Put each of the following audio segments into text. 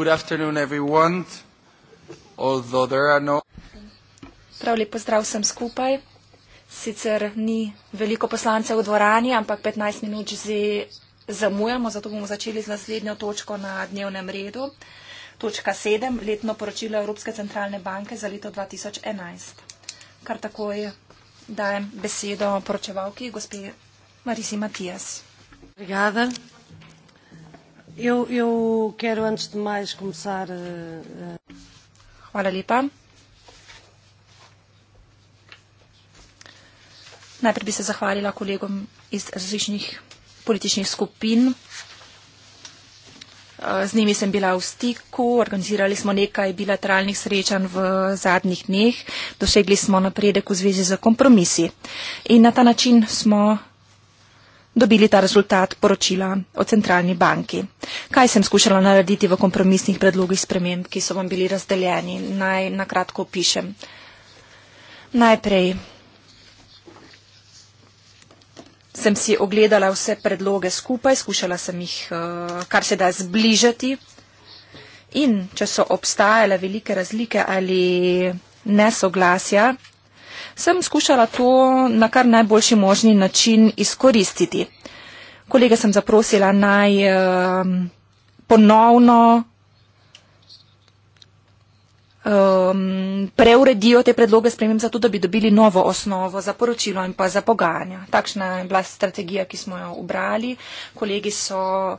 Good afternoon, everyone. Although there are no... Prav lepo zdrav vsem skupaj. Sicer ni veliko poslancev v dvorani, ampak 15 minut že zamujamo, zato bomo začeli z naslednjo točko na dnevnem redu. Točka 7, letno poročilo Evropske centralne banke za leto 2011. Kar takoj dajem besedo poročevalki, gospe Marisi Matijas. Obrigada. Eu, eu quero, antes de mais, começar. Uh, Hvala lepa. Najprej bi se zahvalila kolegom iz različnih političnih skupin. Eh, z njimi sem bila v stiku, organizirali smo nekaj bilateralnih srečanj v zadnjih dneh, dosegli smo napredek v zvezi z kompromisi. In na ta način smo dobili ta rezultat poročila o centralni banki. Kaj sem skušala narediti v kompromisnih predlogih sprememb, ki so vam bili razdeljeni? Naj na kratko opišem. Najprej sem si ogledala vse predloge skupaj, skušala sem jih eh, kar se da zbližati in če so obstajale velike razlike ali nesoglasja, sem skušala to na kar najboljši možni način izkoristiti. Kolega sem zaprosila naj um, ponovno um, preuredijo te predloge spremem za to, da bi dobili novo osnovo za poročilo in pa za pogajanja. Takšna je bila strategija, ki smo jo ubrali. Kolegi so eh,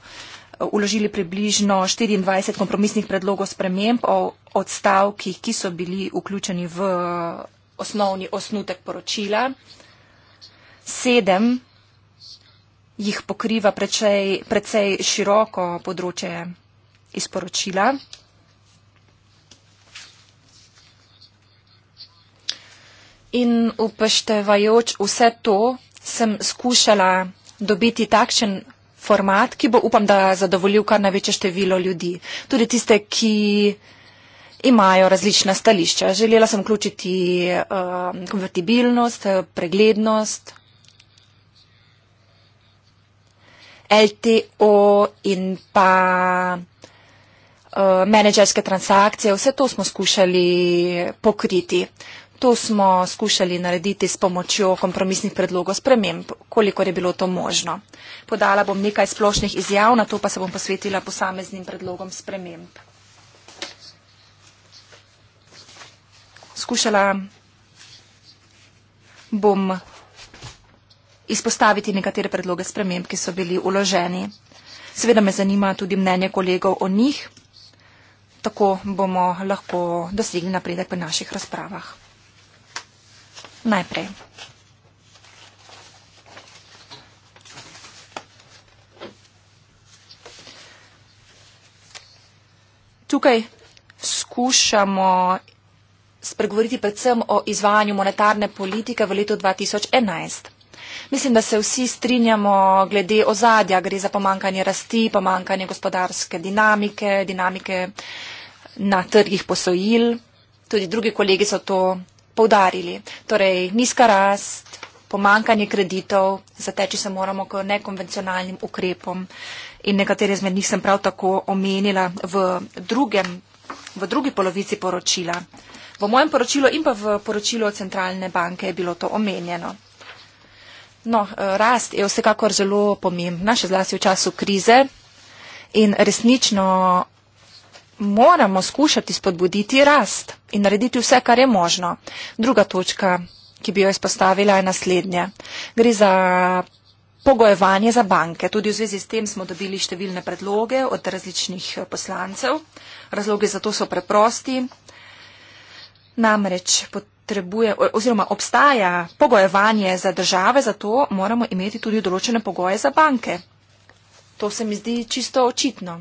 uložili približno 24 kompromisnih predlogov sprememb o odstavkih, ki so bili vključeni v osnovni osnutek poročila. Sedem jih pokriva precej, precej široko področje izporočila. In upoštevajoč vse to, sem skušala dobiti takšen format, ki bo upam, da zadovoljil kar največje število ljudi. Tudi tiste, ki imajo različna stališča. Želela sem vključiti uh, konvertibilnost, preglednost, LTO in pa uh, menedžerske transakcije. Vse to smo skušali pokriti. To smo skušali narediti s pomočjo kompromisnih predlogov sprememb, kolikor je bilo to možno. Podala bom nekaj splošnih izjav, na to pa se bom posvetila posameznim predlogom sprememb. skušala bom izpostaviti nekatere predloge sprememb, ki so bili uloženi. Seveda me zanima tudi mnenje kolegov o njih, tako bomo lahko dosegli napredek v naših razpravah. Najprej. Tukaj skušamo spregovoriti predvsem o izvajanju monetarne politike v letu 2011. Mislim, da se vsi strinjamo glede ozadja, gre za pomankanje rasti, pomankanje gospodarske dinamike, dinamike na trgih posojil. Tudi drugi kolegi so to povdarili. Torej, nizka rast, pomankanje kreditov, zateči se moramo k nekonvencionalnim ukrepom in nekatere izmed njih sem prav tako omenila v, drugem, v drugi polovici poročila. V mojem poročilu in pa v poročilu centralne banke je bilo to omenjeno. No, eh, rast je vsekakor zelo pomembna, še zlasti v času krize in resnično moramo skušati spodbuditi rast in narediti vse, kar je možno. Druga točka, ki bi jo izpostavila, je naslednje. Gre za pogojevanje za banke. Tudi v zvezi s tem smo dobili številne predloge od različnih poslancev. Razloge za to so preprosti. Namreč potrebuje oziroma obstaja pogojevanje za države, zato moramo imeti tudi določene pogoje za banke. To se mi zdi čisto očitno.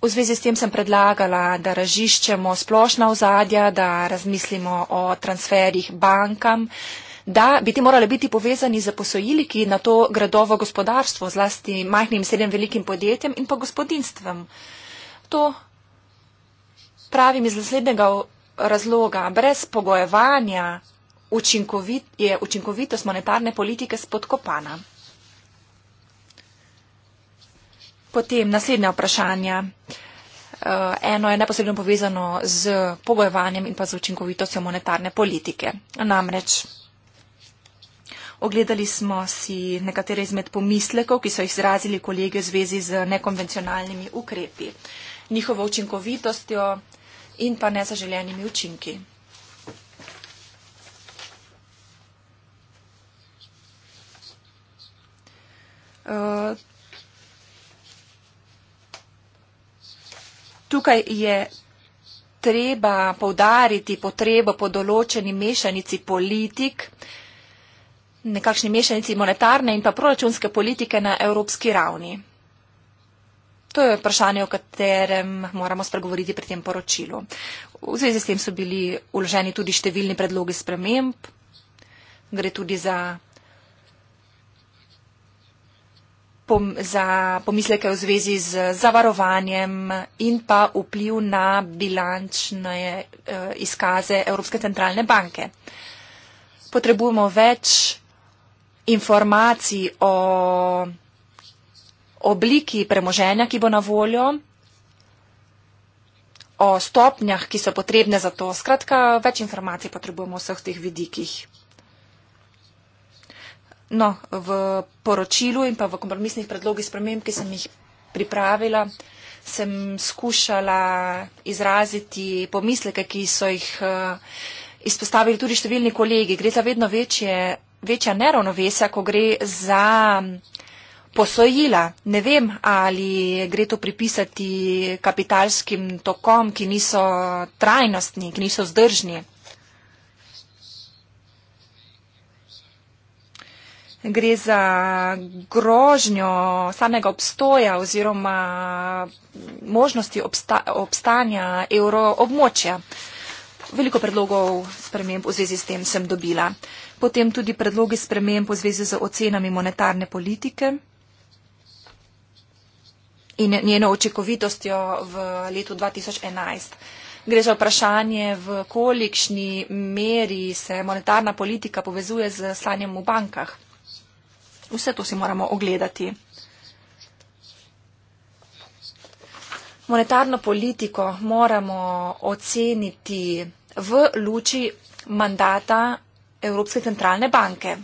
V zvezi s tem sem predlagala, da raziščemo splošna ozadja, da razmislimo o transferih bankam da bi ti morali biti povezani z posojili, ki na to gredo v gospodarstvo, zlasti majhnim, srednjim, velikim podjetjem in pa gospodinstvem. To pravim iz naslednjega razloga. Brez pogojevanja učinkovit, je učinkovitost monetarne politike spodkopana. Potem naslednja vprašanja. Eh, eno je neposredno povezano z pogojevanjem in pa z učinkovitostjo monetarne politike. Namreč Ogledali smo si nekatere izmed pomislekov, ki so jih izrazili kolege v zvezi z nekonvencionalnimi ukrepi, njihovo učinkovitostjo in pa nezaželenimi učinki. Eh, tukaj je treba povdariti potrebo po določeni mešanici politik, nekakšni mešanici monetarne in pa proračunske politike na evropski ravni. To je vprašanje, o katerem moramo spregovoriti pri tem poročilu. V zvezi s tem so bili uloženi tudi številni predlogi sprememb. Gre tudi za, pom, za pomisleke v zvezi z zavarovanjem in pa vpliv na bilančne eh, izkaze Evropske centralne banke. Potrebujemo več informacij o obliki premoženja, ki bo na voljo, o stopnjah, ki so potrebne za to. Skratka, več informacij potrebujemo v vseh teh vidikih. No, v poročilu in pa v kompromisnih predlogih sprememb, ki sem jih pripravila, sem skušala izraziti pomisleke, ki so jih eh, izpostavili tudi številni kolegi. Gre za vedno večje večja neravnovesja, ko gre za posojila. Ne vem, ali gre to pripisati kapitalskim tokom, ki niso trajnostni, ki niso zdržni. Gre za grožnjo samega obstoja oziroma možnosti obsta, obstanja evroobmočja. Veliko predlogov sprememb v zvezi s tem sem dobila potem tudi predlogi sprememb v zvezi z ocenami monetarne politike in njeno očekovitostjo v letu 2011. Gre za vprašanje, v kolikšni meri se monetarna politika povezuje z stanjem v bankah. Vse to si moramo ogledati. Monetarno politiko moramo oceniti v luči mandata Evropske centralne banke.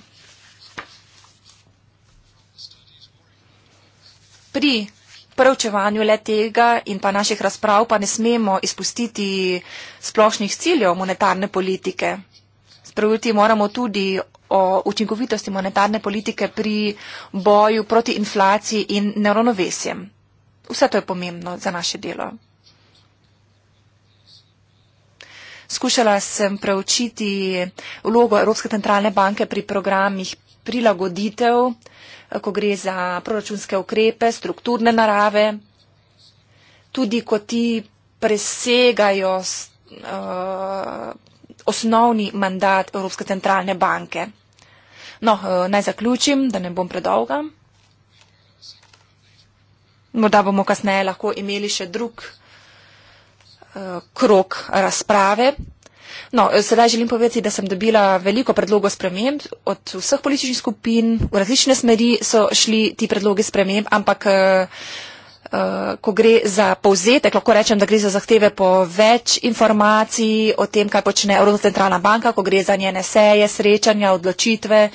Pri preučevanju le tega in pa naših razprav pa ne smemo izpustiti splošnih ciljev monetarne politike. Sprejeti moramo tudi o učinkovitosti monetarne politike pri boju proti inflaciji in neravnovesjem. Vse to je pomembno za naše delo. Skušala sem preučiti vlogo Evropske centralne banke pri programih prilagoditev, ko gre za proračunske ukrepe, strukturne narave, tudi ko ti presegajo uh, osnovni mandat Evropske centralne banke. No, uh, naj zaključim, da ne bom predolgam. Morda bomo kasneje lahko imeli še drug krok razprave. No, sedaj želim povedati, da sem dobila veliko predlogov sprememb od vseh političnih skupin, v različne smeri so šli ti predlogi sprememb, ampak eh, eh, ko gre za povzetek, lahko rečem, da gre za zahteve po več informacij o tem, kaj počne Evropska centralna banka, ko gre za njene seje, srečanja, odločitve,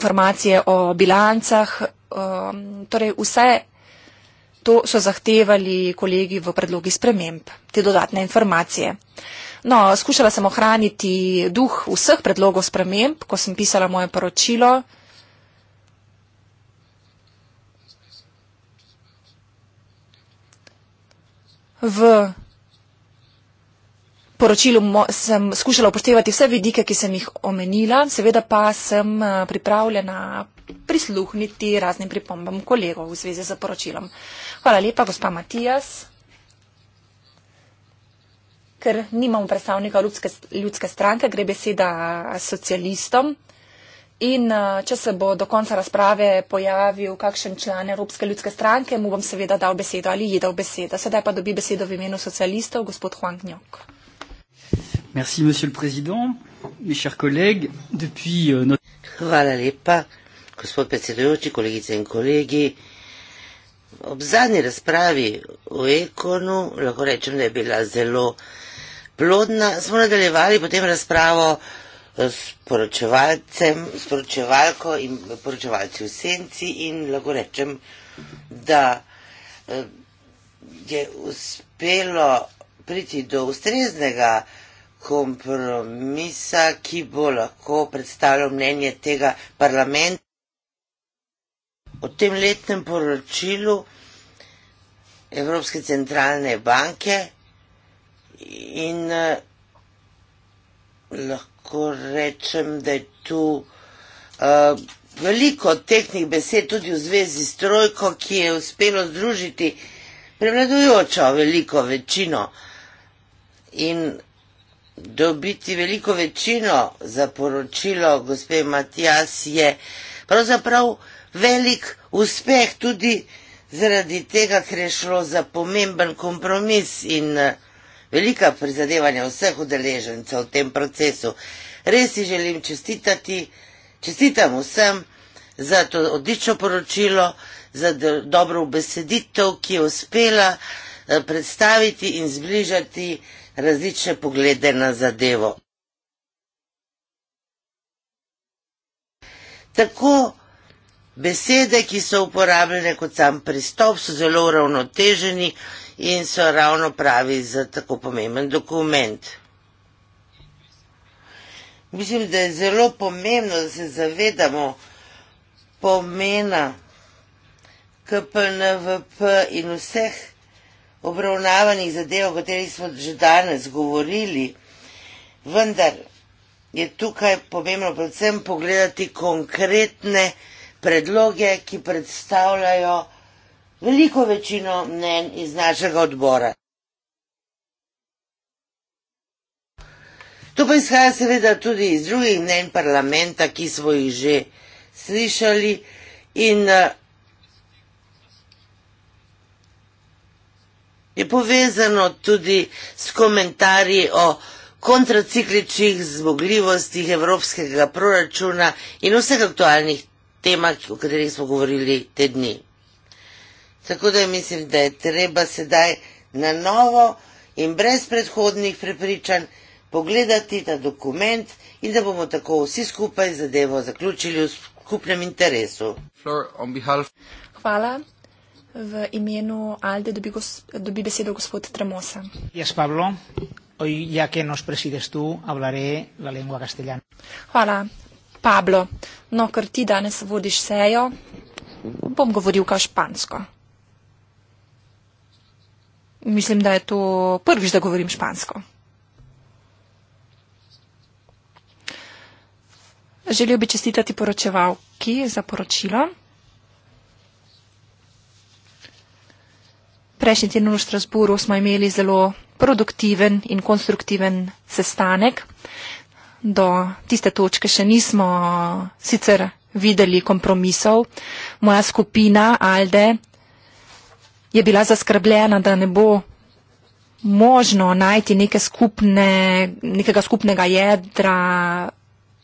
informacije o bilancah. Ehm, torej vse To so zahtevali kolegi v predlogi sprememb, te dodatne informacije. No, skušala sem ohraniti duh vseh predlogov sprememb, ko sem pisala moje poročilo. V poročilu sem skušala upoštevati vse vidike, ki sem jih omenila, seveda pa sem eh, pripravljena prisluhniti raznim pripombam kolegov v zvezi z poročilom. Hvala lepa, gospa Matijas. Ker nimamo predstavnika ljudske, ljudske stranke, gre beseda socialistom. In eh, če se bo do konca razprave pojavil kakšen član Evropske ljudske stranke, mu bom seveda dal besedo ali ji dal besedo. Sedaj pa dobi besedo v imenu socialistov, gospod Huang Njok. Merci, monsieur le président, mes chers collègues. Depuis, euh, notre... Hvala lepa, Gospod predsedujoči, kolegice in kolegi, ob zadnji razpravi v Ekonu lahko rečem, da je bila zelo plodna. Smo nadaljevali potem razpravo s poročevalcem, s poročevalko in poročevalci v senci in lahko rečem, da eh, je uspelo priti do ustreznega kompromisa, ki bo lahko predstavljal mnenje tega parlamenta o tem letnem poročilu Evropske centralne banke in eh, lahko rečem, da je tu uh, veliko tehnih besed tudi v zvezi s trojko, ki je uspelo združiti prevladujočo veliko večino in dobiti veliko večino za poročilo gospe Matijas je pravzaprav uh, velik uspeh tudi zaradi tega, ker je šlo za pomemben kompromis in eh, velika prizadevanja vseh udeležencev v tem procesu. Res si želim čestitati, čestitam vsem za to odlično poročilo, za dobro ubeseditev, ki je uspela eh, predstaviti in zbližati različne poglede na zadevo. Tako besede, ki so uporabljene kot sam pristop, so zelo uravnoteženi in so ravno pravi za tako pomemben dokument. Mislim, da je zelo pomembno, da se zavedamo pomena KPNVP in vseh obravnavanih zadev, o katerih smo že danes govorili, vendar je tukaj pomembno predvsem pogledati konkretne predloge, ki predstavljajo veliko večino mnen iz našega odbora. To pa izhaja seveda tudi iz drugih mnen parlamenta, ki smo jih že slišali in eh, je povezano tudi s komentarji o kontracikličnih zmogljivostih evropskega proračuna in vseh aktualnih tema, o kateri smo govorili te dni. Tako da mislim, da je treba sedaj na novo in brez predhodnih prepričanj pogledati ta dokument in da bomo tako vsi skupaj zadevo zaključili v skupnem interesu. Hvala. V imenu Alde dobi, gos, dobi besedo gospod Tremosa. Jaz, yes, Pablo, hoy, ya que nos presides tu, hablaré la lengua castellana. Hvala. Pablo, no, ker ti danes vodiš sejo, bom govoril kaj špansko. Mislim, da je to prvič, da govorim špansko. Želel bi čestitati poročevalki za poročilo. Prejšnji teden v Štrasburu smo imeli zelo produktiven in konstruktiven sestanek do tiste točke še nismo uh, sicer videli kompromisov. Moja skupina Alde je bila zaskrbljena, da ne bo možno najti neke skupne, nekega skupnega jedra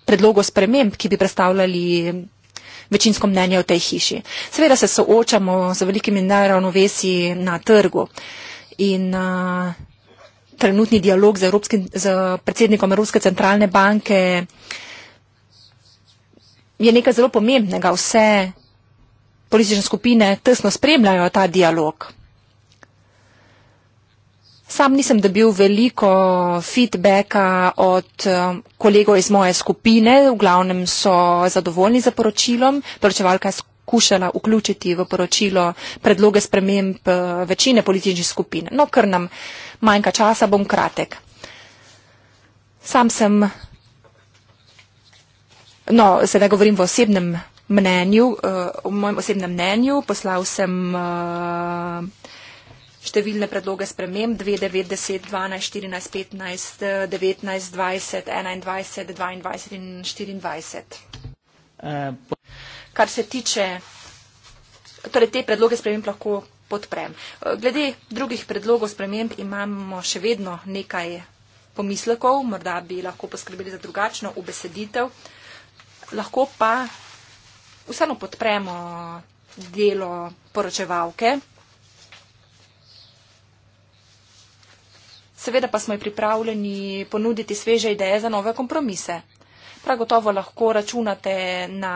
predlogov sprememb, ki bi predstavljali večinsko mnenje v tej hiši. Seveda se soočamo z velikimi neravnovesi na trgu in uh, trenutni dialog z, Evropskim, z predsednikom Evropske centralne banke je nekaj zelo pomembnega. Vse politične skupine tesno spremljajo ta dialog. Sam nisem dobil veliko feedbacka od um, kolegov iz moje skupine, v glavnem so zadovoljni za poročilom. Poročevalka je skušala vključiti v poročilo predloge sprememb uh, večine političnih skupin. No, kar nam manjka časa, bom kratek. Sam sem, no, se ne govorim v osebnem mnenju, eh, v mojem osebnem mnenju poslal sem eh, številne predloge spremem, 2, 9, 10, 12, 14, 15, 19, 20, 21, 22 in 24. Eh, Kar se tiče, torej te predloge spremem lahko podprem. Glede drugih predlogov sprememb imamo še vedno nekaj pomislekov, morda bi lahko poskrbeli za drugačno ubeseditev, lahko pa vseeno podpremo delo poročevalke. Seveda pa smo pripravljeni ponuditi sveže ideje za nove kompromise. Prav gotovo lahko računate na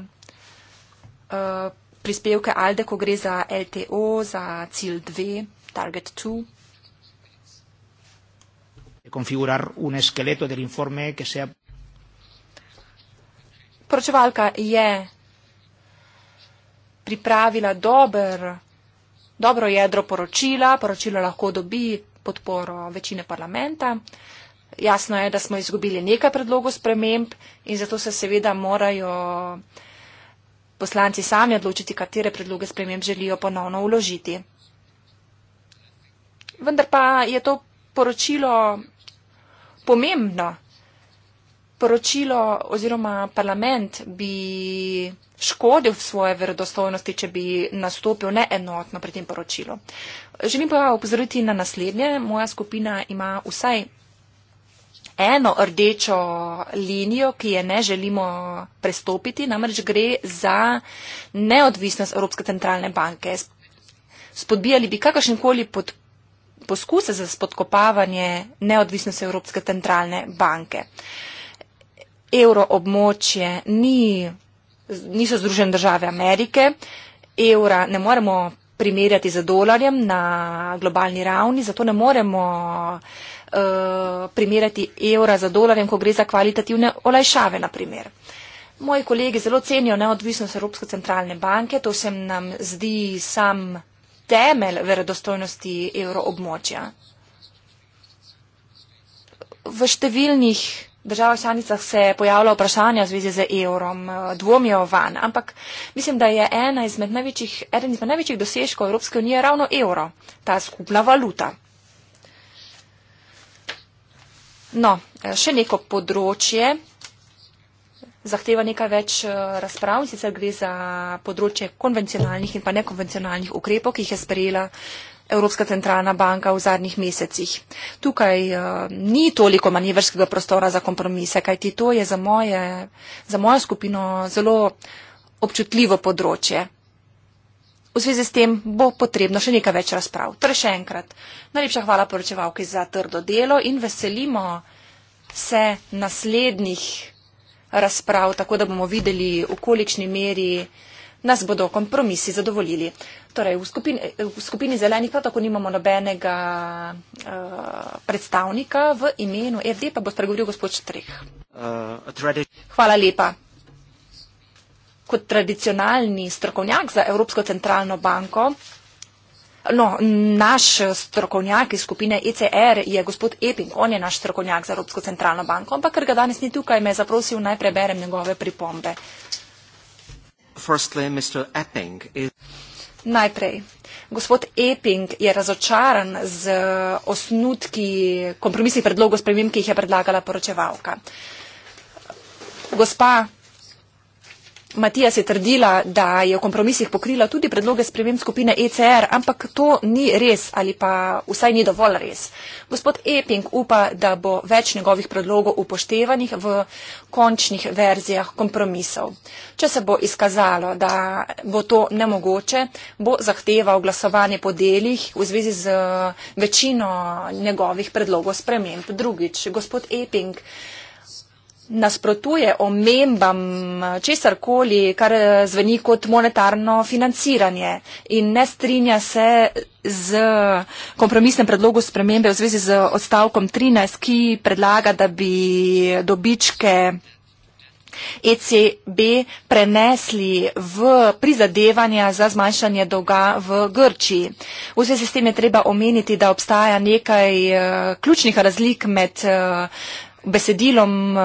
uh, prispevke Alde, ko gre za LTO, za cilj 2, target 2. Konfigurar un skeleto del informe, ki se. Poročevalka je pripravila dober, dobro jedro poročila. Poročilo lahko dobi podporo večine parlamenta. Jasno je, da smo izgubili nekaj predlogov sprememb in zato se seveda morajo uh, poslanci sami odločiti, katere predloge sprememb želijo ponovno uložiti. Vendar pa je to poročilo pomembno. Poročilo oziroma parlament bi škodil v svoje verodostojnosti, če bi nastopil neenotno pri tem poročilu. Želim pa upozoriti na naslednje. Moja skupina ima vsaj eno rdečo linijo, ki je ne želimo prestopiti, namreč gre za neodvisnost Evropske centralne banke. Spodbijali bi kakršenkoli poskuse za spodkopavanje neodvisnosti Evropske centralne banke. Euro območje ni, niso združene države Amerike, evra ne moremo primerjati z dolarjem na globalni ravni, zato ne moremo Eh, primerjati evra za dolarjem, ko gre za kvalitativne olajšave, na primer. Moji kolegi zelo cenijo neodvisnost Evropske centralne banke, to se nam zdi sam temelj verodostojnosti evroobmočja. V številnih državah članicah se pojavlja vprašanja v zvezi z evrom, eh, dvomijo van, ampak mislim, da je ena izmed največjih, eden izmed največjih dosežkov Evropske unije ravno evro, ta skupna valuta. No, eh, še neko področje zahteva nekaj več eh, razprav, sicer gre za področje konvencionalnih in pa nekonvencionalnih ukrepov, ki jih je sprejela Evropska centralna banka v zadnjih mesecih. Tukaj uh, ni toliko manjeverskega prostora za kompromise, kajti to je za, moje, za mojo skupino zelo občutljivo področje. V zvezi s tem bo potrebno še nekaj več razprav. Torej še enkrat, najlepša hvala poročevalki za trdo delo in veselimo se naslednjih razprav, tako da bomo videli, v kolikšni meri nas bodo kompromisi zadovoljili. Torej, v skupini, skupini zelenih prav tako nimamo nobenega uh, predstavnika v imenu FD, pa bo spregovoril gospod Štreh. Uh, hvala lepa kot tradicionalni strokovnjak za Evropsko centralno banko. No, naš strokovnjak iz skupine ECR je gospod Eping, on je naš strokovnjak za Evropsko centralno banko, ampak ker ga danes ni tukaj, me je zaprosil naj preberem njegove pripombe. Firstly, is... Najprej. Gospod Eping je razočaran z osnutki kompromisnih predlogov spremem, ki jih je predlagala poročevalka. Gospa Matija se je trdila, da je v kompromisih pokrila tudi predloge spremem skupine ECR, ampak to ni res ali pa vsaj ni dovolj res. Gospod Eping upa, da bo več njegovih predlogov upoštevanih v končnih verzijah kompromisov. Če se bo izkazalo, da bo to nemogoče, bo zahteval glasovanje po delih v zvezi z večino njegovih predlogov sprememb. Drugič, gospod Eping nasprotuje omembam česar koli, kar zveni kot monetarno financiranje in ne strinja se z kompromisnem predlogu spremembe v zvezi z odstavkom 13, ki predlaga, da bi dobičke ECB prenesli v prizadevanja za zmanjšanje dolga v Grčiji. V zvezi s tem je treba omeniti, da obstaja nekaj eh, ključnih razlik med uh, besedilom eh,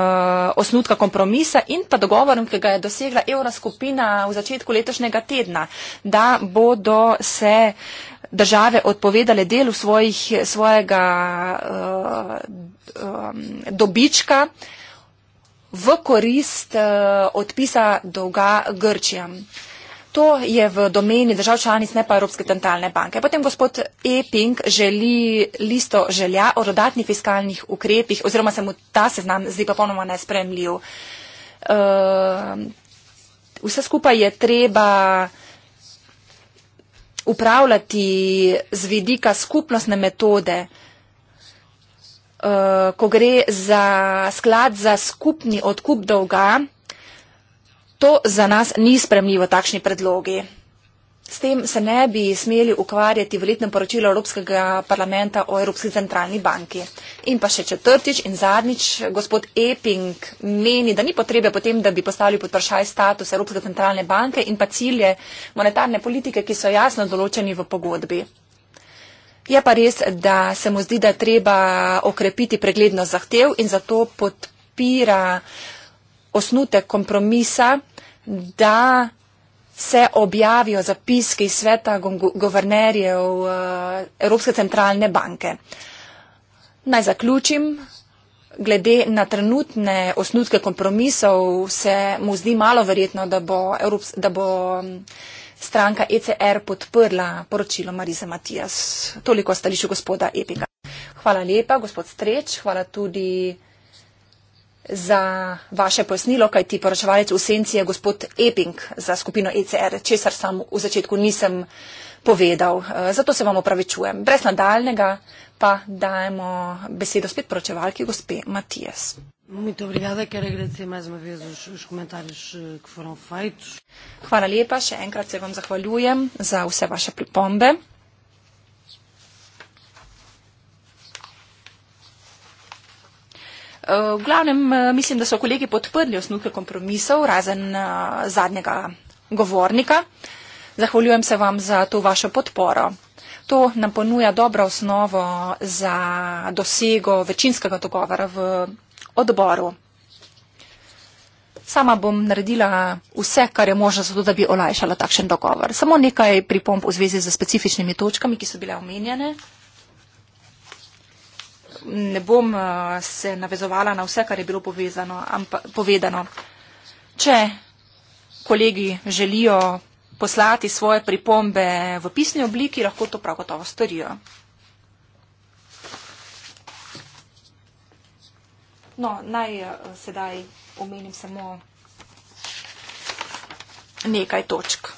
osnutka kompromisa in pa dogovorom, ki ga je dosegla Evroskupina v začetku letošnjega tedna, da bodo se države odpovedale delu svojih, svojega uh, dobička v korist uh, odpisa dolga Grčijam. To je v domeni držav članic, ne pa Evropske centralne banke. Potem gospod Eping želi listo želja o dodatnih fiskalnih ukrepih, oziroma se mu ta seznam zdi popolnoma nespremljiv. Eh, vse skupaj je treba upravljati z vidika skupnostne metode, eh, ko gre za sklad za skupni odkup dolga To za nas ni spremljivo, takšni predlogi. S tem se ne bi smeli ukvarjati v letnem poročilu Evropskega parlamenta o Evropski centralni banki. In pa še četrtič in zadnjič, gospod Eping meni, da ni potrebe potem, da bi postavili pod vprašaj status Evropske centralne banke in pa cilje monetarne politike, ki so jasno določeni v pogodbi. Je pa res, da se mu zdi, da treba okrepiti preglednost zahtev in zato podpira osnutek kompromisa da se objavijo zapiske iz sveta guvernerjev eh, Evropske centralne banke. Naj zaključim. Glede na trenutne osnutke kompromisov se mu zdi malo verjetno, da bo, Evrops da bo mm, stranka ECR podprla poročilo Marize Matijas. Toliko stališče gospoda Epika. Hvala lepa, gospod Streč. Hvala tudi za vaše pojasnilo, kajti poročevalec v senci je gospod Eping za skupino ECR, česar sam v začetku nisem povedal. Eh, zato se vam opravičujem. Brez nadaljnega pa dajemo besedo spet poročevalki gospe Matijas. Hvala lepa, še enkrat se vam zahvaljujem za vse vaše pripombe. Eh, v glavnem eh, mislim, da so kolegi podprli osnutke kompromisov, razen eh, zadnjega govornika. Zahvaljujem se vam za to vašo podporo. To nam ponuja dobro osnovo za dosego večinskega dogovora v odboru. Sama bom naredila vse, kar je možno, zato da bi olajšala takšen dogovor. Samo nekaj pripomp v zvezi z specifičnimi točkami, ki so bile omenjene ne bom eh, se navezovala na vse, kar je bilo povezano, ampa, povedano. Če kolegi želijo poslati svoje pripombe v pisni obliki, lahko to prav gotovo storijo. No, naj eh, sedaj omenim samo nekaj točk.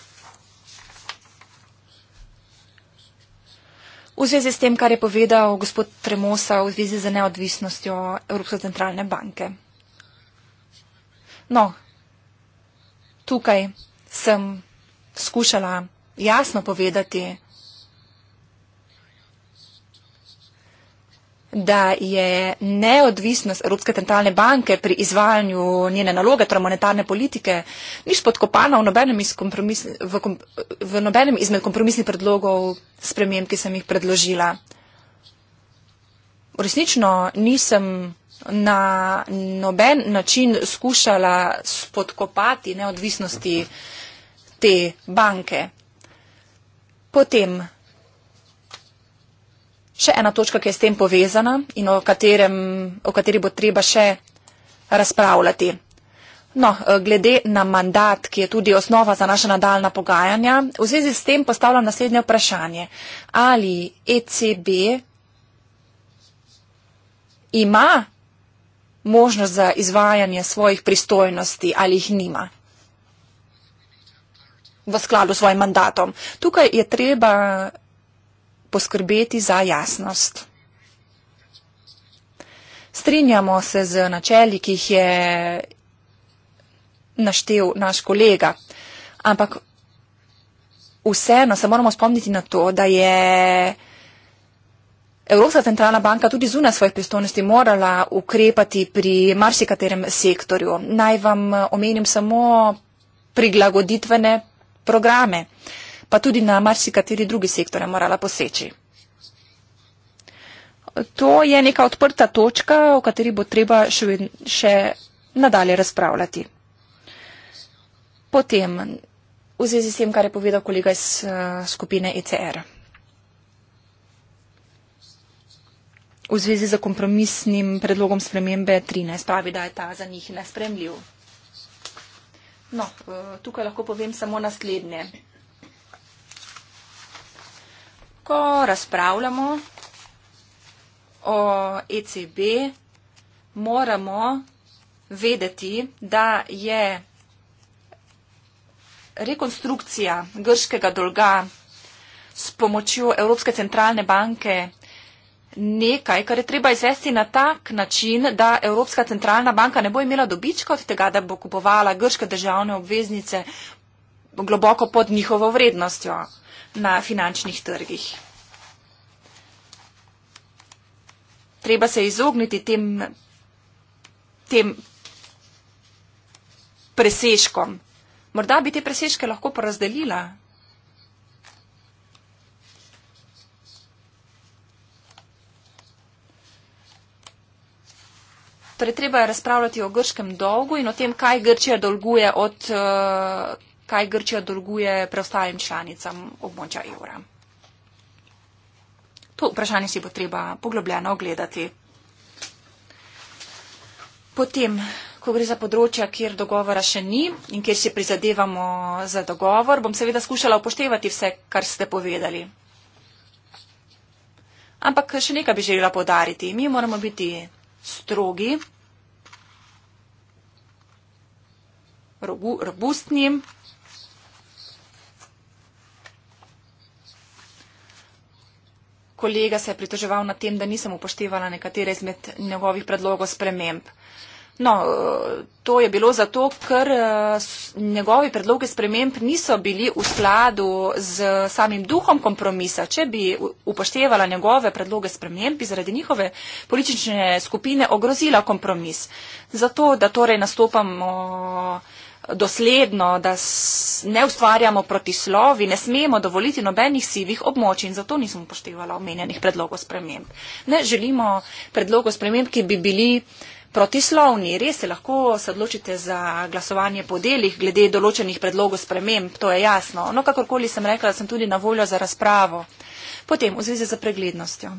V zvezi s tem, kar je povedal gospod Tremosa v zvezi z neodvisnostjo Evropske centralne banke. No, tukaj sem skušala jasno povedati, da je neodvisnost Evropske centralne banke pri izvajanju njene naloge, torej monetarne politike, ni spodkopana v nobenem, v, v nobenem izmed kompromisnih predlogov sprememb, ki sem jih predložila. Resnično nisem na noben način skušala spodkopati neodvisnosti te banke. Potem Še ena točka, ki je s tem povezana in o, katerem, o kateri bo treba še razpravljati. No, eh, glede na mandat, ki je tudi osnova za naša nadaljna pogajanja, v zvezi s tem postavljam naslednje vprašanje. Ali ECB ima možnost za izvajanje svojih pristojnosti ali jih nima v skladu s svojim mandatom? Tukaj je treba poskrbeti za jasnost. Strinjamo se z načeli, ki jih je naštel naš kolega, ampak vseeno se moramo spomniti na to, da je Evropska centralna banka tudi zunaj svojih pristojnosti morala ukrepati pri marsikaterem sektorju. Naj vam omenim samo prilagoditvene programe. Uh, pa tudi na marsikateri drugi sektor je morala poseči. To je neka odprta točka, o kateri bo treba še, še nadalje razpravljati. Potem, v zvezi s tem, kar je povedal kolega iz eh, skupine ECR. V zvezi z kompromisnim predlogom spremembe 13 pravi, da je ta za njih nespremljiv. No, eh, tukaj lahko povem samo naslednje ko razpravljamo o ECB, moramo vedeti, da je rekonstrukcija grškega dolga s pomočjo Evropske centralne banke nekaj, kar je treba izvesti na tak način, da Evropska centralna banka ne bo imela dobička od tega, da bo kupovala grške državne obveznice globoko pod njihovo vrednostjo na finančnih trgih. Treba se izogniti tem, tem presežkom. Morda bi te presežke lahko porazdelila. Torej, treba je razpravljati o grškem dolgu in o tem, kaj Grčija dolguje od uh, kaj Grčija dolguje preostalim članicam območja evra. To vprašanje si bo treba poglobljeno ogledati. Potem, ko gre za področja, kjer dogovora še ni in kjer si prizadevamo za dogovor, bom seveda skušala upoštevati vse, kar ste povedali. Ampak še nekaj bi želela podariti. Mi moramo biti strogi, robu, robustni kolega se je pritoževal na tem, da nisem upoštevala nekatere izmed njegovih predlogov sprememb. No, to je bilo zato, ker eh, njegovi predloge sprememb niso bili v skladu z samim duhom kompromisa. Če bi upoštevala njegove predloge sprememb, bi zaradi njihove politične skupine ogrozila kompromis. Zato, da torej nastopamo dosledno, da ne ustvarjamo protislovi, ne smemo dovoliti nobenih sivih območij in zato nismo poštevali omenjenih predlogov sprememb. Ne želimo predlogov sprememb, ki bi bili protislovni. Res se lahko se odločite za glasovanje po delih glede določenih predlogov sprememb, to je jasno. No, kakorkoli sem rekla, sem tudi na voljo za razpravo. Potem, v zvezi z preglednostjo.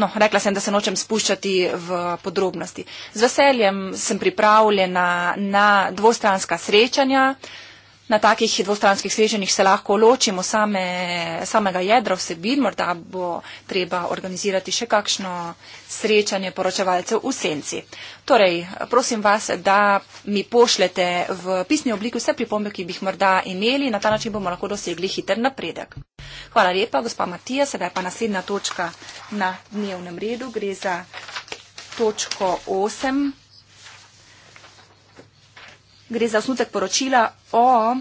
No, rekla sem, da se nočem spuščati v podrobnosti. Z veseljem sem pripravljena na dvostranska srečanja na takih dvostranskih sveženjih se lahko ločimo same, samega jedra vsebin, morda bo treba organizirati še kakšno srečanje poročevalcev v senci. Torej, prosim vas, da mi pošljete v pisni obliki vse pripombe, ki bi jih morda imeli, na ta način bomo lahko dosegli hiter napredek. Hvala lepa, gospa Matija, sedaj pa naslednja točka na dnevnem redu, gre za točko 8 gre za osnutek poročila o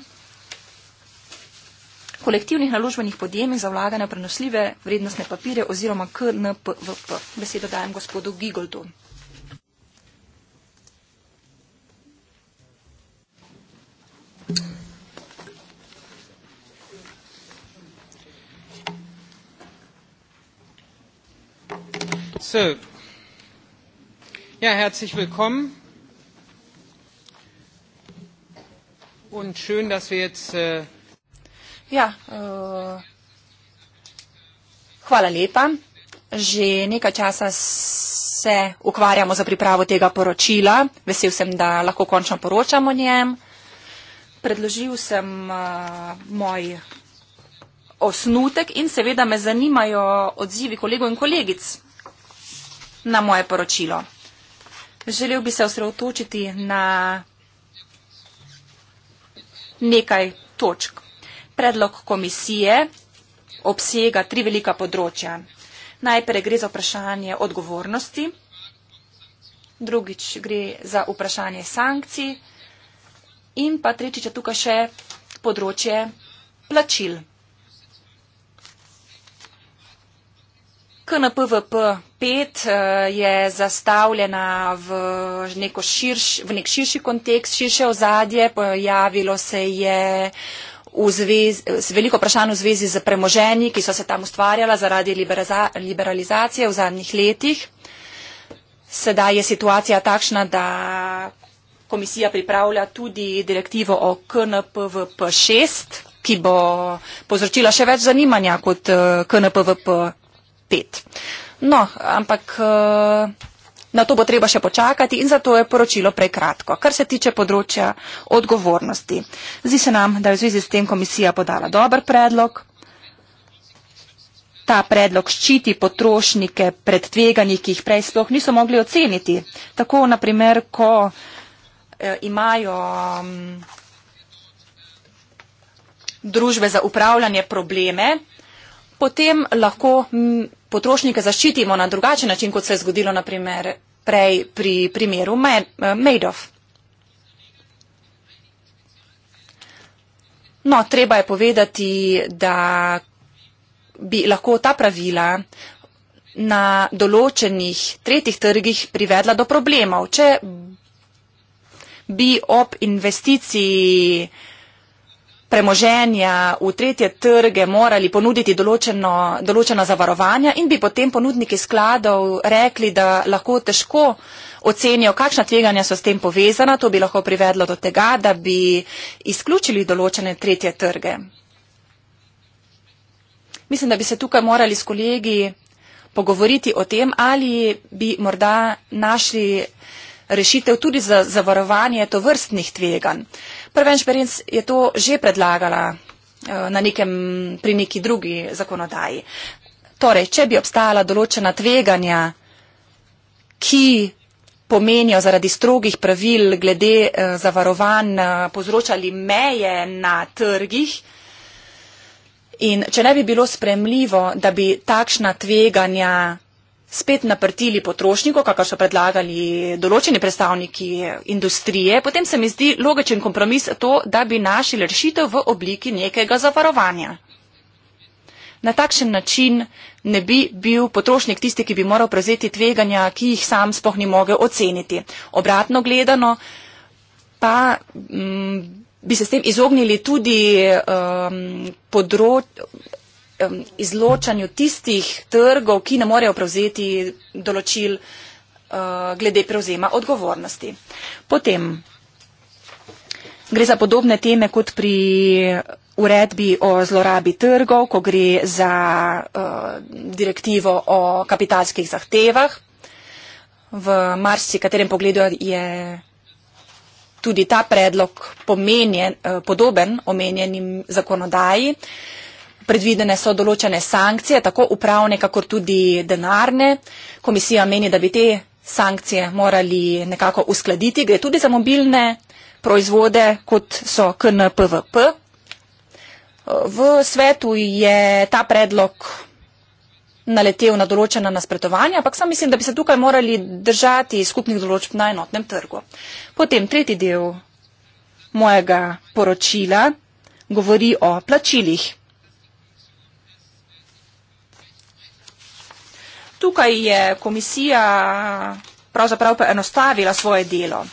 kolektivnih naložbenih podjemih za vlaganje prenosljive vrednostne papire oziroma KNPVP. Besedo dajem gospodu Gigoldu. So. Ja, herzlich willkommen. Und schön, dass wir jetzt. Äh ja, äh, hvala lepa. Že nekaj časa se ukvarjamo za pripravo tega poročila. Vesel sem, da lahko končno poročam o njem. Predložil sem uh, moj osnutek in seveda me zanimajo odzivi kolegov in kolegic na moje poročilo. Želel bi se osredotočiti na nekaj točk. Predlog komisije obsega tri velika področja. Najprej gre za vprašanje odgovornosti, drugič gre za vprašanje sankcij in pa tretjič je tukaj še področje plačil. KNPVP 5 eh, je zastavljena v, širš, v nek širši kontekst, širše ozadje, pojavilo se je zvezi, veliko vprašanj v zvezi z premoženji, ki so se tam ustvarjala zaradi liberalizacije v zadnjih letih. Sedaj je situacija takšna, da komisija pripravlja tudi direktivo o KNPVP6, ki bo povzročila še več zanimanja kot eh, KNPVP5. No, ampak eh, na to bo treba še počakati in zato je poročilo prekratko, kar se tiče področja odgovornosti. Zdi se nam, da je v zvezi s tem komisija podala dober predlog. Ta predlog ščiti potrošnike pred tveganji, ki jih prej sploh niso mogli oceniti. Tako, naprimer, ko eh, imajo mm, družbe za upravljanje probleme, potem lahko mm, potrošnike zaščitimo na drugačen način, kot se je zgodilo naprimer prej pri primeru eh, Madoff. No, treba je povedati, da bi lahko ta pravila na določenih tretjih trgih privedla do problemov. Če bi ob investiciji uh, premoženja v tretje trge morali ponuditi določeno, določena zavarovanja in bi potem ponudniki skladov rekli, da lahko težko ocenijo, kakšna tveganja so s tem povezana. To bi lahko privedlo do tega, da bi izključili določene tretje trge. Mislim, da bi se tukaj morali s kolegi pogovoriti o tem, ali bi morda našli rešitev tudi za zavarovanje to vrstnih tveganj. Prvenč Perinc je to že predlagala eh, nekem, pri neki drugi zakonodaji. Torej, če bi obstajala določena tveganja, ki pomenijo zaradi strogih pravil glede eh, zavarovanj eh, povzročali meje na trgih, In če ne bi bilo spremljivo, da bi takšna tveganja spet naprtili potrošniku, kakor so predlagali določeni predstavniki industrije, potem se mi zdi logičen kompromis to, da bi našli rešitev v obliki nekega zavarovanja. Na takšen način ne bi bil potrošnik tisti, ki bi moral prevzeti tveganja, ki jih sam spoh ni mogel oceniti. Obratno gledano pa m, mm, bi se s tem izognili tudi um, področju izločanju tistih trgov, ki ne morejo prevzeti določil eh, glede prevzema odgovornosti. Potem gre za podobne teme kot pri uredbi o zlorabi trgov, ko gre za uh, direktivo o kapitalskih zahtevah. V marsi, katerem pogledu je tudi ta predlog pomenjen, uh, podoben omenjenim zakonodaji. Uh, Predvidene so določene sankcije, tako upravne, kakor tudi denarne. Komisija meni, da bi te sankcije morali nekako uskladiti. Gre tudi za mobilne proizvode, kot so KNPVP. V svetu je ta predlog naletel na določena nasprotovanja, ampak sam mislim, da bi se tukaj morali držati skupnih določb na enotnem trgu. Potem tretji del mojega poročila govori o plačilih. tukaj je komisija pravzaprav enostavila svoje delo.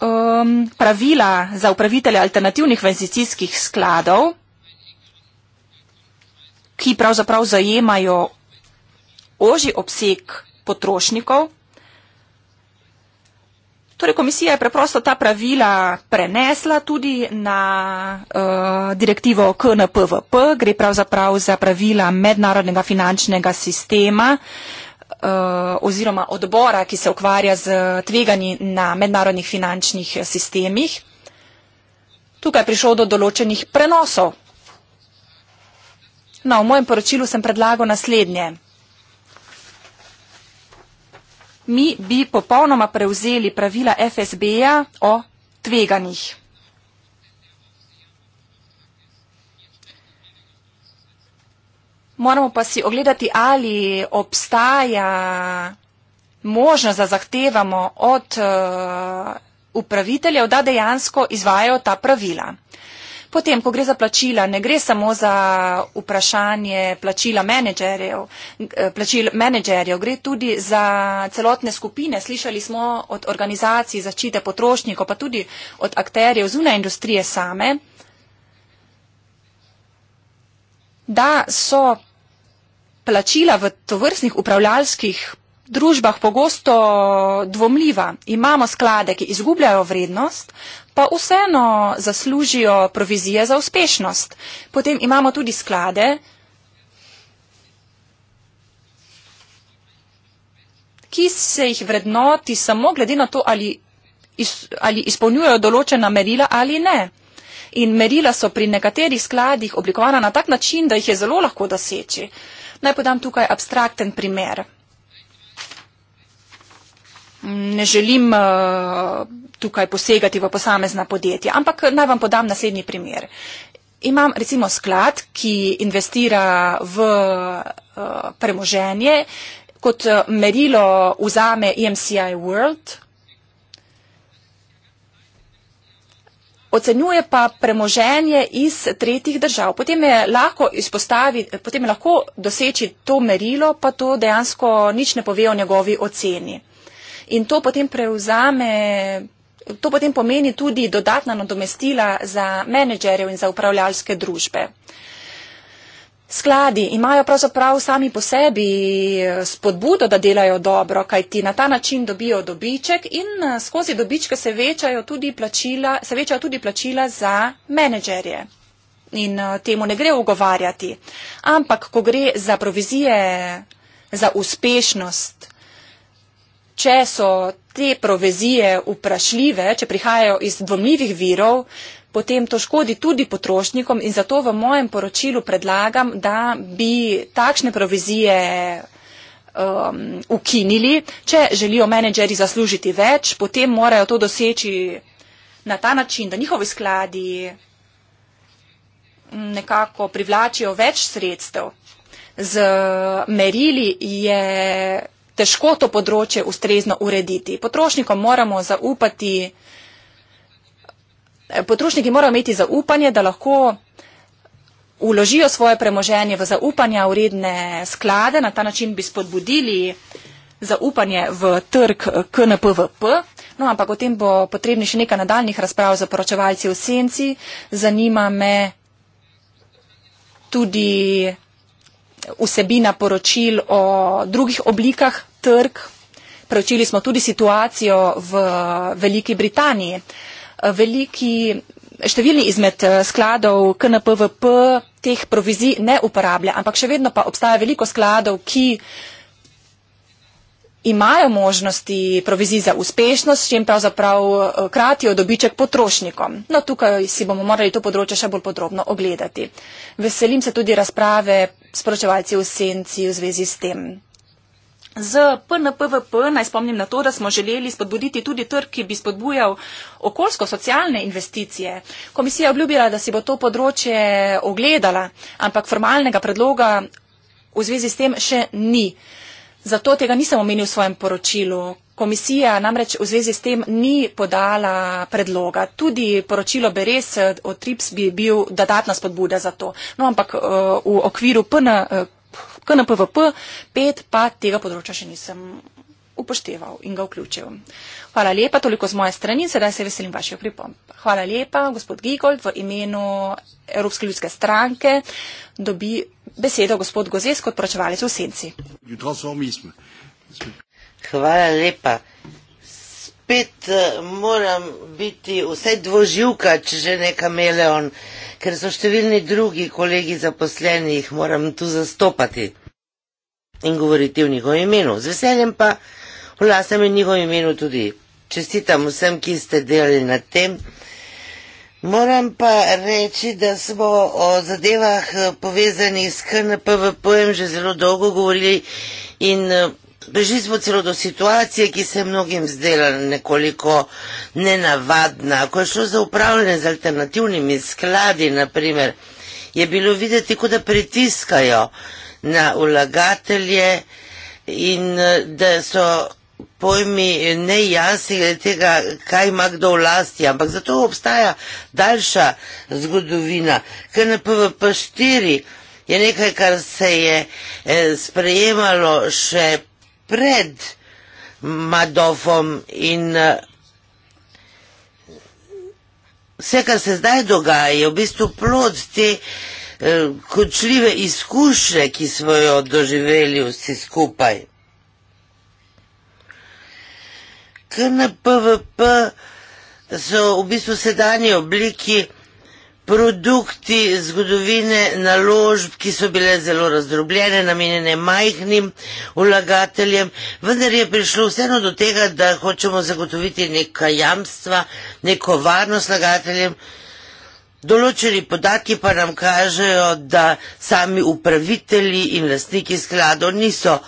Um, pravila za upravitelje alternativnih investicijskih skladov, ki pravzaprav zajemajo oži obseg potrošnikov, Torej, komisija je preprosto ta pravila prenesla tudi na uh, direktivo KNPVP, gre pravzaprav za pravila mednarodnega finančnega sistema eh, oziroma odbora, ki se ukvarja z tveganji na mednarodnih finančnih eh, sistemih. Tukaj je prišlo do določenih prenosov. No, v mojem poročilu sem predlagal naslednje mi bi popolnoma prevzeli pravila FSB-ja o tveganjih. Moramo pa si ogledati, ali obstaja možnost, da zahtevamo od eh, upraviteljev, da dejansko izvajajo ta pravila. Potem, ko gre za plačila, ne gre samo za vprašanje plačila menedžerjev, eh, plačil menedžerjev, gre tudi za celotne skupine. Slišali smo od organizacij začite potrošnikov, pa tudi od akterjev zunaj industrije same, da so plačila v tovrstnih upravljalskih družbah pogosto dvomljiva. Imamo sklade, ki izgubljajo vrednost, pa vseeno zaslužijo provizije za uspešnost. Potem imamo tudi sklade, ki se jih vrednoti samo glede na to, ali, iz, ali izpolnjujejo določena merila ali ne. In merila so pri nekaterih skladih oblikovana na tak način, da jih je zelo lahko doseči. Naj podam tukaj abstrakten primer ne želim eh, tukaj posegati v posamezna podjetja, ampak naj vam podam naslednji primer. Imam recimo sklad, ki investira v eh, premoženje, kot eh, merilo vzame EMCI World, ocenjuje pa premoženje iz tretjih držav. Potem je lahko izpostaviti, potem je lahko doseči to merilo, pa to dejansko nič ne pove o njegovi oceni in to potem prevzame. To potem pomeni tudi dodatna nadomestila za menedžerjev in za upravljalske družbe. Skladi imajo pravzaprav sami po sebi eh, spodbudo, da delajo dobro, kajti na ta način dobijo dobiček in eh, skozi dobičke se večajo tudi plačila, se večajo tudi plačila za menedžerje. In eh, temu ne gre ugovarjati. Ampak, ko gre za provizije, za uspešnost, če so te provizije vprašljive, če prihajajo iz dvomljivih virov, potem to škodi tudi potrošnikom in zato v mojem poročilu predlagam, da bi takšne provizije um, ukinili. Če želijo menedžeri zaslužiti več, potem morajo to doseči na ta način, da njihovi skladi mm, nekako privlačijo več sredstev. Z merili je težko to področje ustrezno urediti. Potrošnikom moramo zaupati, eh, potrošniki morajo imeti zaupanje, da lahko uložijo svoje premoženje v zaupanja vredne sklade, na ta način bi spodbudili zaupanje v trg KNPVP, no ampak o tem bo potrebni še nekaj nadaljnih razprav za poročevalce v senci. Zanima me tudi vsebina poročil o drugih oblikah trg. Preučili smo tudi situacijo v Veliki Britaniji. Veliki, številni izmed eh, skladov KNPVP teh provizij ne uporablja, ampak še vedno pa obstaja veliko skladov, ki imajo možnosti provizij za uspešnost, s čim pravzaprav eh, kratijo dobiček potrošnikom. No, tukaj si bomo morali to področje še bolj podrobno ogledati. Veselim se tudi razprave s poročevalci v senci v zvezi s tem. Z PNPVP naj spomnim na to, da smo želeli spodbuditi tudi trg, ki bi spodbujal okoljsko-socialne investicije. Komisija je obljubila, da si bo to področje ogledala, ampak formalnega predloga v zvezi s tem še ni. Zato tega nisem omenil v svojem poročilu. Komisija namreč v zvezi s tem ni podala predloga. Tudi poročilo Beres eh, o TRIPS bi bil dodatna spodbuda za to. No, ampak eh, v okviru PNPVP 5 eh, pa tega področja še nisem upošteval in ga vključil. Hvala lepa, toliko z moje strani, sedaj se veselim vaših pripomb. Hvala lepa, gospod Gigold, v imenu Evropske ljudske stranke dobi besedo gospod Gozes kot pročevalec v senci. Hvala lepa. Spet eh, moram biti vsaj dvoživka, če že ne kameleon, ker so številni drugi kolegi zaposleni, jih moram tu zastopati in govoriti v njihovem imenu. Z veseljem pa Vlasem in njihov imenu tudi čestitam vsem, ki ste delali na tem. Moram pa reči, da smo o zadevah eh, povezanih s KNP v pojem že zelo dolgo govorili in eh, prišli smo celo do situacije, ki se je mnogim zdela nekoliko nenavadna. Ko je šlo za upravljanje z alternativnimi skladi, naprimer, je bilo videti, kot da pritiskajo na vlagatelje in eh, da so pojmi nejasni glede tega, kaj ima kdo v lasti, ampak zato obstaja daljša zgodovina. KNPVP4 je nekaj, kar se je eh, sprejemalo še pred Madofom in eh, vse, kar se zdaj dogaja, je v bistvu plod te eh, kočljive izkušnje, ki smo jo doživeli vsi skupaj. KNPVP so v bistvu sedanji obliki produkti zgodovine naložb, ki so bile zelo razdrobljene, namenjene majhnim ulagateljem, vendar je prišlo vseeno do tega, da hočemo zagotoviti neka jamstva, neko varnost ulagateljem. Določeni podatki pa nam kažejo, da sami upravitelji in lastniki skladov niso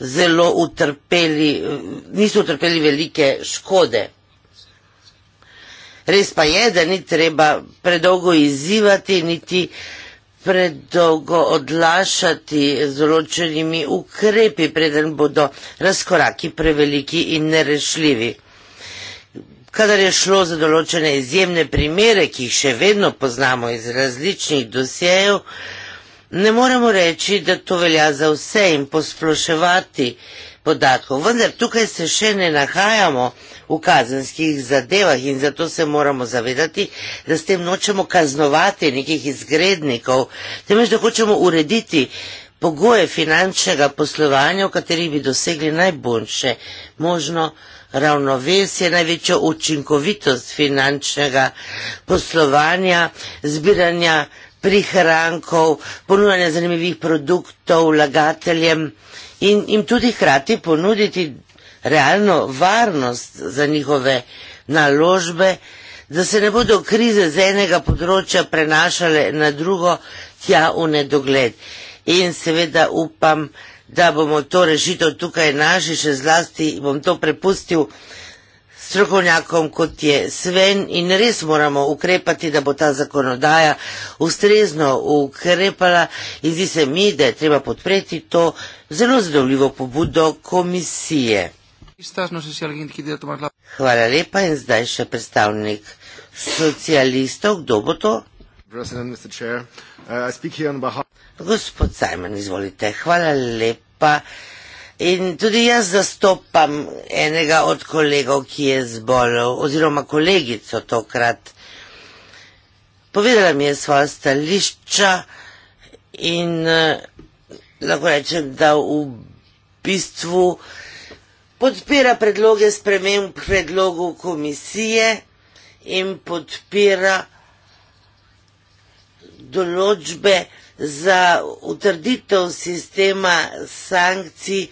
zelo utrpeli, niso utrpeli velike škode. Res pa je, da ni treba predolgo izzivati, niti predolgo odlašati z določenimi ukrepi, preden bodo razkoraki preveliki in nerešljivi. Kadar je šlo za določene izjemne primere, ki jih še vedno poznamo iz različnih dosjejev, Ne moremo reči, da to velja za vse in posploševati podatkov, vendar tukaj se še ne nahajamo v kazenskih zadevah in zato se moramo zavedati, da s tem nočemo kaznovati nekih izgrednikov, temveč da hočemo urediti pogoje finančnega poslovanja, v katerih bi dosegli najboljše možno ravnovesje, največjo učinkovitost finančnega poslovanja, zbiranja prihrankov, ponujanja zanimivih produktov vlagateljem in jim tudi hkrati ponuditi realno varnost za njihove naložbe, da se ne bodo krize z enega področja prenašale na drugo tja v nedogled. In seveda upam, da bomo to rešitev tukaj našli, še zlasti bom to prepustil strokovnjakom, kot je Sven, in res moramo ukrepati, da bo ta zakonodaja ustrezno ukrepala. In zdi se mi, da je treba podpreti to zelo zadovoljivo pobudo komisije. No Hvala lepa in zdaj še predstavnik socialistov. Kdo bo to? Uh, Gospod Simon, izvolite. Hvala lepa. In tudi jaz zastopam enega od kolegov, ki je zbolel, oziroma kolegico tokrat. Povedala mi je svoja stališča in eh, lahko rečem, da v bistvu podpira predloge sprememb predlogu komisije in podpira določbe za utrditev sistema sankcij,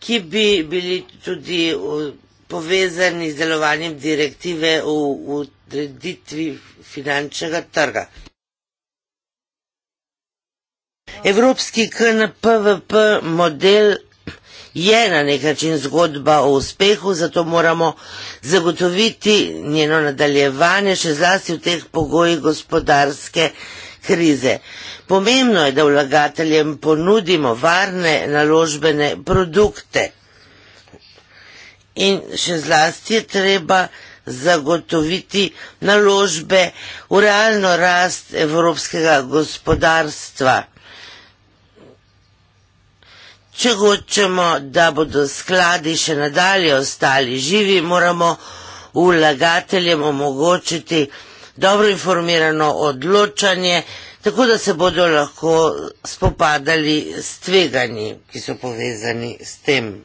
ki bi bili tudi uh, povezani z delovanjem direktive o utreditvi finančnega trga. Evropski KNPVP model je na nek način zgodba o uspehu, zato moramo zagotoviti njeno nadaljevanje, še zlasti v teh pogojih gospodarske krize. Pomembno je, da vlagateljem ponudimo varne naložbene produkte. In še zlasti je treba zagotoviti naložbe v realno rast evropskega gospodarstva. Če hočemo, da bodo skladi še nadalje ostali živi, moramo vlagateljem omogočiti dobro informirano odločanje, tako da se bodo lahko spopadali s tveganji, ki so povezani s tem.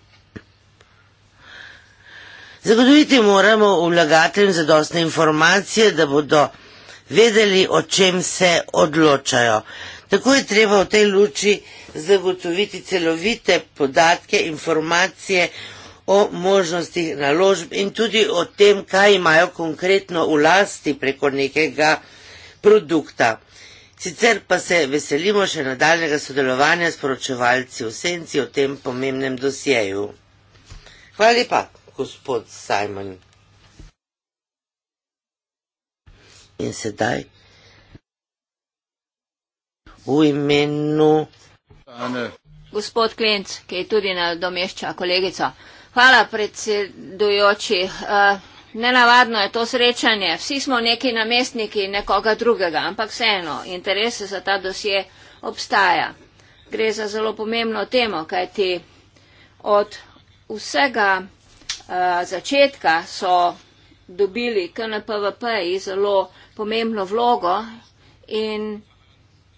Zagotoviti moramo vlagateljem zadostne informacije, da bodo vedeli, o čem se odločajo. Tako je treba v tej luči zagotoviti celovite podatke, informacije o možnostih naložb in tudi o tem, kaj imajo konkretno v lasti preko nekega produkta. Sicer pa se veselimo še nadaljnega sodelovanja s poročevalci v senci o tem pomembnem dosjeju. Hvala lepa, gospod Simon. In sedaj v imenu. Ane. Gospod Klenc, ki je tudi na domešča kolegica. Hvala predsedujoči. Uh, Nenavadno je to srečanje, vsi smo neki namestniki nekoga drugega, ampak vseeno, interes za ta dosje obstaja. Gre za zelo pomembno temo, kajti od vsega uh, začetka so dobili KNPVP-ji zelo pomembno vlogo in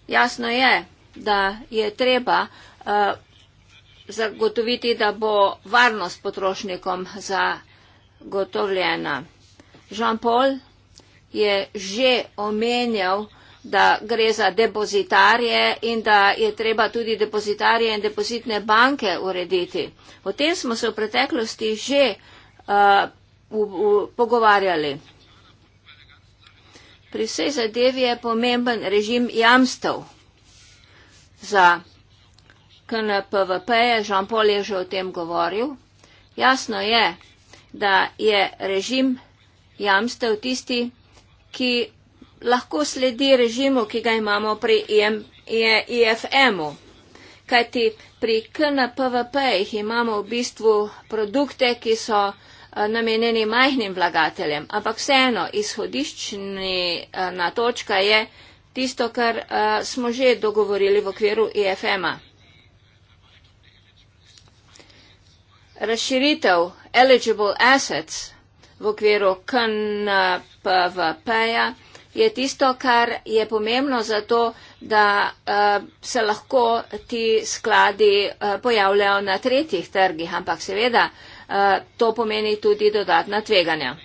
jasno je, da je treba uh, zagotoviti, da bo varnost potrošnikom za gotovljena. Jean-Paul je že omenjal, da gre za depozitarje in da je treba tudi depozitarje in depozitne banke urediti. O tem smo se v preteklosti že uh, v, v, pogovarjali. Pri vsej zadevi je pomemben režim jamstev za KNPVP, Jean-Paul je že o tem govoril. Jasno je, da je režim jamstev tisti, ki lahko sledi režimu, ki ga imamo pri IFM-u. E, Kajti pri KNPVP-jih imamo v bistvu produkte, ki so eh, namenjeni majhnim vlagateljem, ampak vseeno izhodiščna eh, točka je tisto, kar eh, smo že dogovorili v okviru IFM-a. razširitev eligible assets v okviru KNPVP-ja je tisto, kar je pomembno za to, da uh, se lahko ti skladi uh, pojavljajo na tretjih trgih, ampak seveda uh, to pomeni tudi dodatna tveganja.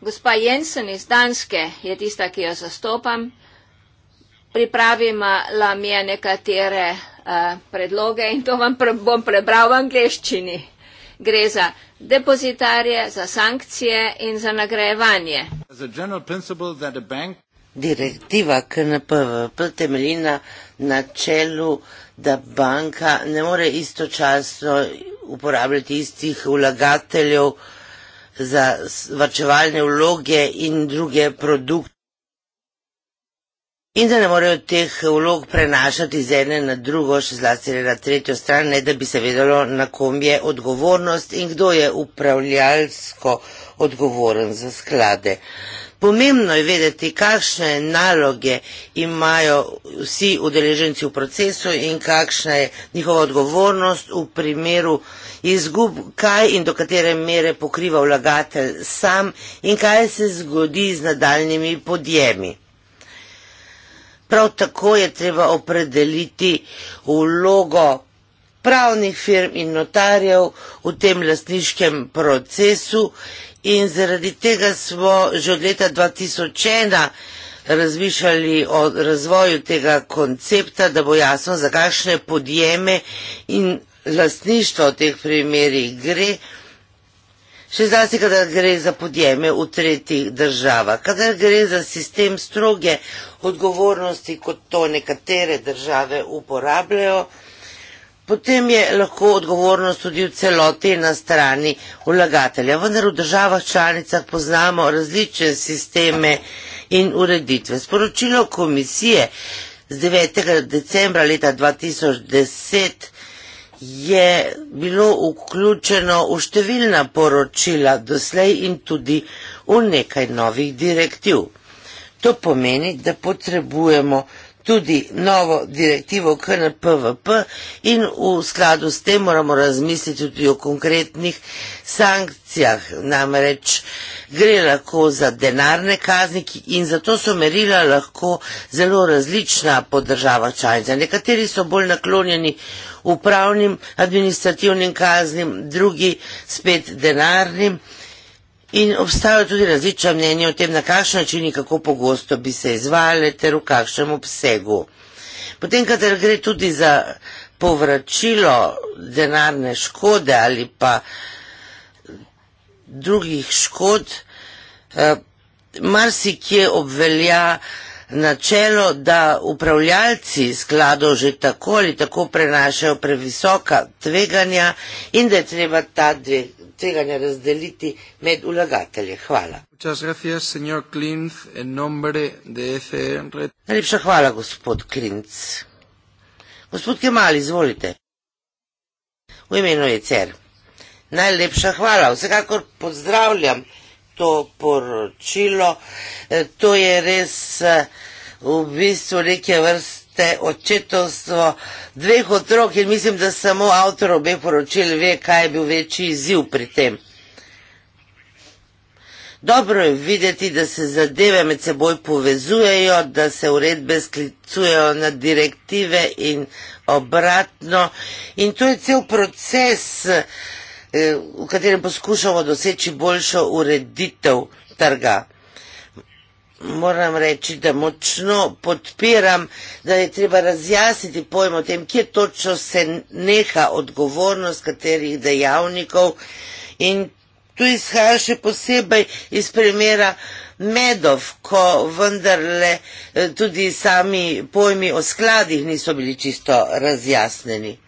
Gospa Jensen iz Danske je tista, ki jo zastopam. Pripravila mi je nekatere predloge in to vam pre, bom prebral v angleščini. Gre za depozitarje, za sankcije in za nagrajevanje. Direktiva KNPVP temelji na načelu, da banka ne more istočasno uporabljati istih vlagateljev za varčevalne vloge in druge produkte. In da ne morejo teh vlog prenašati iz ene na drugo, še zlasti na tretjo stran, ne da bi se vedelo, na kom je odgovornost in kdo je upravljalsko odgovoren za sklade. Pomembno je vedeti, kakšne naloge imajo vsi udeleženci v procesu in kakšna je njihova odgovornost v primeru izgub, kaj in do katere mere pokriva vlagatelj sam in kaj se zgodi z nadaljnimi podjemi. Prav tako je treba opredeliti vlogo pravnih firm in notarjev v tem lastniškem procesu in zaradi tega smo že od leta 2001 razmišljali o razvoju tega koncepta, da bo jasno, za kakšne podjeme in lastništvo v teh primerih gre. Še zlasti, kadar gre za podjeme v tretjih državah, kadar gre za sistem stroge odgovornosti, kot to nekatere države uporabljajo, potem je lahko odgovornost tudi v celoti na strani vlagatelja. Vendar v državah članicah poznamo različne sisteme in ureditve. Sporočilo komisije z 9. decembra leta 2010 je bilo vključeno v številna poročila doslej in tudi v nekaj novih direktiv. To pomeni, da potrebujemo tudi novo direktivo KNPVP in v skladu s tem moramo razmisliti tudi o konkretnih sankcijah. Namreč gre lahko za denarne kazniki in zato so merila lahko zelo različna po državah članica. Nekateri so bolj naklonjeni upravnim administrativnim kaznim, drugi spet denarnim. In obstajajo tudi različna mnenja o tem, na kakšen način in kako pogosto bi se izvajale ter v kakšnem obsegu. Potem, kadar gre tudi za povračilo denarne škode ali pa drugih škod, eh, marsikje obvelja načelo, da upravljalci skladov že tako ali tako prenašajo previsoka tveganja in da je treba ta dve tveganja razdeliti med ulagatelje. Hvala. Gracias, Klinz, Najlepša hvala, gospod Klinc. Gospod Kemal, izvolite. V imenu je CER. Najlepša hvala. Vsekakor pozdravljam to poročilo. E, to je res e, v bistvu neke vrste ste očetovstvo dveh otrok in mislim, da samo avtor obeh poročil ve, kaj je bil večji izziv pri tem. Dobro je videti, da se zadeve med seboj povezujejo, da se uredbe sklicujejo na direktive in obratno. In to je cel proces, eh, v katerem poskušamo doseči boljšo ureditev trga moram reći da močno potpiram da je treba razjasniti pojem o tem, kje točno se neha odgovornost katerih dejavnikov in tu izhaja še posebej iz primera medov, ko vendarle eh, tudi sami pojmi o skladih niso bili čisto razjasneni.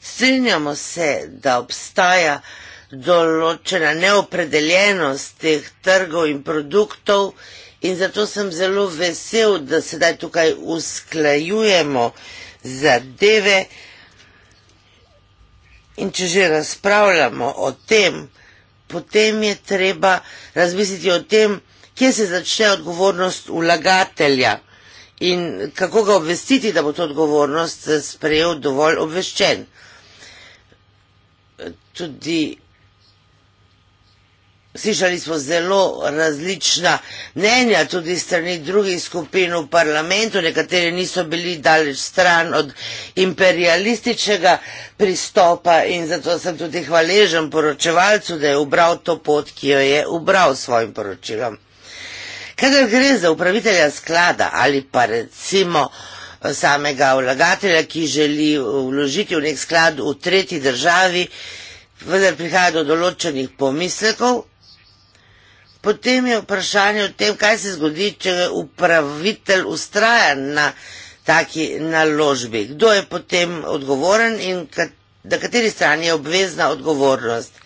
Strinjamo se, da obstaja določena neopredeljenost teh trgov in produktov in zato sem zelo vesel, da sedaj tukaj usklajujemo zadeve in če že razpravljamo o tem, potem je treba razmisliti o tem, kje se začne odgovornost vlagatelja in kako ga obvestiti, da bo to odgovornost sprejel dovolj obveščen. Tudi Slišali smo zelo različna mnenja tudi strani drugih skupin v parlamentu, nekateri niso bili daleč stran od imperialističnega pristopa in zato sem tudi hvaležen poročevalcu, da je ubral to pot, ki jo je ubral svojim poročilom. Kadar gre za upravitelja sklada ali pa recimo eh, samega vlagatelja, ki želi eh, vložiti v nek sklad v tretji državi, vendar prihaja do določenih pomislekov, potem je vprašanje o tem, kaj se zgodi, če upravitelj ustraja na taki naložbi. Kdo je potem odgovoren in kat, na kateri strani je obvezna odgovornost?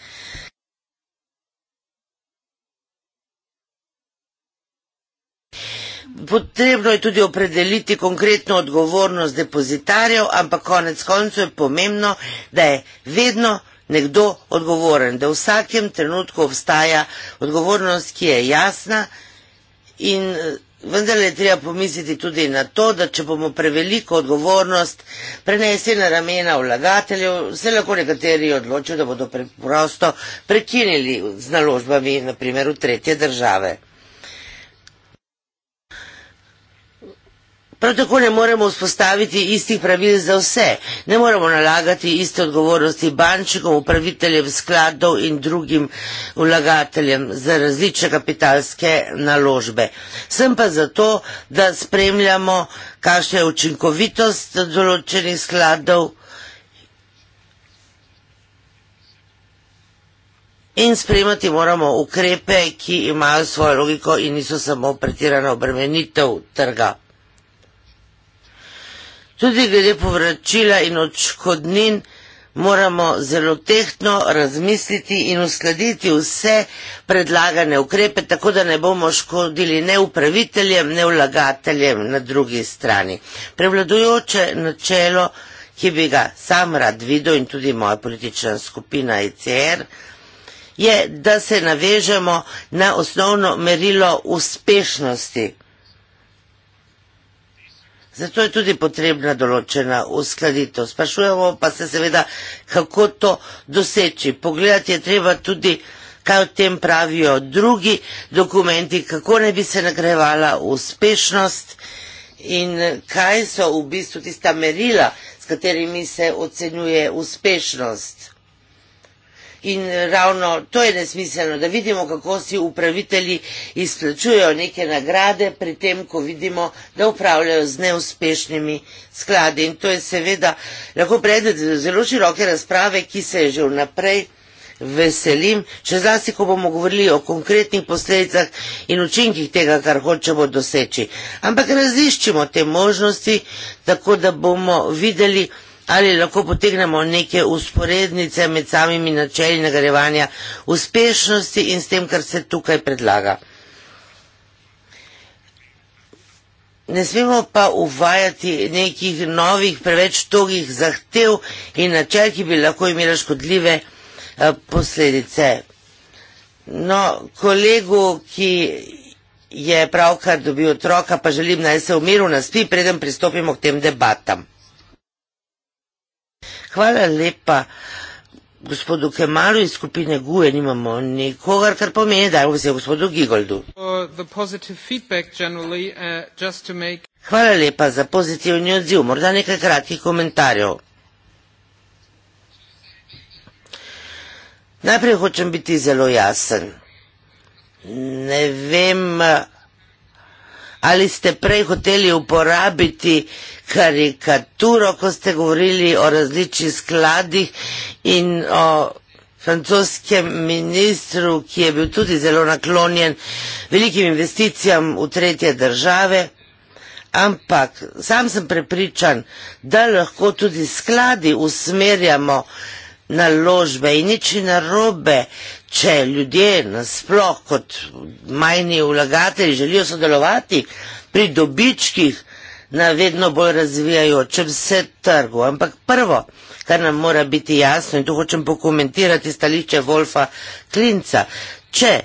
Potrebno je tudi opredeliti konkretno odgovornost depozitarjev, ampak konec koncev je pomembno, da je vedno nekdo odgovoren, da v vsakem trenutku obstaja odgovornost, ki je jasna in eh, vendar je treba pomisliti tudi na to, da če bomo preveliko odgovornost prenesli na ramena vlagateljev, se lahko nekateri odločijo, da bodo preprosto prekinili z naložbami, naprimer v tretje države. Prav tako ne moremo vzpostaviti istih pravil za vse. Ne moremo nalagati iste odgovornosti bančikom, upraviteljem skladov in drugim vlagateljem za različne kapitalske naložbe. Sem pa zato, da spremljamo, kakšna je učinkovitost določenih skladov. In sprejemati moramo ukrepe, ki imajo svojo logiko in niso samo pretirana obremenitev trga. Tudi glede povračila in odškodnin moramo zelo tehtno razmisliti in uskladiti vse predlagane ukrepe, tako da ne bomo škodili ne upraviteljem, ne vlagateljem na drugi strani. Prevladujoče načelo, ki bi ga sam rad videl in tudi moja politična skupina ICR, e je, da se navežemo na osnovno merilo uspešnosti. Zato je tudi potrebna določena uskladitev. Sprašujemo pa se seveda, kako to doseči. Pogledati je treba tudi, kaj o tem pravijo drugi dokumenti, kako ne bi se nagrajevala uspešnost in kaj so v bistvu tista merila, s katerimi se ocenjuje uspešnost. In ravno to je nesmiselno, da vidimo, kako si upravitelji izplačujejo neke nagrade, pri tem, ko vidimo, da upravljajo z neuspešnimi skladi. In to je seveda lahko predmet zelo široke razprave, ki se je že vnaprej veselim, še zlasti, ko bomo govorili o konkretnih posledicah in učinkih tega, kar hočemo doseči. Ampak raziščimo te možnosti, tako da bomo videli, ali lahko potegnemo neke usporednice med samimi načeli nagrajevanja uspešnosti in s tem, kar se tukaj predlaga. Ne smemo pa uvajati nekih novih, preveč togih zahtev in načel, ki bi lahko imeli škodljive eh, posledice. No, kolegu, ki je pravkar dobil otroka, pa želim naj se umiru na spi, preden pristopimo k tem debatam. Hvala lepa gospodu Kemalu iz skupine GUE, nimamo nikogar, kar pomeni, da je vse gospodu Gigoldu. Uh, Hvala lepa za pozitivni odziv, morda nekaj kratkih komentarjev. Najprej hočem biti zelo jasen. Ne vem, ali ste prej hoteli uporabiti karikaturo, ko ste govorili o različnih skladih in o francoskem ministru, ki je bil tudi zelo naklonjen velikim investicijam v tretje države, ampak sam sem prepričan, da lahko tudi skladi usmerjamo naložbe in nič ni narobe, Če ljudje nasploh kot majni vlagatelji želijo sodelovati pri dobičkih, na vedno bolj razvijajočem se trgu. Ampak prvo, kar nam mora biti jasno, in tu hočem pokomentirati stališče Wolfa Klinca, če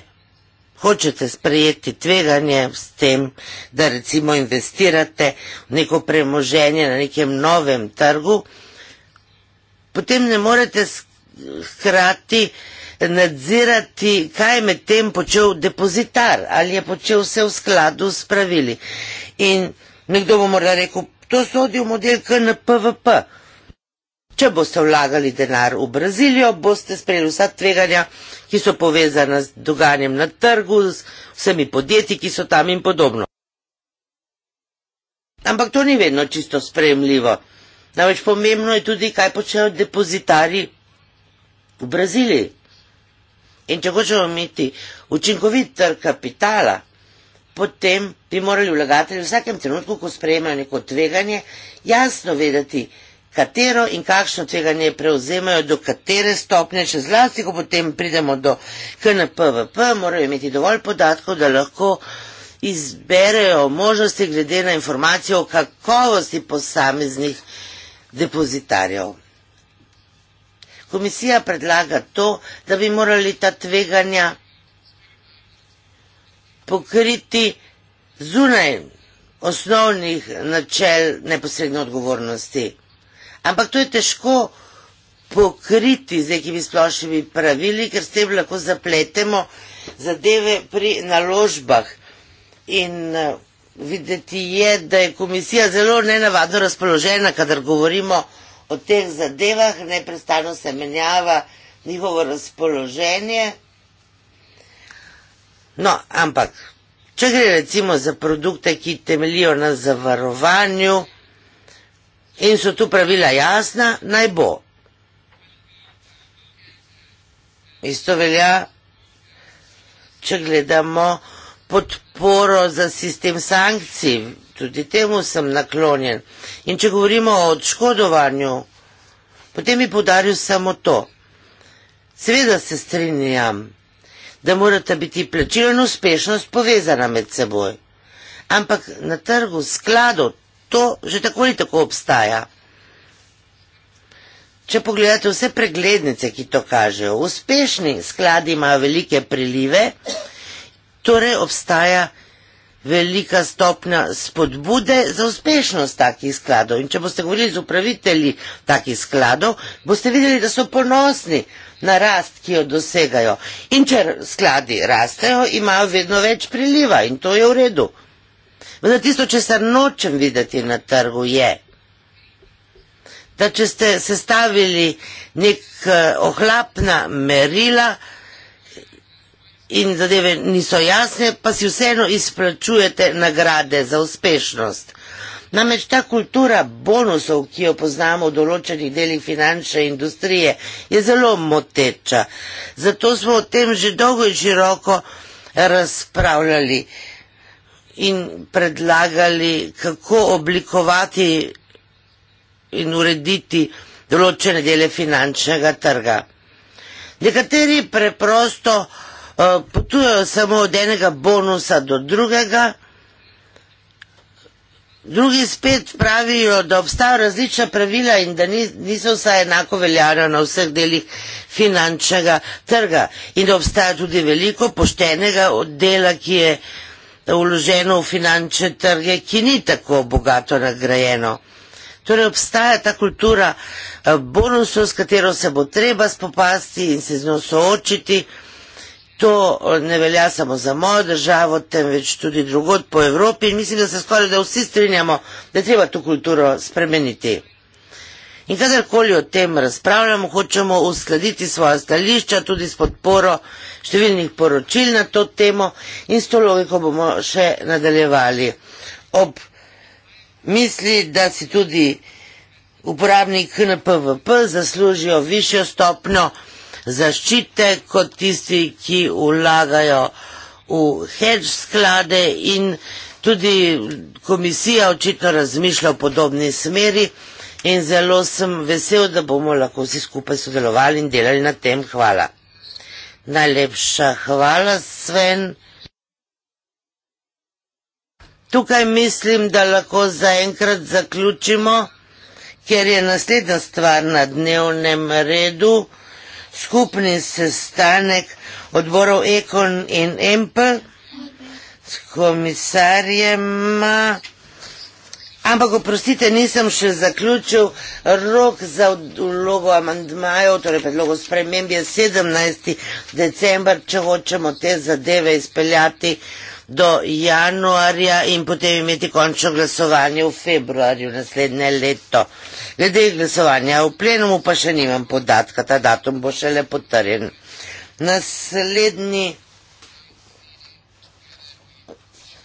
hočete sprejeti tveganje s tem, da recimo investirate v neko premoženje na nekem novem trgu, potem ne morete hkrati nadzirati, kaj je med tem počel depozitar, ali je počel vse v skladu s pravili. In nekdo bo morda rekel, to sodi v model KNPVP. Če boste vlagali denar v Brazilijo, boste sprejeli vsa tveganja, ki so povezana z dogajanjem na trgu, z vsemi podjetji, ki so tam in podobno. Ampak to ni vedno čisto sprejemljivo. Namreč pomembno je tudi, kaj počnejo depozitari v Braziliji. In če hočemo imeti učinkovit trg kapitala, potem bi morali vlagatelji v vsakem trenutku, ko sprejemajo neko tveganje, jasno vedeti, katero in kakšno tveganje prevzemajo, do katere stopnje, še zlasti, ko potem pridemo do KNPVP, morajo imeti dovolj podatkov, da lahko izberejo možnosti glede na informacijo o kakovosti posameznih depozitarjev. Komisija predlaga to, da bi morali ta tveganja pokriti zunaj osnovnih načel neposredne odgovornosti. Ampak to je težko pokriti z nekimi splošnimi pravili, ker s tem lahko zapletemo zadeve pri naložbah. In eh, videti je, da je komisija zelo nenavadno razpoložena, kadar govorimo o o teh zadevah, neprestano se menjava njihovo razpoloženje. No, ampak, če gre recimo za produkte, ki temelijo na zavarovanju in so tu pravila jasna, naj bo. Isto velja, če gledamo podporo za sistem sankcij, tudi temu sem naklonjen. In če govorimo o odškodovanju, potem bi podaril samo to. Seveda se strinjam, da morata biti plačilo in uspešnost povezana med seboj. Ampak na trgu sklado to že tako ali tako obstaja. Če pogledate vse preglednice, ki to kažejo, uspešni skladi imajo velike prilive, torej obstaja velika stopnja spodbude za uspešnost takih skladov. In če boste govorili z upravitelji takih skladov, boste videli, da so ponosni na rast, ki jo dosegajo. In če skladi rastejo, imajo vedno več priliva in to je v redu. Vendar tisto, če se nočem videti na trgu, je, da če ste sestavili nek eh, ohlapna merila, in zadeve niso jasne, pa si vseeno izplačujete nagrade za uspešnost. Namreč ta kultura bonusov, ki jo poznamo v določenih delih finančne industrije, je zelo moteča. Zato smo o tem že dolgo in široko razpravljali in predlagali, kako oblikovati in urediti določene dele finančnega trga. Nekateri preprosto Eh, Potujo samo od enega bonusa do drugega. Drugi spet pravijo, da obstajajo različna pravila in da niso vsa enako veljana na vseh delih finančnega trga in da obstaja tudi veliko poštenega oddela, ki je uloženo v finančne trge, ki ni tako bogato nagrajeno. Torej obstaja ta kultura eh, bonusov, s katero se bo treba spopasti in se z njo soočiti to eh, ne velja samo za mojo državo, temveč tudi drugod po Evropi in mislim, da se skoraj da vsi strinjamo, da treba to kulturo spremeniti. In kadarkoli o tem razpravljamo, hočemo uskladiti svoja stališča tudi s podporo številnih poročil na to temo in s to logiko bomo še nadaljevali. Ob misli, da si tudi uporabnik NPVP zaslužijo višjo stopno, zaščite kot tisti, ki ulagajo v hedge sklade in tudi komisija očitno razmišlja v podobni smeri in zelo sem vesel, da bomo lahko vsi skupaj sodelovali in delali na tem. Hvala. Najlepša hvala, Sven. Tukaj mislim, da lahko zaenkrat zaključimo, ker je naslednja stvar na dnevnem redu skupni sestanek odborov Ekon in Empel s komisarjema. Ampak, oprostite, nisem še zaključil rok za vlogo amandmajev, torej predlogo sprememb je 17. decembar, če hočemo te zadeve izpeljati do januarja in potem imeti končno glasovanje v februarju naslednje leto. Glede glasovanja v plenumu pa še nimam podatka, ta datum bo še le potrjen. Naslednji,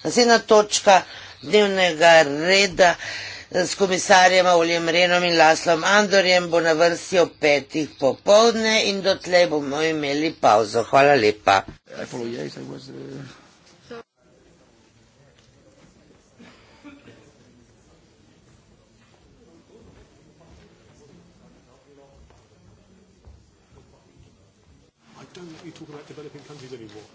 naslednja točka dnevnega reda eh, s komisarjem Olijem Renom in Laslom Andorjem bo na vrsti ob petih popovdne in dotlej bomo imeli pauzo. Hvala lepa. Apple, yes, 看这个礼物。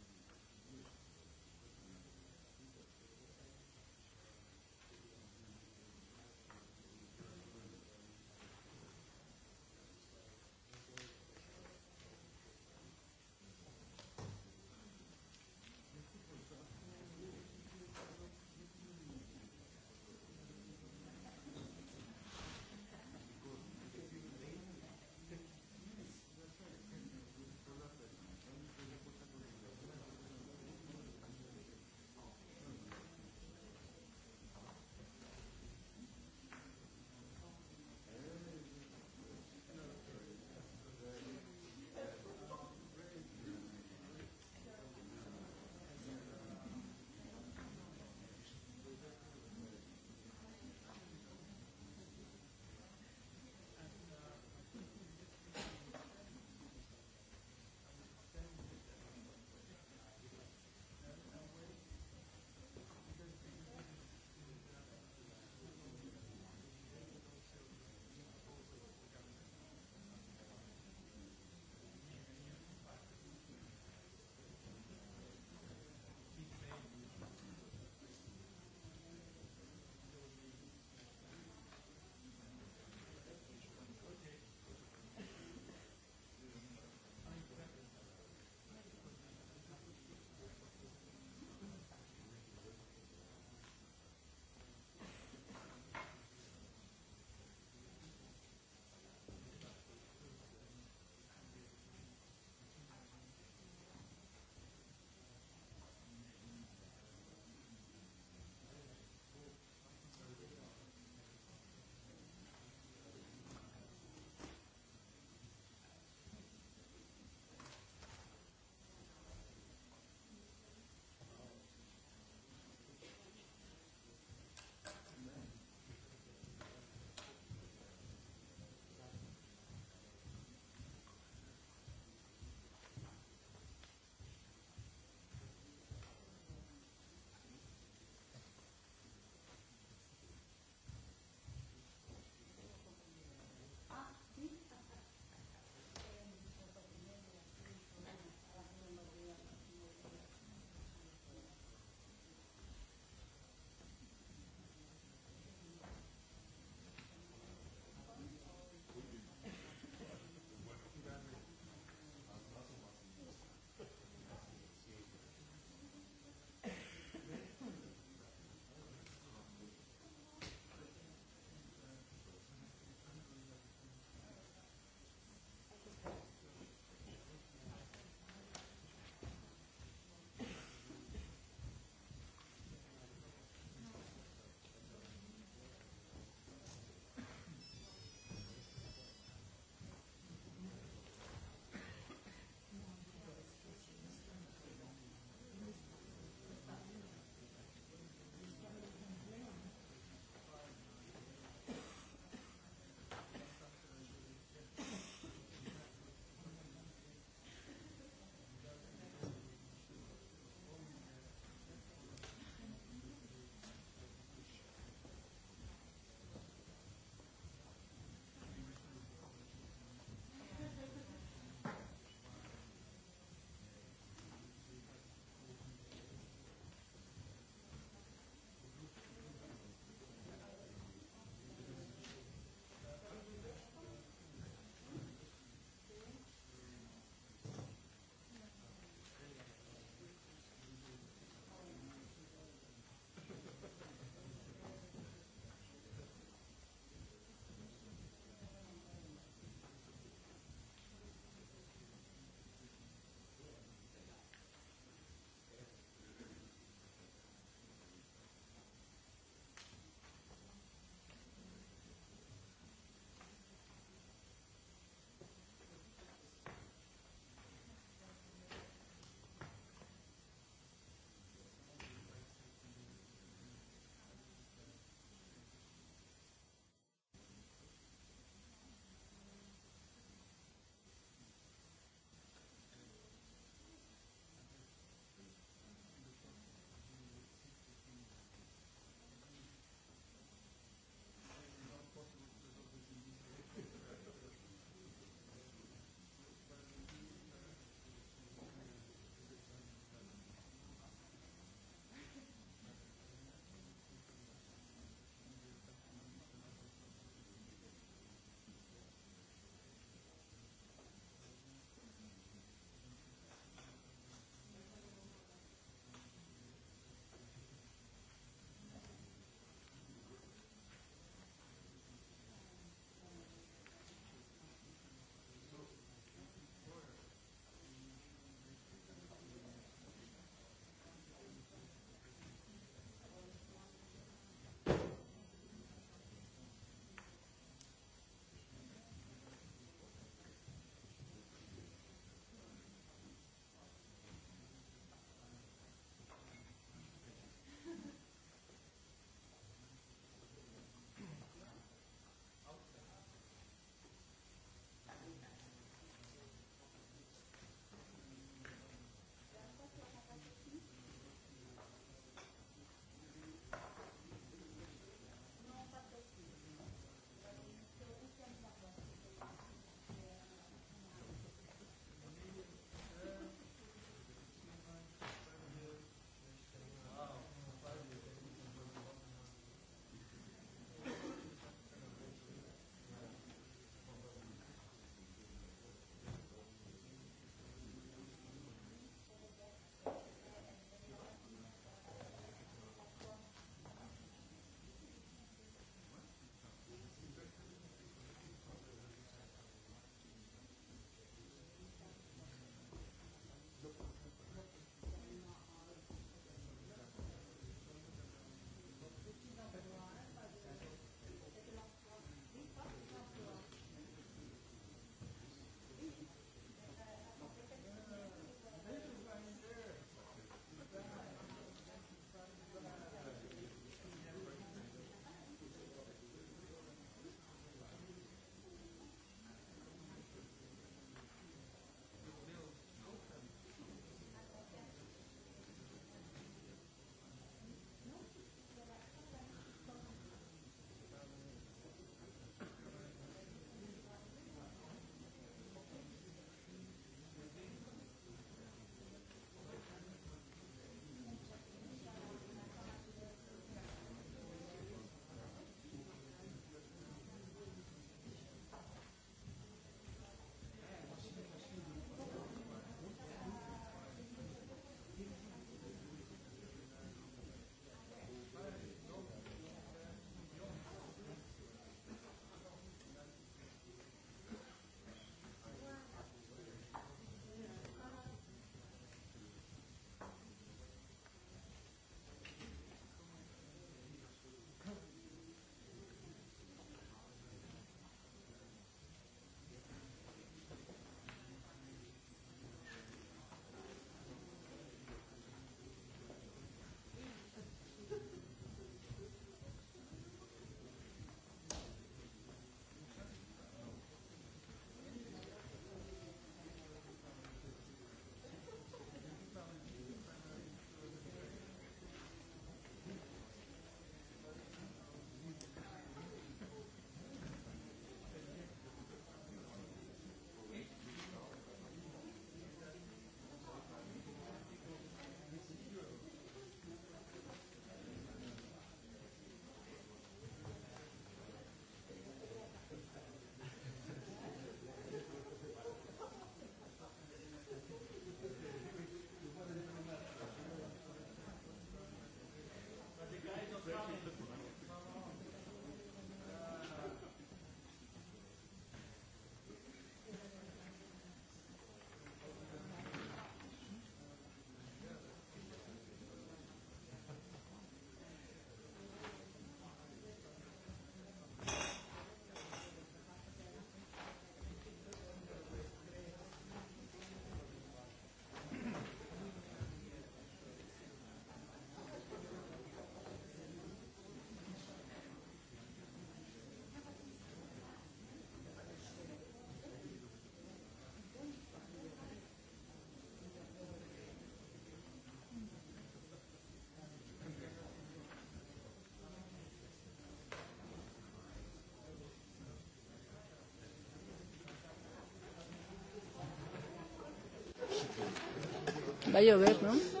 Va a llover, ¿no?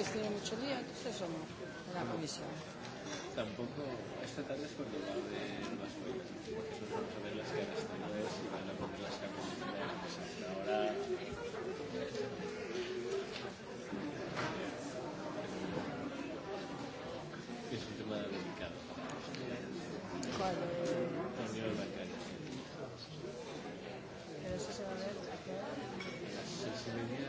pues tiene mucho lío, entonces son la comisión. Tampoco, esta tarde es cuando va de nuevas porque nosotros vamos a ver las caras tenidas y van a poner las caras tenidas. Ahora... Es un tema delicado. ¿Cuál? Torneo de bancario. ¿Pero eso se va a ver? ¿A qué hora? A las seis y media.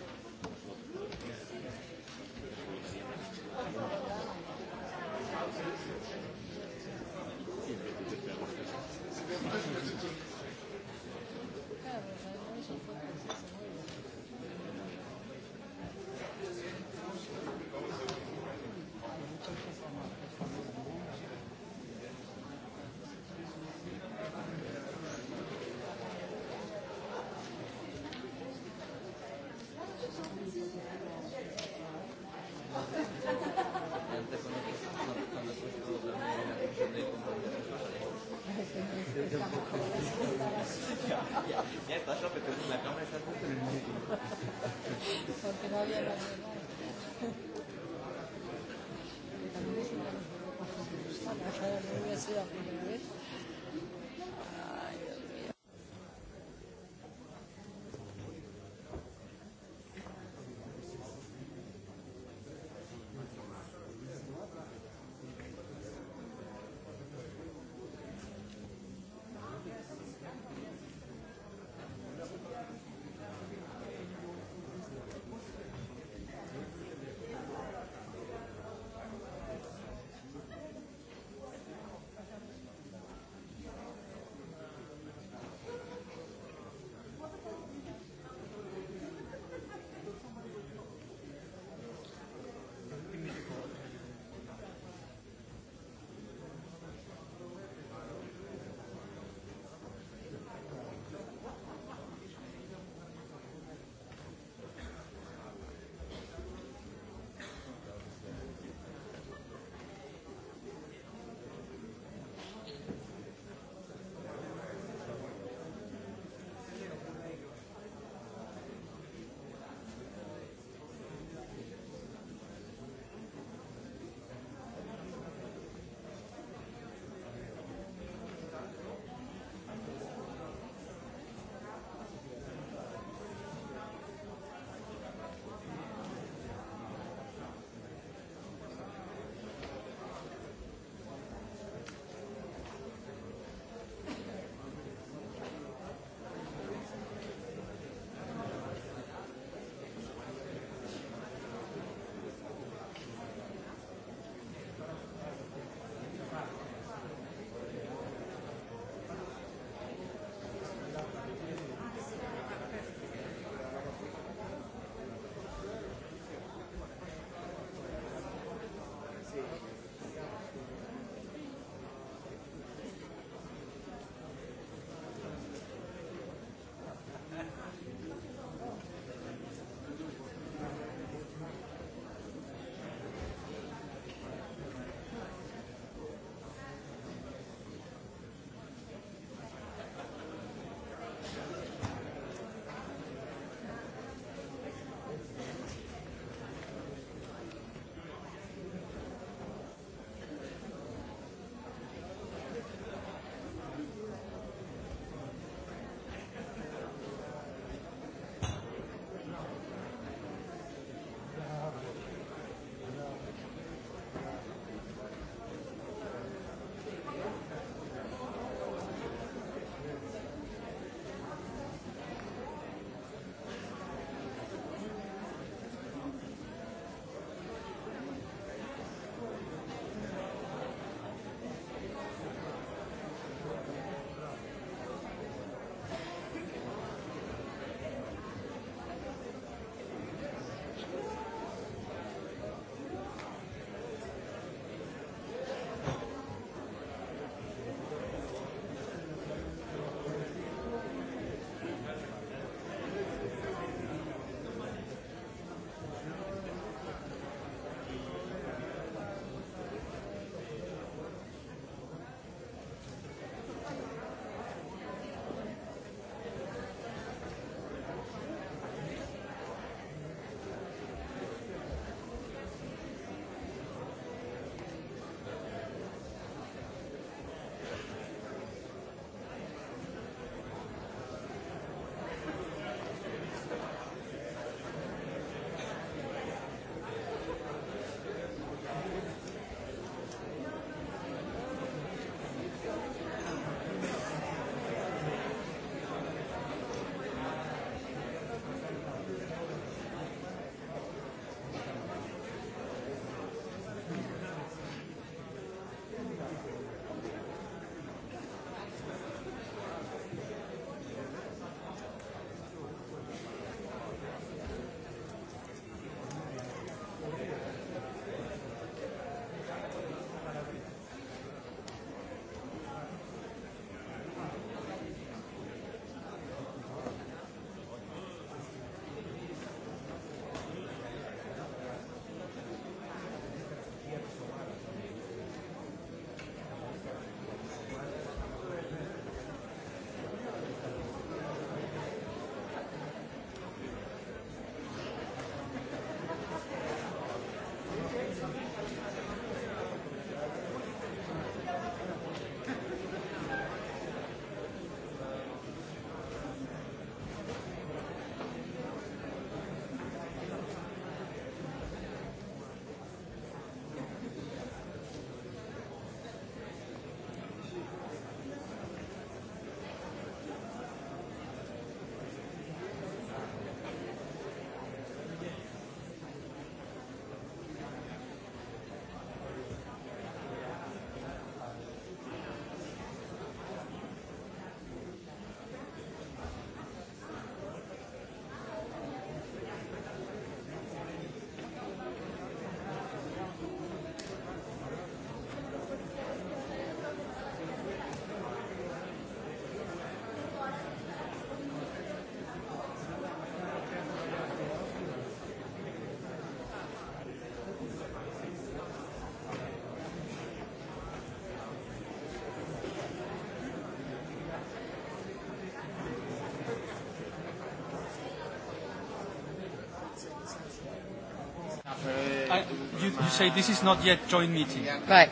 you, you say this is not yet joint meeting. Right.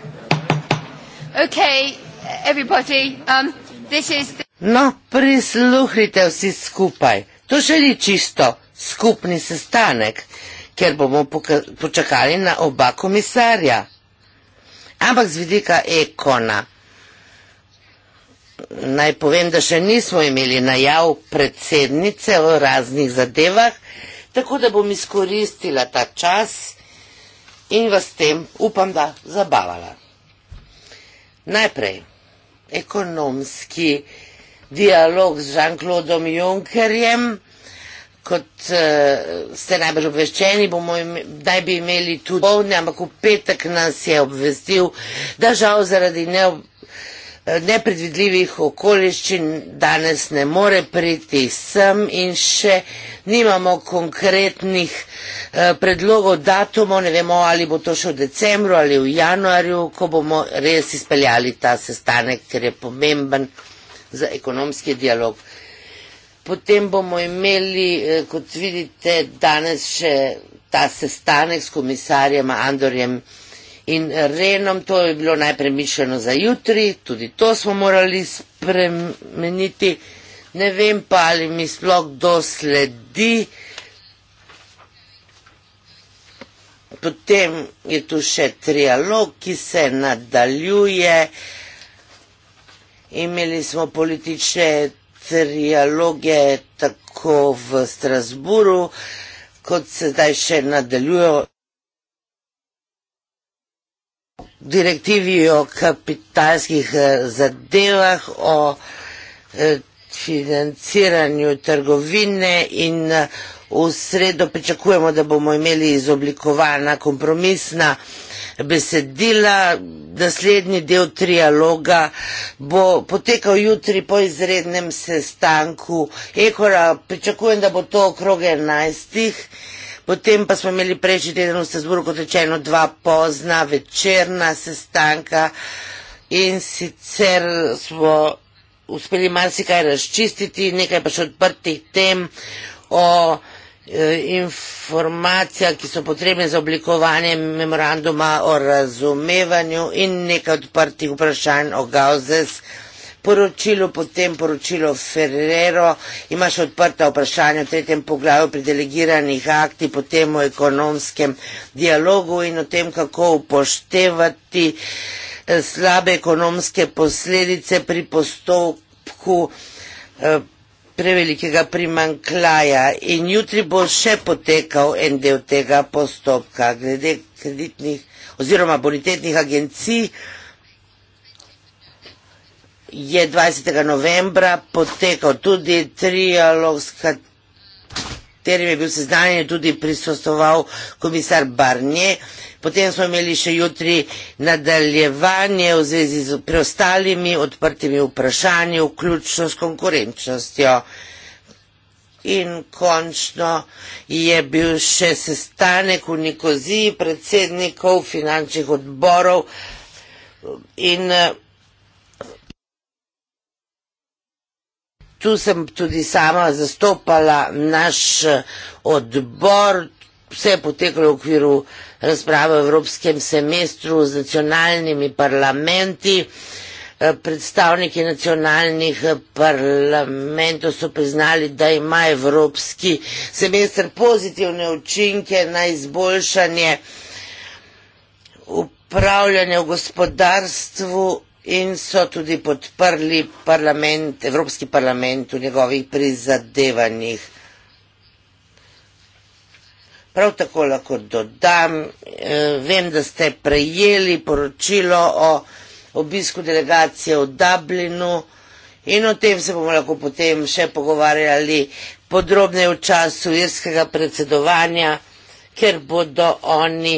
Okay, everybody, um, this is... The no, prisluhnite vsi skupaj. To še ni čisto skupni sestanek, ker bomo počakali na oba komisarja. Ampak z vidika ekona. Naj povem, da še nismo imeli najav predsednice o raznih zadevah, tako da bom izkoristila ta čas in vas s tem upam, da zabavala. Najprej ekonomski dialog z Jean-Claudom Junckerjem. Kot uh, ste najbrž obveščeni, bomo naj bi imeli tudi povne, ampak v petek nas je obvestil, da žal zaradi neobveščenosti nepredvidljivih okoliščin danes ne more priti sem in še nimamo konkretnih eh, predlogov datumov, ne vemo, ali bo to še v decembru ali v januarju, ko bomo res izpeljali ta sestanek, ker je pomemben za ekonomski dialog. Potem bomo imeli, eh, kot vidite, danes še ta sestanek s komisarjem Andorjem Andorjem in Renom, to je bilo najprej mišljeno za jutri, tudi to smo morali spremeniti. Ne vem pa, ali mi sploh kdo sledi. Potem je tu še trialog, ki se nadaljuje. Imeli smo politične trialoge tako v Strasburu, kot se zdaj še nadaljujejo direktivi o kapitalskih eh, zadevah, o eh, financiranju trgovine in eh, v sredo pričakujemo, da bomo imeli izoblikovana kompromisna besedila. Naslednji del trialoga bo potekal jutri po izrednem sestanku Ekora. Pričakujem, da bo to okrog enajstih. Potem pa smo imeli prejšnji teden v Stazburu, kot rečeno, dva pozna večerna sestanka in sicer smo uspeli marsikaj razčistiti, nekaj pa še odprtih tem o e, informacijah, ki so potrebne za oblikovanje memoranduma o razumevanju in nekaj odprtih vprašanj o Gauzes poročilu, potem poročilu Ferrero, imaš odprta vprašanja v tretjem poglavju pri delegiranih akti, potem o ekonomskem dialogu in o tem, kako upoštevati eh, slabe ekonomske posledice pri postopku eh, prevelikega primankljaja in jutri bo še potekal en del tega postopka glede kreditnih oziroma bonitetnih agencij je 20. novembra potekal tudi trialog, s katerim je bil seznanjen tudi prisostoval komisar Barnje. Potem smo imeli še jutri nadaljevanje v zvezi z preostalimi odprtimi vprašanji, vključno s konkurenčnostjo. In končno je bil še sestanek v Nikoziji predsednikov finančnih odborov in eh, tu sem tudi sama zastopala naš eh, odbor, vse je poteklo v okviru razprave o evropskem semestru z nacionalnimi parlamenti. Eh, predstavniki nacionalnih eh, parlamentov so priznali, da ima evropski semester pozitivne učinke na izboljšanje upravljanja v gospodarstvu in so tudi podprli parlament, Evropski parlament v njegovih prizadevanjih. Prav tako lahko dodam, eh, vem, da ste prejeli poročilo o obisku delegacije v Dublinu in o tem se bomo lahko potem še pogovarjali podrobne v času irskega predsedovanja, ker bodo oni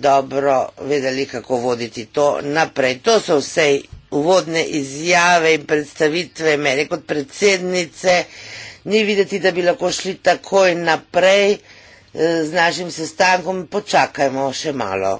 dobro vedeli, kako voditi to naprej. To so vse uvodne izjave in predstavitve mene kot predsednice. Ni videti, da bi lahko šli takoj naprej eh, z našim sestankom. Počakajmo še malo.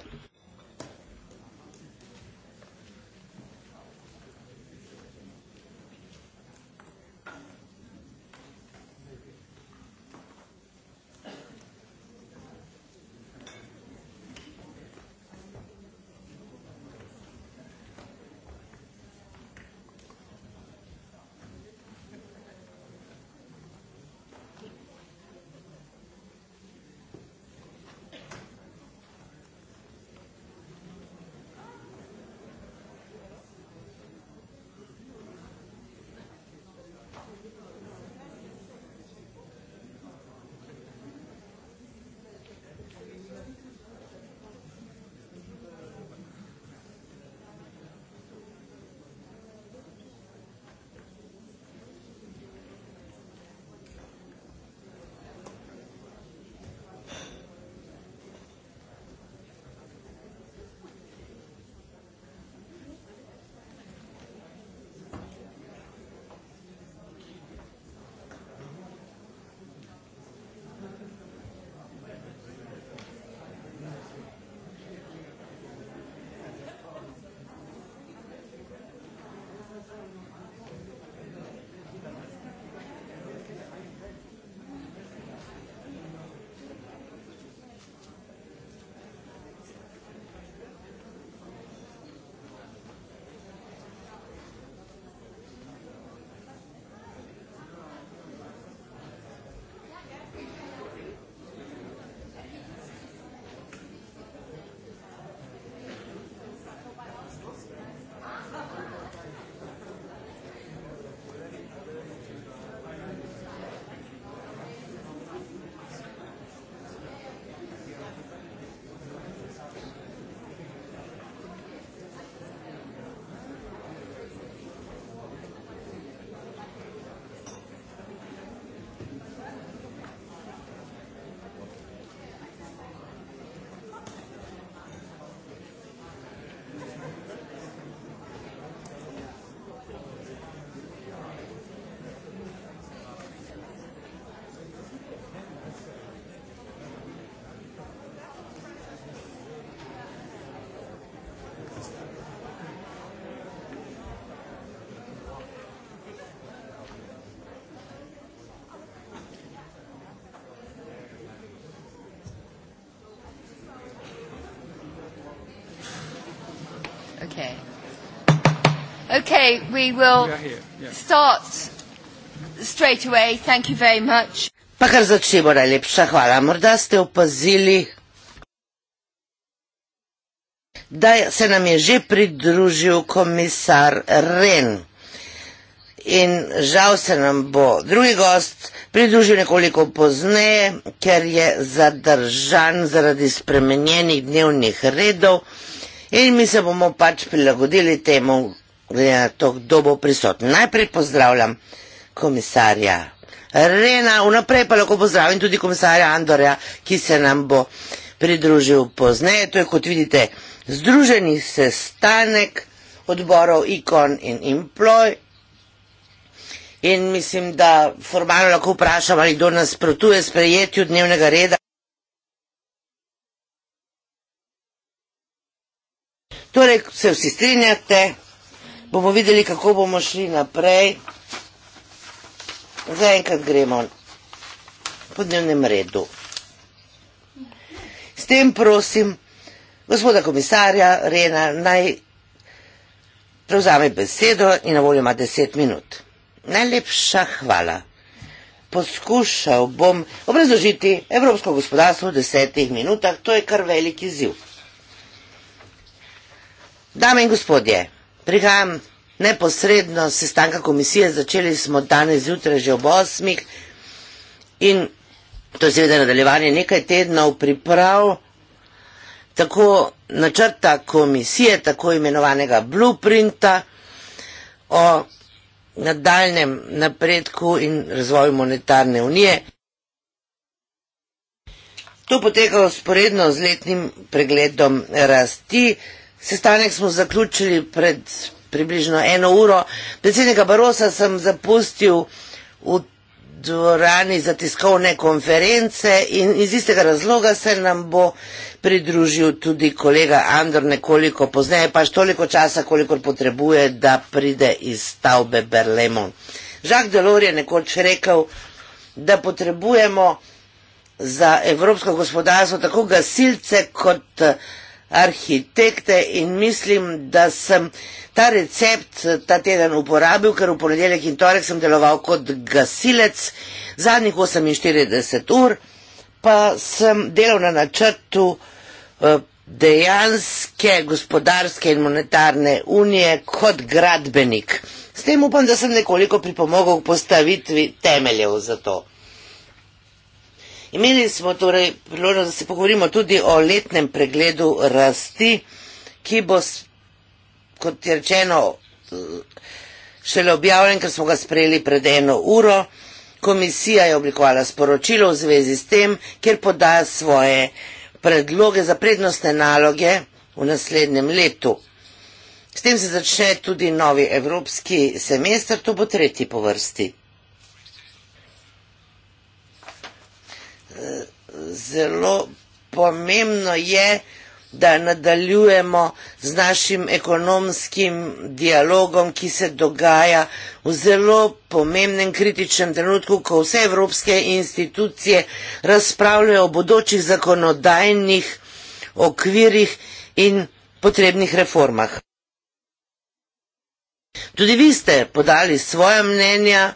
Okay, we will start straight away. Thank you very much. Pa kar začnemo najlepša hvala. Morda ste opazili, da se nam je že pridružil komisar Ren. In žal se nam bo drugi gost pridružil nekoliko pozneje, ker je zadržan zaradi spremenjenih dnevnih redov. In mi se bomo pač prilagodili temu, glede na to, kdo bo prisoten. Najprej pozdravljam komisarja Rena, vnaprej pa lahko pozdravim tudi komisarja Andorja, ki se nam bo pridružil pozneje. To je, kot vidite, združeni sestanek odborov ICON in IMPLOJ. In mislim, da formalno lahko vprašamo, ali kdo nasprotuje sprejetju dnevnega reda. Torej, se vsi strinjate, bomo videli, kako bomo šli naprej. Zaenkrat gremo po dnevnem redu. S tem prosim gospoda komisarja Rena naj prevzame besedo in na voljo ima deset minut. Najlepša hvala. Poskušal bom obrazložiti evropsko gospodarstvo v desetih minutah. To je kar veliki ziv. Dame in gospodje, Prihajam neposredno s sestanka komisije, začeli smo danes zjutraj že ob 8. In to je seveda nadaljevanje nekaj tednov priprav, tako načrta komisije, tako imenovanega blueprinta o nadaljem napredku in razvoju monetarne unije. To poteka usporedno z letnim pregledom rasti, Sestanek smo zaključili pred približno eno uro. Predsednika Barosa sem zapustil v dvorani za tiskovne konference in iz istega razloga se nam bo pridružil tudi kolega Andor nekoliko pozneje, paš toliko časa, kolikor potrebuje, da pride iz stavbe Berlemo. Jacques Delors je nekoč rekel, da potrebujemo za evropsko gospodarstvo tako gasilce kot uh, arhitekte in mislim, da sem ta recept ta teden uporabil, ker v ponedeljek in torek sem deloval kot gasilec zadnjih 48 ur, pa sem delal na načrtu eh, dejanske gospodarske in monetarne unije kot gradbenik. S tem upam, da sem nekoliko pripomogel k postavitvi temeljev za to. Imeli smo torej priložnost, da se pogovorimo tudi o letnem pregledu rasti, ki bo, kot je rečeno, šele objavljen, ker smo ga sprejeli pred eno uro. Komisija je oblikovala sporočilo v zvezi s tem, kjer podaja svoje predloge za prednostne naloge v naslednjem letu. S tem se začne tudi novi evropski semester, to bo tretji po vrsti. zelo pomembno je, da nadaljujemo z našim ekonomskim dialogom, ki se dogaja v zelo pomembnem kritičnem trenutku, ko vse evropske institucije razpravljajo o bodočih zakonodajnih okvirih in potrebnih reformah. Tudi vi ste podali svoje mnenja.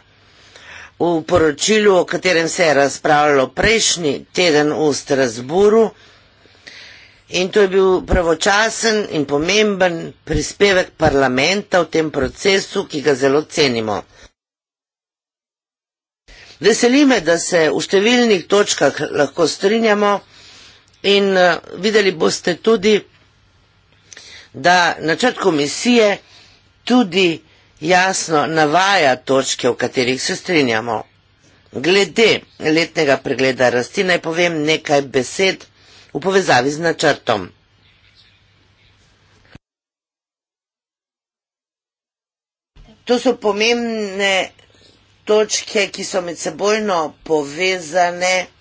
V poročilu, o katerem se je razpravljalo prejšnji teden v Strasburu, in to je bil pravočasen in pomemben prispevek parlamenta v tem procesu, ki ga zelo cenimo. Veseli me, da se v številnih točkah lahko strinjamo in eh, videli boste tudi, da načrt komisije tudi jasno navaja točke, v katerih se strinjamo. Glede letnega pregleda rasti naj povem nekaj besed v povezavi z načrtom. To so pomembne točke, ki so medsebojno povezane.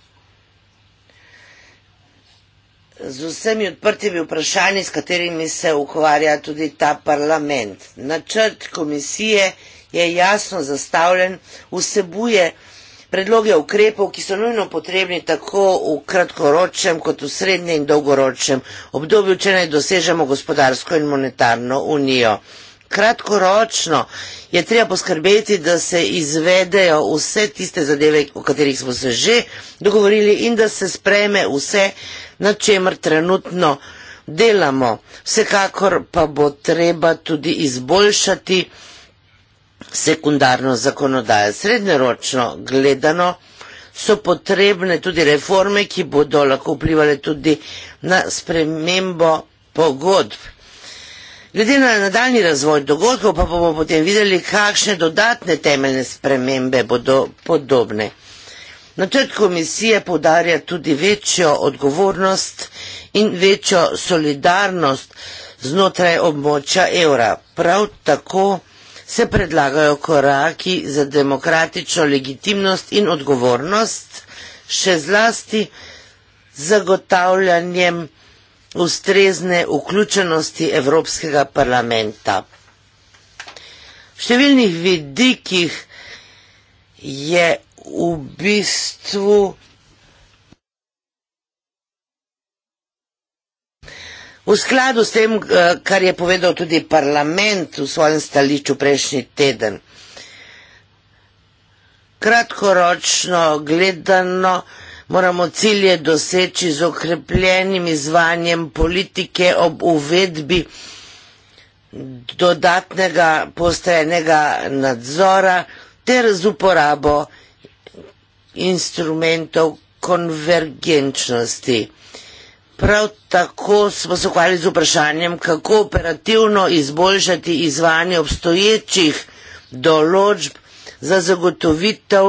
z vsemi odprtimi vprašanji, s katerimi se ukvarja tudi ta parlament. Načrt komisije je jasno zastavljen, vsebuje predloge ukrepov, ki so nujno potrebni tako v kratkoročnem kot v srednjem in dolgoročnem obdobju, če naj dosežemo gospodarsko in monetarno unijo. Kratkoročno je treba poskrbeti, da se izvedejo vse tiste zadeve, o katerih smo se že dogovorili in da se spreme vse na čemer trenutno delamo. Vsekakor pa bo treba tudi izboljšati sekundarno zakonodajo. Srednjeročno gledano so potrebne tudi reforme, ki bodo lahko vplivali tudi na spremembo pogodb. Glede na nadaljni razvoj dogodkov pa bomo potem videli, kakšne dodatne temeljne spremembe bodo podobne. Načrt komisije podarja tudi večjo odgovornost in večjo solidarnost znotraj območja evra. Prav tako se predlagajo koraki za demokratično legitimnost in odgovornost, še zlasti zagotavljanjem ustrezne vključenosti Evropskega parlamenta. V številnih vidikih je v bistvu v skladu s tem, eh, kar je povedal tudi parlament v svojem stališču prejšnji teden. Kratkoročno gledano moramo cilje doseči z okrepljenim izvanjem politike ob uvedbi dodatnega postajenega nadzora ter z uporabo instrumentov konvergenčnosti. Prav tako smo se ukvarjali z vprašanjem, kako operativno izboljšati izvanje obstoječih določb za zagotovitev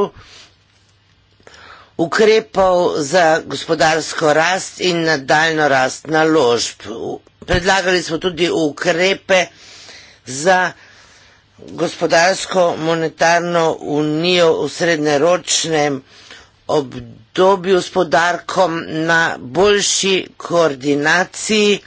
ukrepov za gospodarsko rast in nadaljno rast naložb. Predlagali smo tudi ukrepe za gospodarsko-monetarno unijo v srednjeročnem obdobju s podarkom na boljši koordinaciji,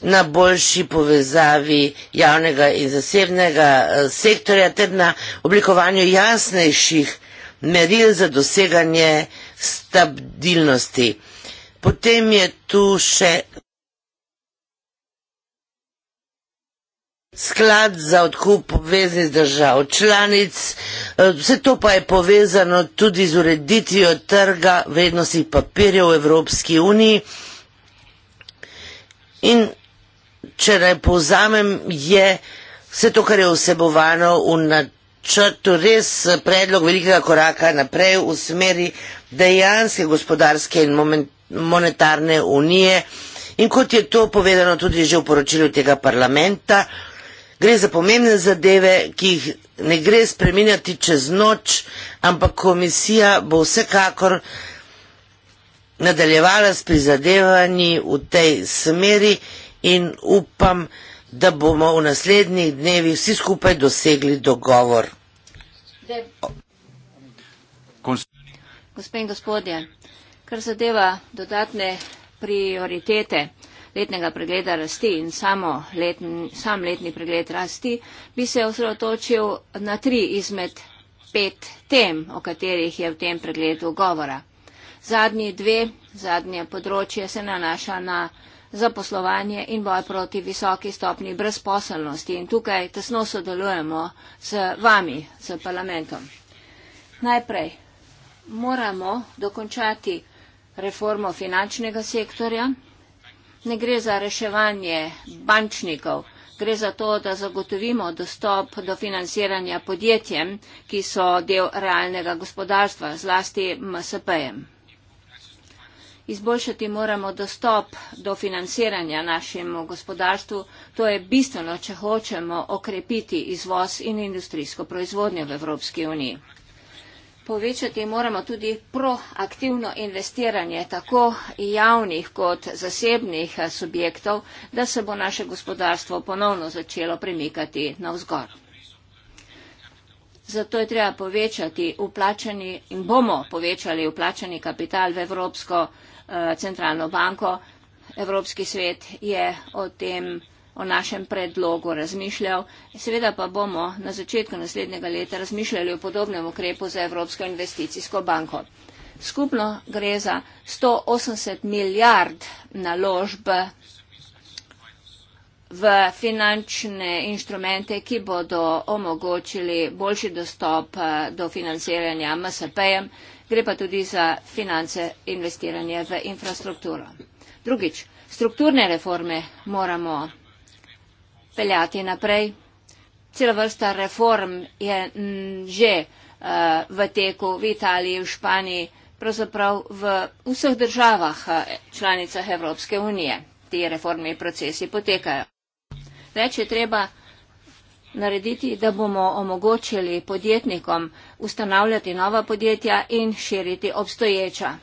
na boljši povezavi javnega in zasebnega eh, sektorja ter na oblikovanju jasnejših meril za doseganje stabilnosti. Potem je tu še sklad za odkup obveznic držav članic, eh, vse to pa je povezano tudi z ureditvijo trga vrednostnih papirjev v Evropski uniji. In če naj povzamem, je vse to, kar je vsebovano v načrtu, res predlog velikega koraka naprej v smeri dejanske gospodarske in monetarne unije. In kot je to povedano tudi že v poročilu tega parlamenta, gre za pomembne zadeve, ki jih ne gre spremenjati čez noč, ampak komisija bo vsekakor nadaljevala s prizadevanji v tej smeri in upam, da bomo v naslednjih dnevih vsi skupaj dosegli dogovor. Gospe in gospodje, kar zadeva dodatne prioritete, letnega pregleda rasti in samo letn, sam letni pregled rasti, bi se osredotočil na tri izmed pet tem, o katerih je v tem pregledu govora. Zadnji dve, zadnje področje se nanaša na zaposlovanje in boj proti visoki stopni brezposelnosti in tukaj tesno sodelujemo z vami, z parlamentom. Najprej moramo dokončati reformo finančnega sektorja, ne gre za reševanje bančnikov, gre za to, da zagotovimo dostop do financiranja podjetjem, ki so del realnega gospodarstva, zlasti MSP-jem. Izboljšati moramo dostop do financiranja našemu gospodarstvu. To je bistveno, če hočemo okrepiti izvoz in industrijsko proizvodnjo v Evropski uniji. Povečati moramo tudi proaktivno investiranje tako javnih kot zasebnih eh, subjektov, da se bo naše gospodarstvo ponovno začelo premikati na vzgor. Zato je treba povečati uplačani in bomo povečali uplačani kapital v Evropsko eh, centralno banko. Evropski svet je o tem o našem predlogu razmišljal. Seveda pa bomo na začetku naslednjega leta razmišljali o podobnem ukrepu za Evropsko investicijsko banko. Skupno gre za 180 milijard naložb v finančne inštrumente, ki bodo omogočili boljši dostop eh, do financiranja MSP-jem, gre pa tudi za finance investiranja v infrastrukturo. Drugič, strukturne reforme moramo peljati naprej. Cela vrsta reform je m, mm, že uh, v teku v Italiji, v Španiji, pravzaprav v vseh državah eh, članicah Evropske unije. Ti reformni procesi potekajo. Več je treba narediti, da bomo omogočili podjetnikom ustanavljati nova podjetja in širiti obstoječa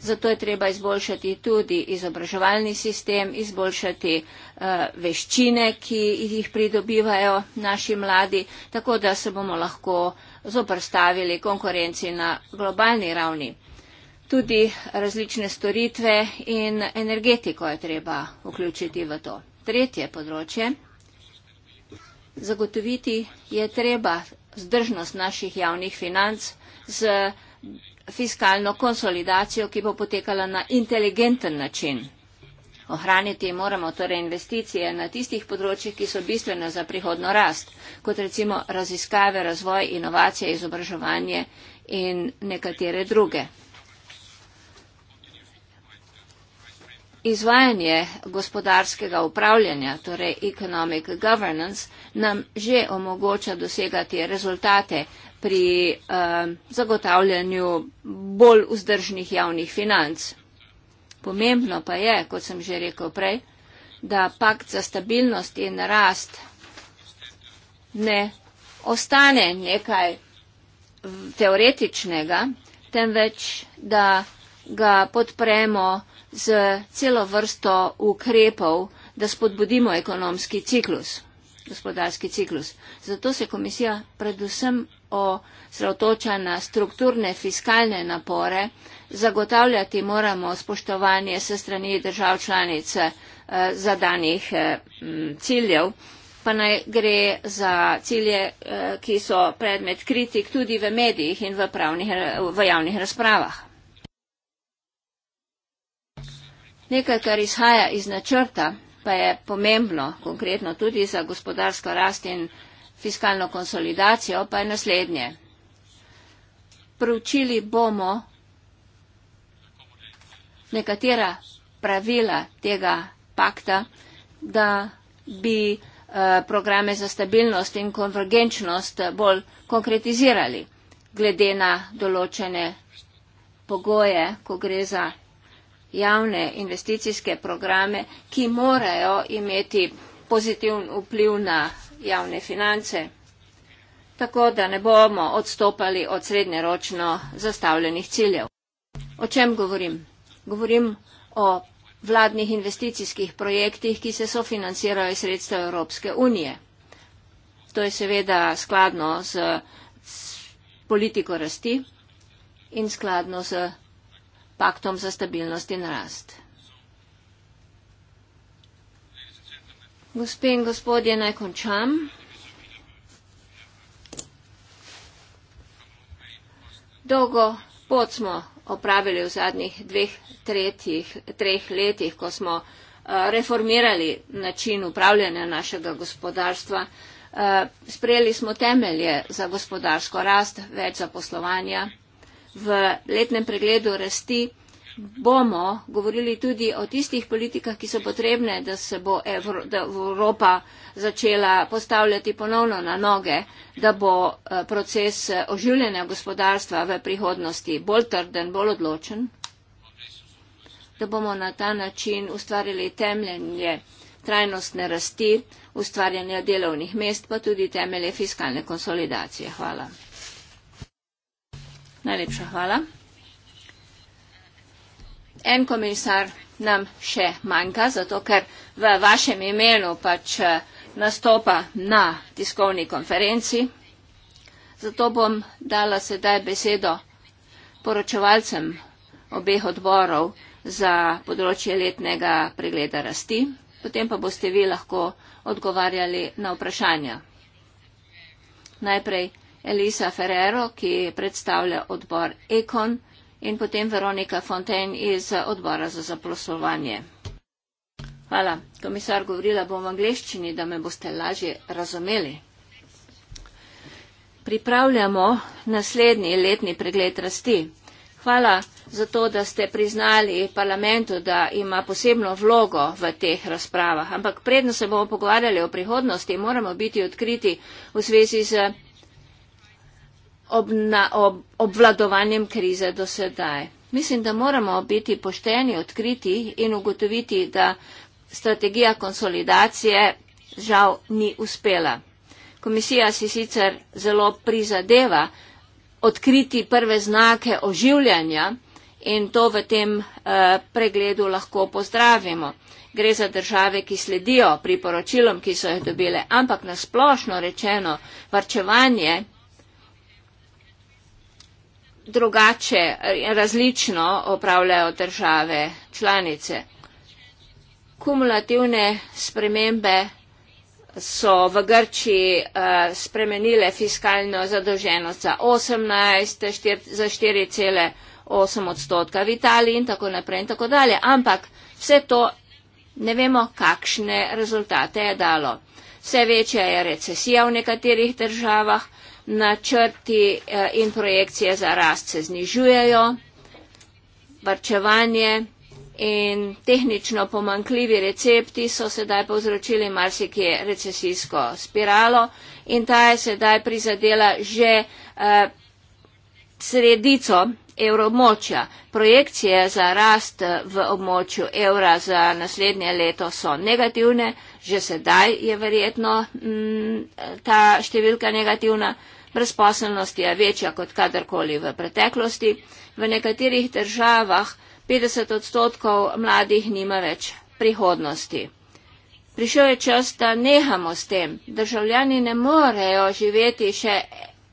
zato je treba izboljšati tudi izobraževalni sistem, izboljšati uh, veščine, ki jih pridobivajo naši mladi, tako da se bomo lahko zoprstavili konkurenci na globalni ravni. Tudi različne storitve in energetiko je treba vključiti v to. Tretje področje. Zagotoviti je treba zdržnost naših javnih financ z fiskalno konsolidacijo, ki bo potekala na inteligenten način. Ohraniti moramo torej investicije na tistih področjih, ki so bistvene za prihodno rast, kot recimo raziskave, razvoj, inovacije, izobraževanje in nekatere druge. Izvajanje gospodarskega upravljanja, torej economic governance, nam že omogoča dosegati rezultate, pri eh, zagotavljanju bolj vzdržnih javnih financ. Pomembno pa je, kot sem že rekel prej, da pakt za stabilnost in rast ne ostane nekaj teoretičnega, temveč da ga podpremo z celo vrsto ukrepov, da spodbudimo ekonomski ciklus, gospodarski ciklus. Zato se komisija predvsem osredotoča na strukturne fiskalne napore, zagotavljati moramo spoštovanje se strani držav članice eh, zadanih eh, ciljev, pa naj gre za cilje, eh, ki so predmet kritik tudi v medijih in v, pravnih, v javnih razpravah. Nekaj, kar izhaja iz načrta, pa je pomembno, konkretno tudi za gospodarsko rast in fiskalno konsolidacijo, pa je naslednje. Pručili bomo nekatera pravila tega pakta, da bi eh, programe za stabilnost in konvergenčnost bolj konkretizirali glede na določene pogoje, ko gre za javne investicijske programe, ki morajo imeti pozitivn vpliv na javne finance. Tako da ne bomo odstopali od srednjeročno zastavljenih ciljev. O čem govorim? Govorim o vladnih investicijskih projektih, ki se sofinancirajo iz sredstev Evropske unije. To je seveda skladno z politiko rasti in skladno z paktom za stabilnost in rast. Gospe in gospodje, naj končam. Dolgo pot smo opravili v zadnjih dveh, tretjih, treh letih, ko smo eh, reformirali način upravljanja našega gospodarstva. Eh, sprejeli smo temelje za gospodarsko rast, več za poslovanja. V letnem pregledu rasti bomo govorili tudi o tistih politikah, ki so potrebne, da se bo Evro, da Evropa začela postavljati ponovno na noge, da bo eh, proces eh, oživljanja gospodarstva v prihodnosti bolj trden, bolj odločen, da bomo na ta način ustvarili temeljenje trajnostne rasti, ustvarjanje delovnih mest, pa tudi temelje fiskalne konsolidacije. Hvala. Najlepša hvala. En komisar nam še manjka, zato ker v vašem imenu pač eh, nastopa na tiskovni konferenci. Zato bom dala sedaj besedo poročevalcem obeh odborov za področje letnega pregleda rasti, potem pa boste vi lahko odgovarjali na vprašanja. Najprej Elisa Ferrero, ki predstavlja odbor Econ in potem Veronika Fontaine iz eh, odbora za zaposlovanje. Hvala. Komisar, govorila bom v angleščini, da me boste lažje razumeli. Pripravljamo naslednji letni pregled rasti. Hvala za to, da ste priznali parlamentu, da ima posebno vlogo v teh razpravah. Ampak predno se bomo pogovarjali o prihodnosti, moramo biti odkriti v zvezi z ob, na, ob obvladovanjem krize do sedaj. Mislim, da moramo biti pošteni, odkriti in ugotoviti, da strategija konsolidacije žal ni uspela. Komisija si sicer zelo prizadeva odkriti prve znake oživljanja in to v tem eh, pregledu lahko pozdravimo. Gre za države, ki sledijo priporočilom, ki so jih dobile, ampak nasplošno rečeno varčevanje drugače, različno opravljajo države članice. Kumulativne spremembe so v Grčiji uh, spremenile fiskalno zadolženost za 18, za 4,8 odstotka v Italiji in tako naprej in tako dalje. Ampak vse to ne vemo, kakšne rezultate je dalo. Vse večja je recesija v nekaterih državah, uh, načrti eh, in projekcije za rast se znižujejo, varčevanje in tehnično pomankljivi recepti so sedaj povzročili marsikje recesijsko spiralo in ta je sedaj prizadela že eh, sredico evromočja. Projekcije za rast eh, v območju evra za naslednje leto so negativne že sedaj je verjetno m, mm, ta številka negativna. Brezposelnost je večja kot kadarkoli v preteklosti. V nekaterih državah 50 odstotkov mladih nima več prihodnosti. Prišel je čas, da nehamo s tem. Državljani ne morejo živeti še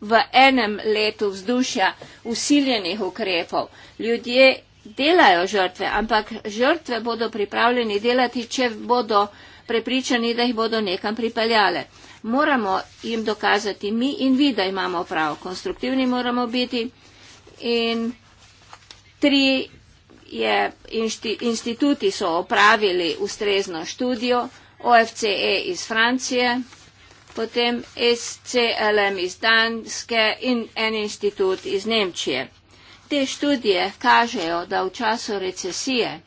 v enem letu vzdušja usiljenih ukrepov. Ljudje delajo žrtve, ampak žrtve bodo pripravljeni delati, če bodo prepričani, da jih bodo nekam pripeljale. Moramo jim dokazati mi in vi, da imamo prav. Konstruktivni moramo biti. In tri je inšti, instituti so opravili ustrezno študijo, OFCE iz Francije, potem SCLM iz Danske in en inštitut iz Nemčije. Te študije kažejo, da v času recesije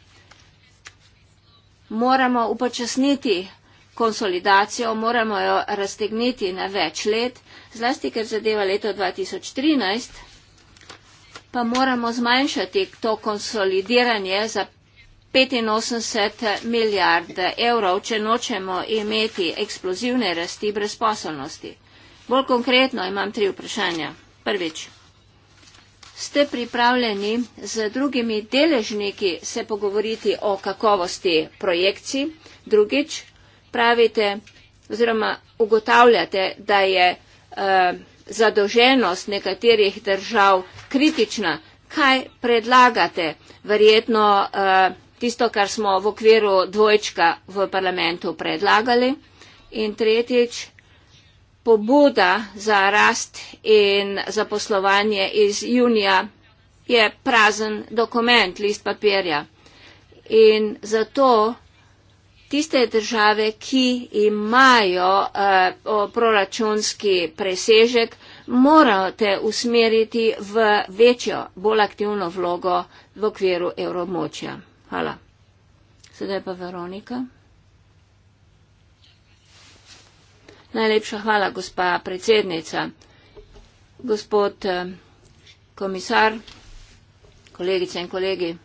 moramo upočasniti konsolidacijo, moramo jo raztegniti na več let, zlasti ker zadeva leto 2013, pa moramo zmanjšati to konsolidiranje za 85 milijard evrov, če nočemo imeti eksplozivne rasti brezposobnosti. Bolj konkretno imam tri vprašanja. Prvič ste pripravljeni z drugimi deležniki se pogovoriti o kakovosti projekcij. Drugič, pravite oziroma ugotavljate, da je eh, zadolženost nekaterih držav kritična. Kaj predlagate? Verjetno eh, tisto, kar smo v okviru dvojčka v parlamentu predlagali. In tretjič, pobuda za rast in zaposlovanje iz junija je prazen dokument, list papirja. In zato tiste države, ki imajo uh, proračunski presežek, morate usmeriti v večjo, bolj aktivno vlogo v okviru evromočja. Hvala. Sedaj pa Veronika. Najlepša hvala, gospa predsednica. Gospod eh, komisar, kolegice in kolegi.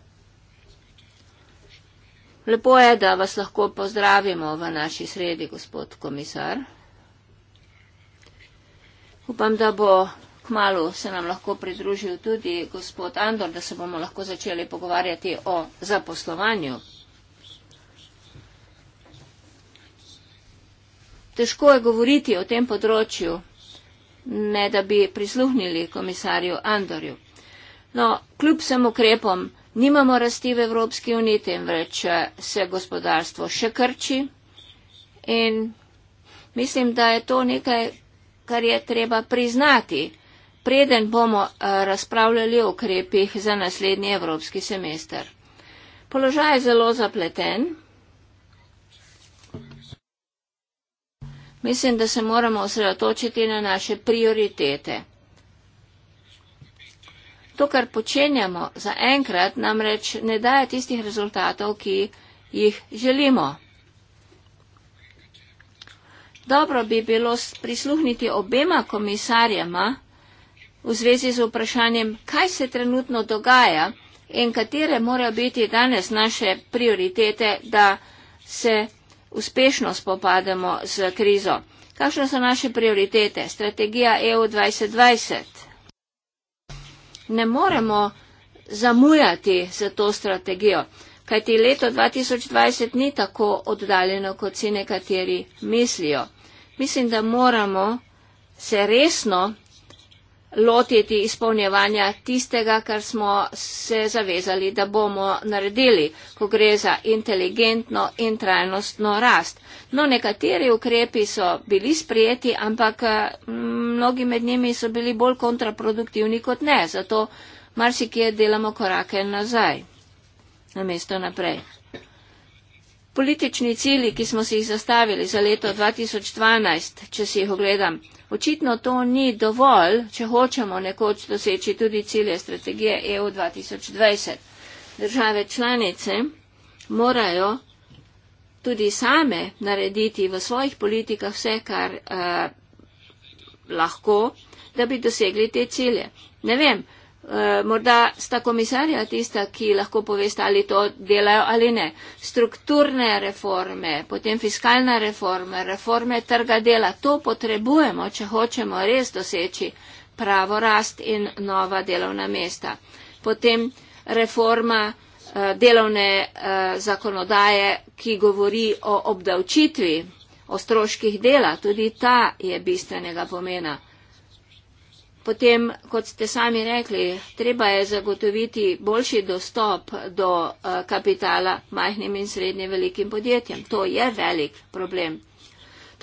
Lepo je, da vas lahko pozdravimo v naši sredi, gospod komisar. Upam, da bo kmalo se nam lahko pridružil tudi gospod Andor, da se bomo lahko začeli pogovarjati o zaposlovanju Težko je govoriti o tem področju, ne da bi prisluhnili komisarju Andorju. No, kljub vsem ukrepom nimamo rasti v Evropski uniji, temveč eh, se gospodarstvo še krči in mislim, da je to nekaj, kar je treba priznati. Preden bomo eh, razpravljali o ukrepih za naslednji evropski semester. Položaj je zelo zapleten. Mislim, da se moramo osredotočiti na naše prioritete. To, kar počenjamo za enkrat, namreč ne daje tistih rezultatov, ki jih želimo. Dobro bi bilo prisluhniti obema komisarjama v zvezi z vprašanjem, kaj se trenutno dogaja in katere morajo biti danes naše prioritete, da se uspešno spopademo z krizo. Kakšne so naše prioritete? Strategija EU 2020. Ne moremo zamujati za to strategijo, kajti leto 2020 ni tako oddaljeno, kot si nekateri mislijo. Mislim, da moramo se resno lotiti izpolnjevanja tistega, kar smo se zavezali, da bomo naredili, ko gre za inteligentno in trajnostno rast. No, nekateri ukrepi so bili sprijeti, ampak mm, mnogi med njimi so bili bolj kontraproduktivni kot ne, zato marsikje delamo korake nazaj, namesto naprej. Politični cili, ki smo si jih zastavili za leto 2012, če si jih ogledam, očitno to ni dovolj, če hočemo nekoč doseči tudi cilje strategije EU 2020. Države članice morajo tudi same narediti v svojih politikah vse, kar eh, lahko, da bi dosegli te cilje. Ne vem, Eh, morda sta komisarja tista, ki lahko poveste, ali to delajo ali ne. Strukturne reforme, potem fiskalna reforma, reforme trga dela, to potrebujemo, če hočemo res doseči pravo rast in nova delovna mesta. Potem reforma eh, delovne eh, zakonodaje, ki govori o obdavčitvi, o stroških dela, tudi ta je bistvenega pomena. Potem, kot ste sami rekli, treba je zagotoviti boljši dostop do eh, kapitala majhnim in srednje velikim podjetjem. To je velik problem.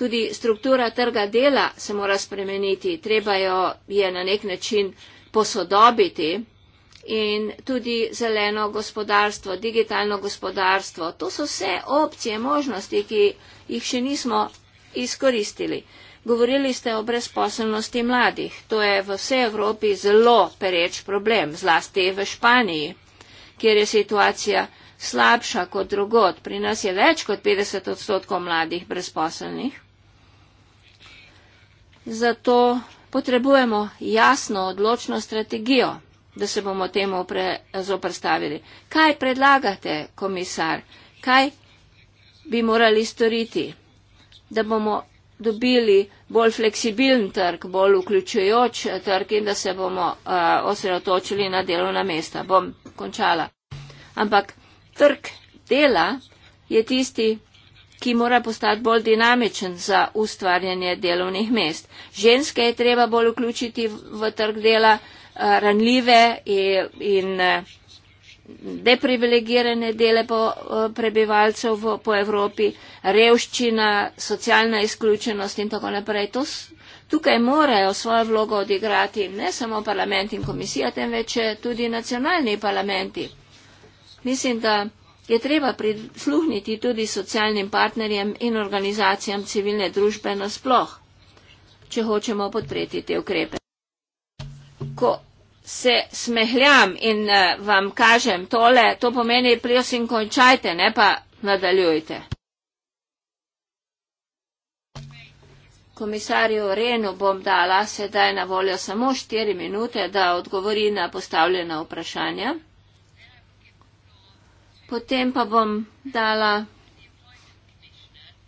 Tudi struktura trga dela se mora spremeniti, treba jo je na nek način posodobiti in tudi zeleno gospodarstvo, digitalno gospodarstvo. To so vse opcije, možnosti, ki jih še nismo izkoristili. Uh, Govorili ste o brezposobnosti mladih. To je v vsej Evropi zelo pereč problem, zlasti v Španiji, kjer je situacija slabša kot drugot. Pri nas je več kot 50 odstotkov mladih brezposobnih. Zato potrebujemo jasno, odločno strategijo, da se bomo temu zoprstavili. Kaj predlagate, komisar? Kaj bi morali storiti, da bomo dobili bolj fleksibilen trg, bolj vključujoč trg in da se bomo uh, osredotočili na delovna mesta. Bom končala. Ampak trg dela je tisti, ki mora postati bolj dinamičen za ustvarjanje delovnih mest. Ženske je treba bolj vključiti v, v trg dela, uh, ranljive eh, in. in uh, deprivilegirane dele po, eh, prebivalcev v, po Evropi, revščina, socialna izključenost in tako naprej. To, tukaj morajo svojo vlogo odigrati ne samo parlament in komisija, temveč eh, tudi nacionalni parlamenti. Mislim, da je treba prisluhniti tudi socialnim partnerjem in organizacijam civilne družbe nasploh, če hočemo podpreti te ukrepe. Ko se smehljam in uh, vam kažem tole, to pomeni, prosim, končajte, ne pa nadaljujte. Komisarju Renu bom dala sedaj na voljo samo štiri minute, da odgovori na postavljena vprašanja. Potem pa bom dala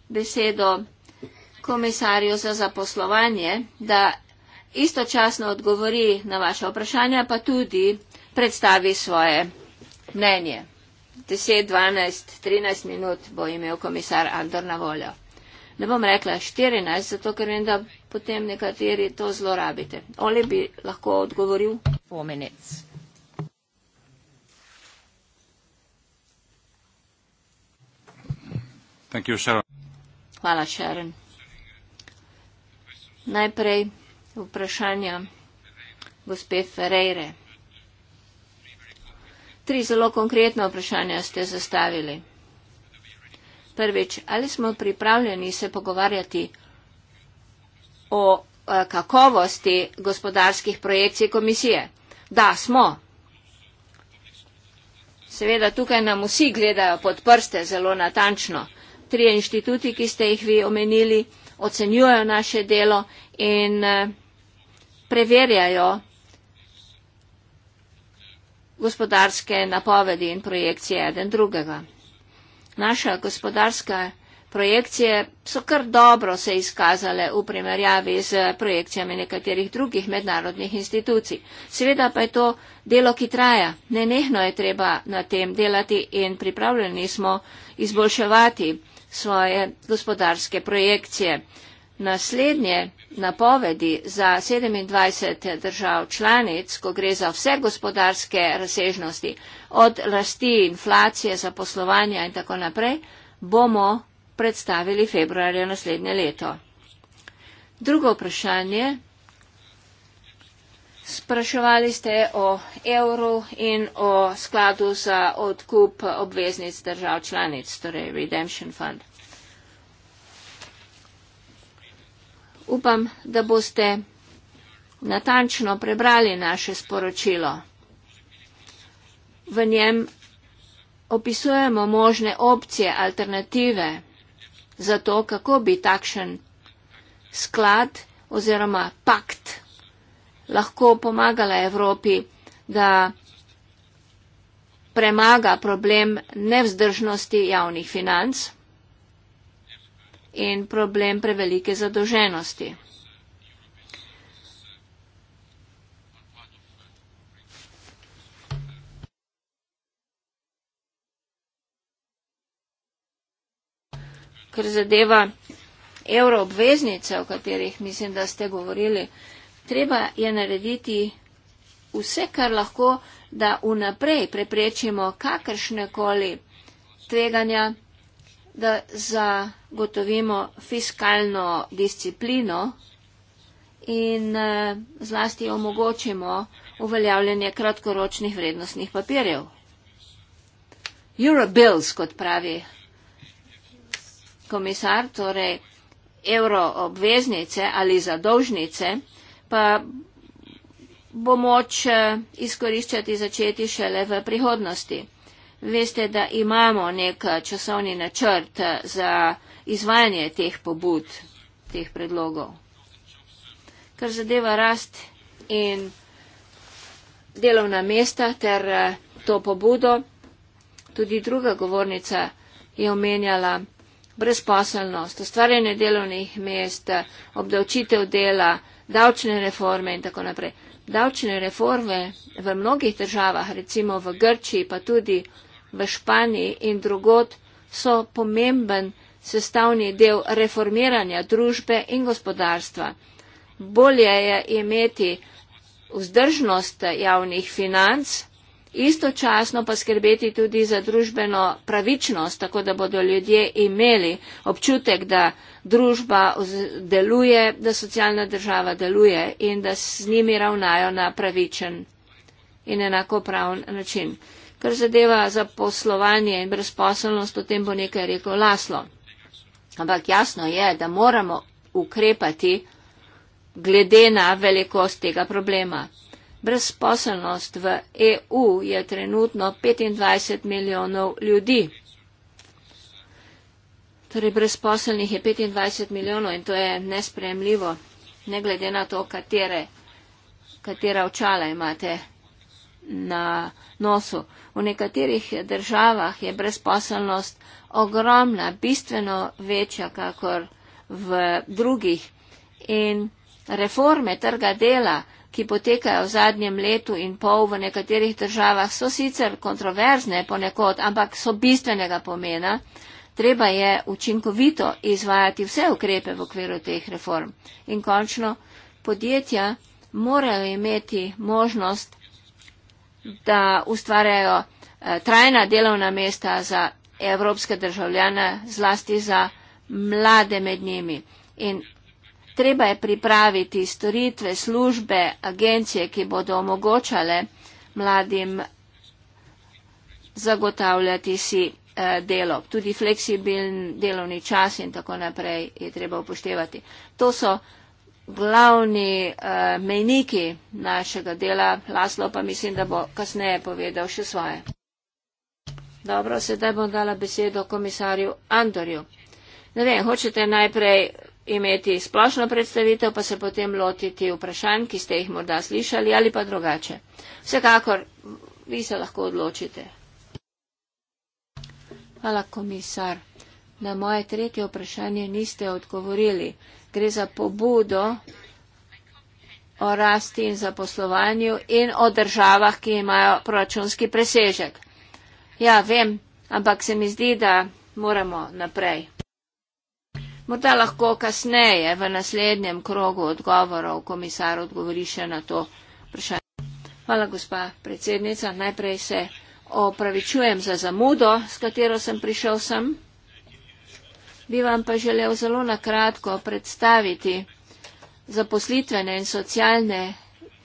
besedo komisarju za zaposlovanje, da istočasno odgovori na vaše vprašanja, pa tudi predstavi svoje mnenje. 10, 12, 13 minut bo imel komisar Andor na voljo. Ne bom rekla 14, zato ker vem, da potem nekateri to zlorabite. Oli bi lahko odgovoril. Hvala, Sharon. Najprej vprašanja gospe Ferreire. Tri zelo konkretna vprašanja ste zastavili. Prvič, ali smo pripravljeni se pogovarjati o eh, kakovosti gospodarskih projekcij komisije? Da, smo. Seveda tukaj nam vsi gledajo pod prste zelo natančno. Trije inštituti, ki ste jih vi omenili, ocenjujejo naše delo in uh, preverjajo gospodarske napovedi in projekcije eden drugega. Naša gospodarska projekcije so kar dobro se izkazale v primerjavi z projekcijami nekaterih drugih mednarodnih institucij. Seveda pa je to delo, ki traja. Nenehno je treba na tem delati in pripravljeni smo izboljševati svoje gospodarske projekcije. Naslednje napovedi za 27 držav članic, ko gre za vse gospodarske razsežnosti, od rasti, inflacije, zaposlovanja in tako naprej, bomo predstavili februarja naslednje leto. Drugo vprašanje. Spraševali ste o evru in o skladu za odkup obveznic držav članic, torej Redemption Fund. Upam, da boste natančno prebrali naše sporočilo. V njem opisujemo možne opcije, alternative za to, kako bi takšen sklad oziroma pakt lahko pomagala Evropi, da premaga problem nevzdržnosti javnih financ in problem prevelike zadoženosti. Ker zadeva evro obveznice, o katerih mislim, da ste govorili, treba je narediti vse, kar lahko, da unaprej preprečimo kakršne koli tveganja da zagotovimo fiskalno disciplino in eh, zlasti omogočimo uveljavljanje kratkoročnih vrednostnih papirjev. Eurobills, kot pravi komisar, torej euroobveznice ali zadolžnice, pa bo moč eh, izkoriščati začeti šele v prihodnosti veste, da imamo nek eh, časovni načrt eh, za izvajanje teh pobud, teh predlogov. Kar zadeva rast in delovna mesta ter eh, to pobudo, tudi druga govornica je omenjala brezposelnost, ustvarjanje delovnih mest, obdavčitev dela, davčne reforme in tako naprej davčne reforme v mnogih državah, recimo v Grčiji, pa tudi v Španiji in drugot, so pomemben sestavni del reformiranja družbe in gospodarstva. Bolje je imeti vzdržnost javnih financ, istočasno pa skrbeti tudi za družbeno pravičnost, tako da bodo ljudje imeli občutek, da družba deluje, da socialna država deluje in da z njimi ravnajo na pravičen in enakopraven način. Kar zadeva za poslovanje in brezposobnost, o tem bo nekaj rekel Laslo. Ampak jasno je, da moramo ukrepati glede na velikost tega problema. Brezposelnost v EU je trenutno 25 milijonov ljudi. Torej, brezposelnih je 25 milijonov in to je nespremljivo, ne glede na to, katere, katera očala imate na nosu. V nekaterih državah je brezposelnost ogromna, bistveno večja, kakor v drugih. In reforme trga dela ki potekajo v zadnjem letu in pol v nekaterih državah, so sicer kontroverzne ponekod, ampak so bistvenega pomena. Treba je učinkovito izvajati vse ukrepe v okviru teh reform. In končno, podjetja morajo imeti možnost, da ustvarjajo eh, trajna delovna mesta za evropske državljane, zlasti za mlade med njimi. In Treba je pripraviti storitve, službe, agencije, ki bodo omogočale mladim zagotavljati si eh, delo. Tudi fleksibilen delovni čas in tako naprej je treba upoštevati. To so glavni uh, mejniki našega dela. Laslo pa mislim, da bo kasneje povedal še svoje. Dobro, sedaj bom dala besedo komisarju Andorju. Ne vem, hočete najprej imeti splošno predstavitev, pa se potem lotiti vprašanj, ki ste jih morda slišali ali pa drugače. Vsekakor, vi se lahko odločite. Hvala, komisar. Na moje tretje vprašanje niste odgovorili. Gre za pobudo o rasti in zaposlovanju in o državah, ki imajo proračunski presežek. Ja, vem, ampak se mi zdi, da moramo naprej. Morda lahko kasneje v naslednjem krogu odgovorov komisar odgovori še na to vprašanje. Hvala, gospa predsednica. Najprej se opravičujem za zamudo, s katero sem prišel sem. Bi vam pa želel zelo nakratko predstaviti zaposlitvene in socialne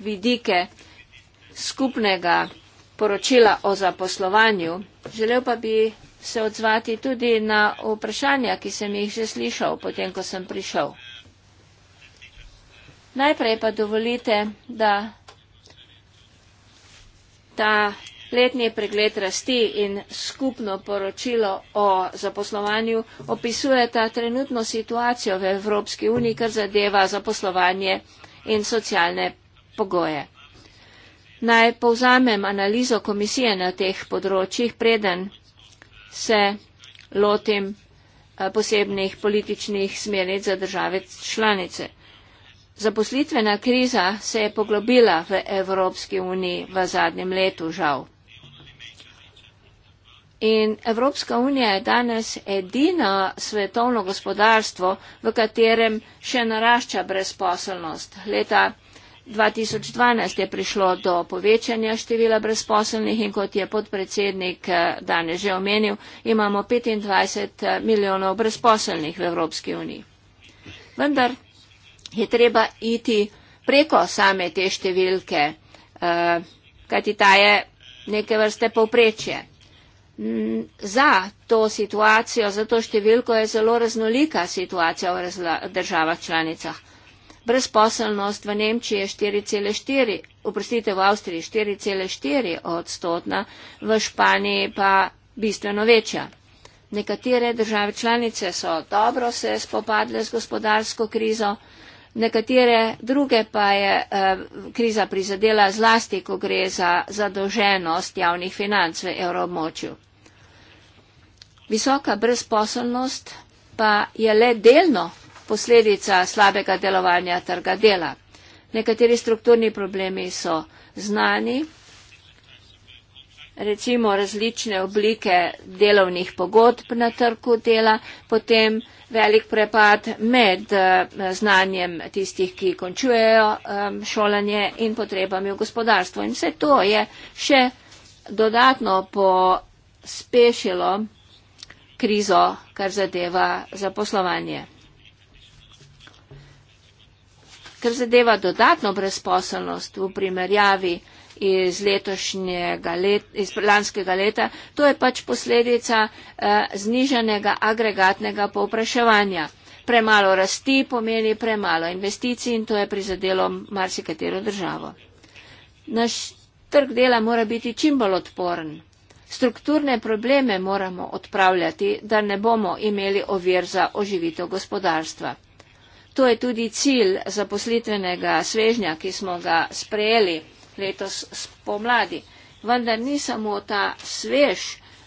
vidike skupnega poročila o zaposlovanju. Želel pa bi se odzvati tudi na vprašanja, ki sem jih že slišal, potem, ko sem prišel. Najprej pa dovolite, da ta letni pregled rasti in skupno poročilo o zaposlovanju opisuje ta trenutno situacijo v Evropski uniji, kar zadeva zaposlovanje in socialne pogoje. Naj povzamem analizo komisije na teh področjih, preden se lotim eh, posebnih političnih smernic za države članice. Zaposlitvena kriza se je poglobila v Evropski uniji v zadnjem letu, žal. In Evropska unija je danes edina svetovno gospodarstvo, v katerem še narašča brezposelnost. Leta 2012 je prišlo do povečanja števila brezposelnih in kot je podpredsednik eh, danes že omenil, imamo 25 eh, milijonov brezposelnih v Evropski uniji. Vendar je treba iti preko same te številke, eh, kajti ta je neke vrste povprečje. Mm, za to situacijo, za to številko je zelo raznolika situacija v državah članicah brezposelnost v Nemčiji je 4,4, oprostite, v Avstriji 4,4 odstotna, v Španiji pa bistveno večja. Nekatere države članice so dobro se spopadle z gospodarsko krizo, nekatere druge pa je eh, kriza prizadela zlasti, ko gre za zadolženost javnih financ v evroobmočju. Visoka brezposelnost pa je le delno posledica slabega delovanja trga dela. Nekateri strukturni problemi so znani, recimo različne oblike delovnih pogodb na trgu dela, potem velik prepad med eh, znanjem tistih, ki končujejo šolanje in potrebami v gospodarstvu. In vse to je še dodatno pospešilo krizo, kar zadeva zaposlovanje. Ker zadeva dodatno brezposelnost v primerjavi iz letošnjega leta, iz lanskega leta, to je pač posledica eh, znižanega agregatnega povpraševanja. Premalo rasti pomeni premalo investicij in to je prizadelo marsikatero državo. Naš trg dela mora biti čim bolj odporen. Strukturne probleme moramo odpravljati, da ne bomo imeli ovir za oživitev gospodarstva. To je tudi cilj zaposlitvenega svežnja, ki smo ga sprejeli letos pomladi. Vendar ni samo ta svež,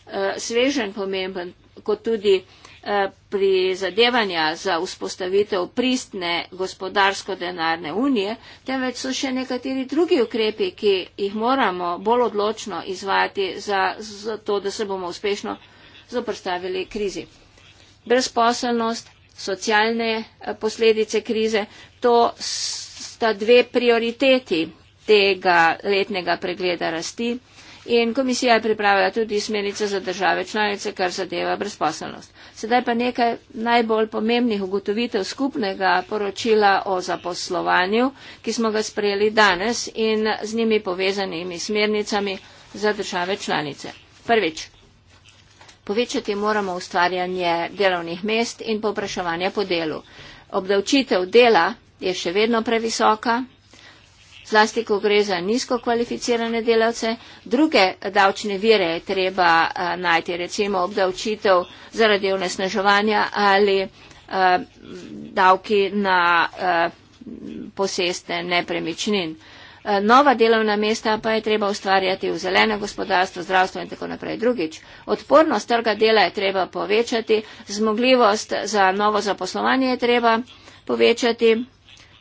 eh, svežen pomemben, kot tudi eh, pri zadevanja za vzpostavitev pristne gospodarsko-denarne unije, temveč so še nekateri drugi ukrepi, ki jih moramo bolj odločno izvajati za, za to, da se bomo uspešno zoprstavili krizi. Brezposelnost, socialne eh, posledice krize. To sta dve prioriteti tega letnega pregleda rasti in komisija je pripravila tudi smernice za države članice, kar zadeva brezposelnost. Sedaj pa nekaj najbolj pomembnih ugotovitev skupnega poročila o zaposlovanju, ki smo ga sprejeli danes in z njimi povezanimi smernicami za države članice. Prvič, Povečati moramo ustvarjanje delovnih mest in povpraševanje po delu. Obdavčitev dela je še vedno previsoka, zlasti ko gre za nizko kvalificirane delavce. Druge davčne vire je treba a, eh, najti, recimo obdavčitev zaradi onesnaževanja ali a, eh, davki na a, eh, posestne nepremičnin. A, Eh, nova delovna mesta pa je treba ustvarjati v zeleno gospodarstvo, zdravstvo in tako naprej. Drugič, odpornost trga dela je treba povečati, zmogljivost za novo zaposlovanje je treba povečati.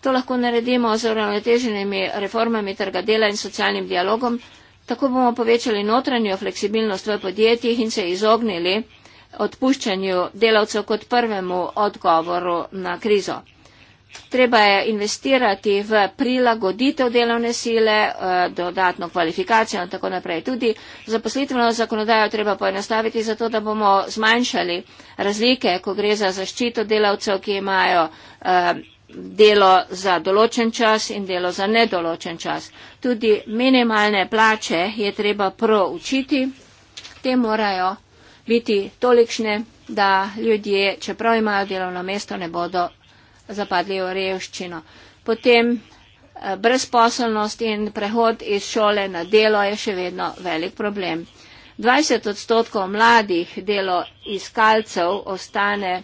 To lahko naredimo z uravnoteženimi reformami trga dela in socialnim dialogom. Tako bomo povečali notranjo fleksibilnost v podjetjih in se izognili odpuščanju delavcev kot prvemu odgovoru na krizo. Treba je investirati v prilagoditev delovne sile, eh, dodatno kvalifikacijo in tako naprej. Tudi zaposlitveno zakonodajo treba poenostaviti zato, da bomo zmanjšali razlike, ko gre za zaščito delavcev, ki imajo eh, delo za določen čas in delo za nedoločen čas. Tudi minimalne plače je treba proučiti. Te morajo biti tolikšne, da ljudje, čeprav imajo delovno mesto, ne bodo zapadli v revščino. Potem eh, brezposobnost in prehod iz šole na delo je še vedno velik problem. 20 odstotkov mladih delo iskalcev ostane,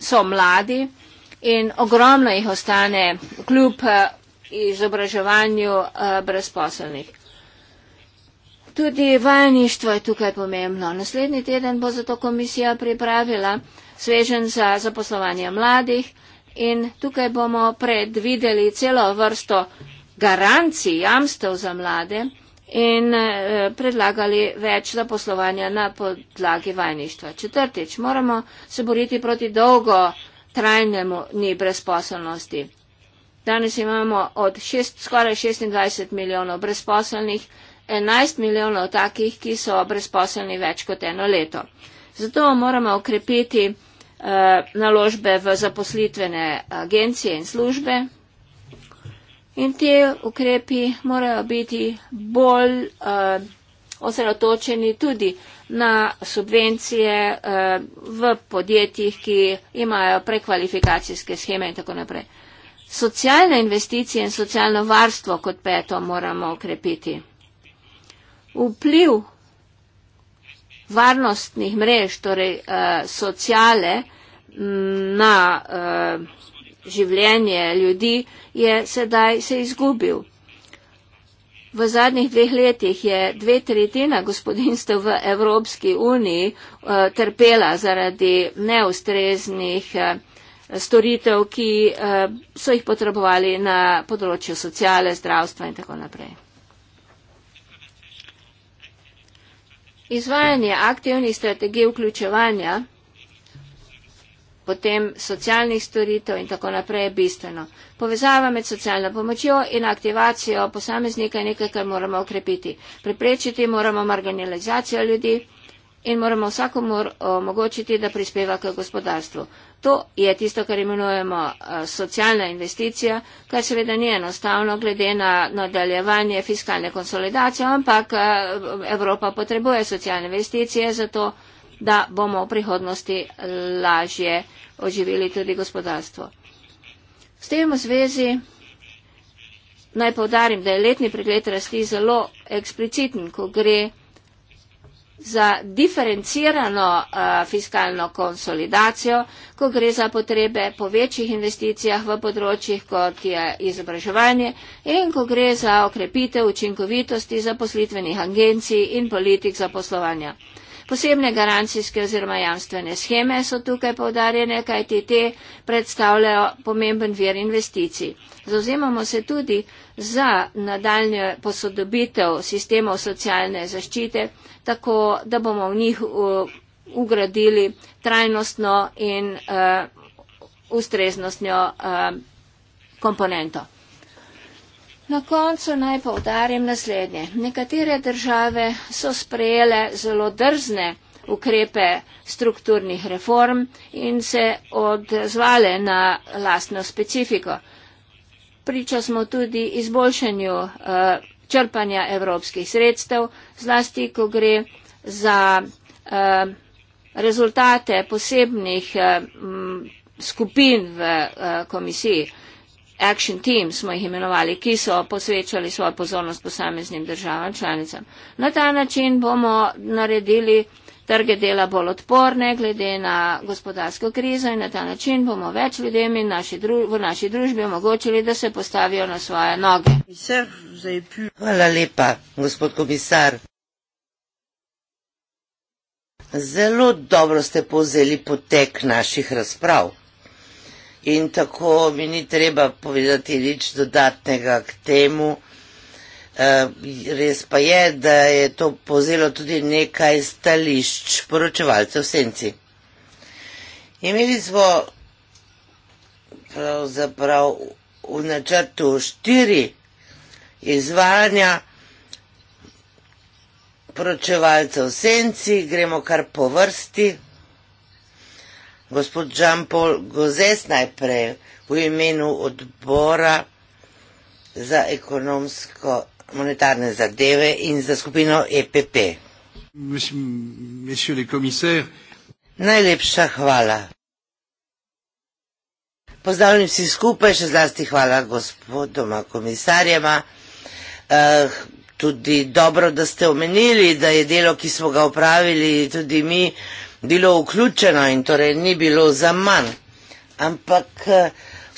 so mladi in ogromno jih ostane kljub eh, izobraževanju eh, brezposobnih. Tudi vajeništvo je tukaj pomembno. Naslednji teden bo zato komisija pripravila svežen za zaposlovanje mladih. In tukaj bomo predvideli celo vrsto garancij, jamstev za mlade in eh, predlagali več zaposlovanja na podlagi vajništva. Četrtič, moramo se boriti proti dolgo trajnemu ni brezposelnosti. Danes imamo od šest, skoraj 26 milijonov brezposelnih, 11 milijonov takih, ki so brezposelni več kot eno leto. Zato moramo ukrepiti Eh, naložbe v zaposlitvene agencije in službe. In te ukrepi morajo biti bolj uh, osredotočeni tudi na subvencije uh, v podjetjih, ki imajo prekvalifikacijske scheme in tako naprej. Socialne investicije in socialno varstvo kot peto moramo ukrepiti. Vpliv varnostnih mrež, torej uh, sociale na uh, življenje ljudi, je sedaj se izgubil. V zadnjih dveh letih je dve tretjina gospodinstv v Evropski uniji uh, trpela zaradi neustreznih uh, storitev, ki uh, so jih potrebovali na področju sociale, zdravstva in tako naprej. Izvajanje aktivnih strategij vključevanja, potem socialnih storitev in tako naprej je bistveno. Povezava med socialno pomočjo in aktivacijo posameznika je nekaj, kar moramo okrepiti. Preprečiti moramo marginalizacijo ljudi in moramo vsakomu omogočiti, da prispeva k gospodarstvu. To je tisto, kar imenujemo uh, socialna investicija, kar seveda ni enostavno glede na nadaljevanje fiskalne konsolidacije, ampak uh, Evropa potrebuje socialne investicije zato, da bomo v prihodnosti lažje oživili tudi gospodarstvo. S tem v zvezi naj povdarim, da je letni pregled rasti zelo eksplicitn, ko gre za diferencirano uh, fiskalno konsolidacijo, ko gre za potrebe po večjih investicijah v področjih, kot je izobraževanje in ko gre za okrepitev učinkovitosti zaposlitvenih agencij in politik zaposlovanja. Posebne garancijske oziroma jamstvene scheme so tukaj povdarjene, kajti te predstavljajo pomemben vir investicij. Zauzemamo se tudi, za nadaljne posodobitev sistemov socialne zaščite, tako da bomo v njih ugradili trajnostno in uh, ustreznostno uh, komponento. Na koncu naj povdarim naslednje. Nekatere države so sprejele zelo drzne ukrepe strukturnih reform in se odzvale na lastno specifiko priča smo tudi izboljšanju eh, črpanja evropskih sredstev, zlasti, ko gre za eh, rezultate posebnih eh, skupin v komisiji. Action Team smo jih imenovali, ki so posvečali svojo pozornost posameznim državam članicam. Na ta način bomo naredili uh, trge dela bolj odporne glede na gospodarsko krizo in na ta način bomo več ljudem in naši dru, v naši družbi omogočili, da se postavijo na svoje noge. Hvala lepa, gospod komisar. Zelo dobro ste povzeli potek naših razprav. In tako mi ni treba povedati nič dodatnega k temu, Eh, res pa je, da je to povzelo tudi nekaj stališč poročevalcev v senci. Imeli smo pravzaprav v načrtu štiri izvajanja poročevalcev v senci, gremo kar po vrsti. Gospod Žampol Gozes najprej v imenu odbora za ekonomsko monetarne zadeve in za skupino EPP. Najlepša hvala. Pozdravljam vsi skupaj, še zlasti hvala gospodoma komisarjema. Uh, tudi dobro, da ste omenili, da je delo, ki smo ga upravili, tudi mi, bilo vključeno in torej ni bilo za manj. Ampak uh,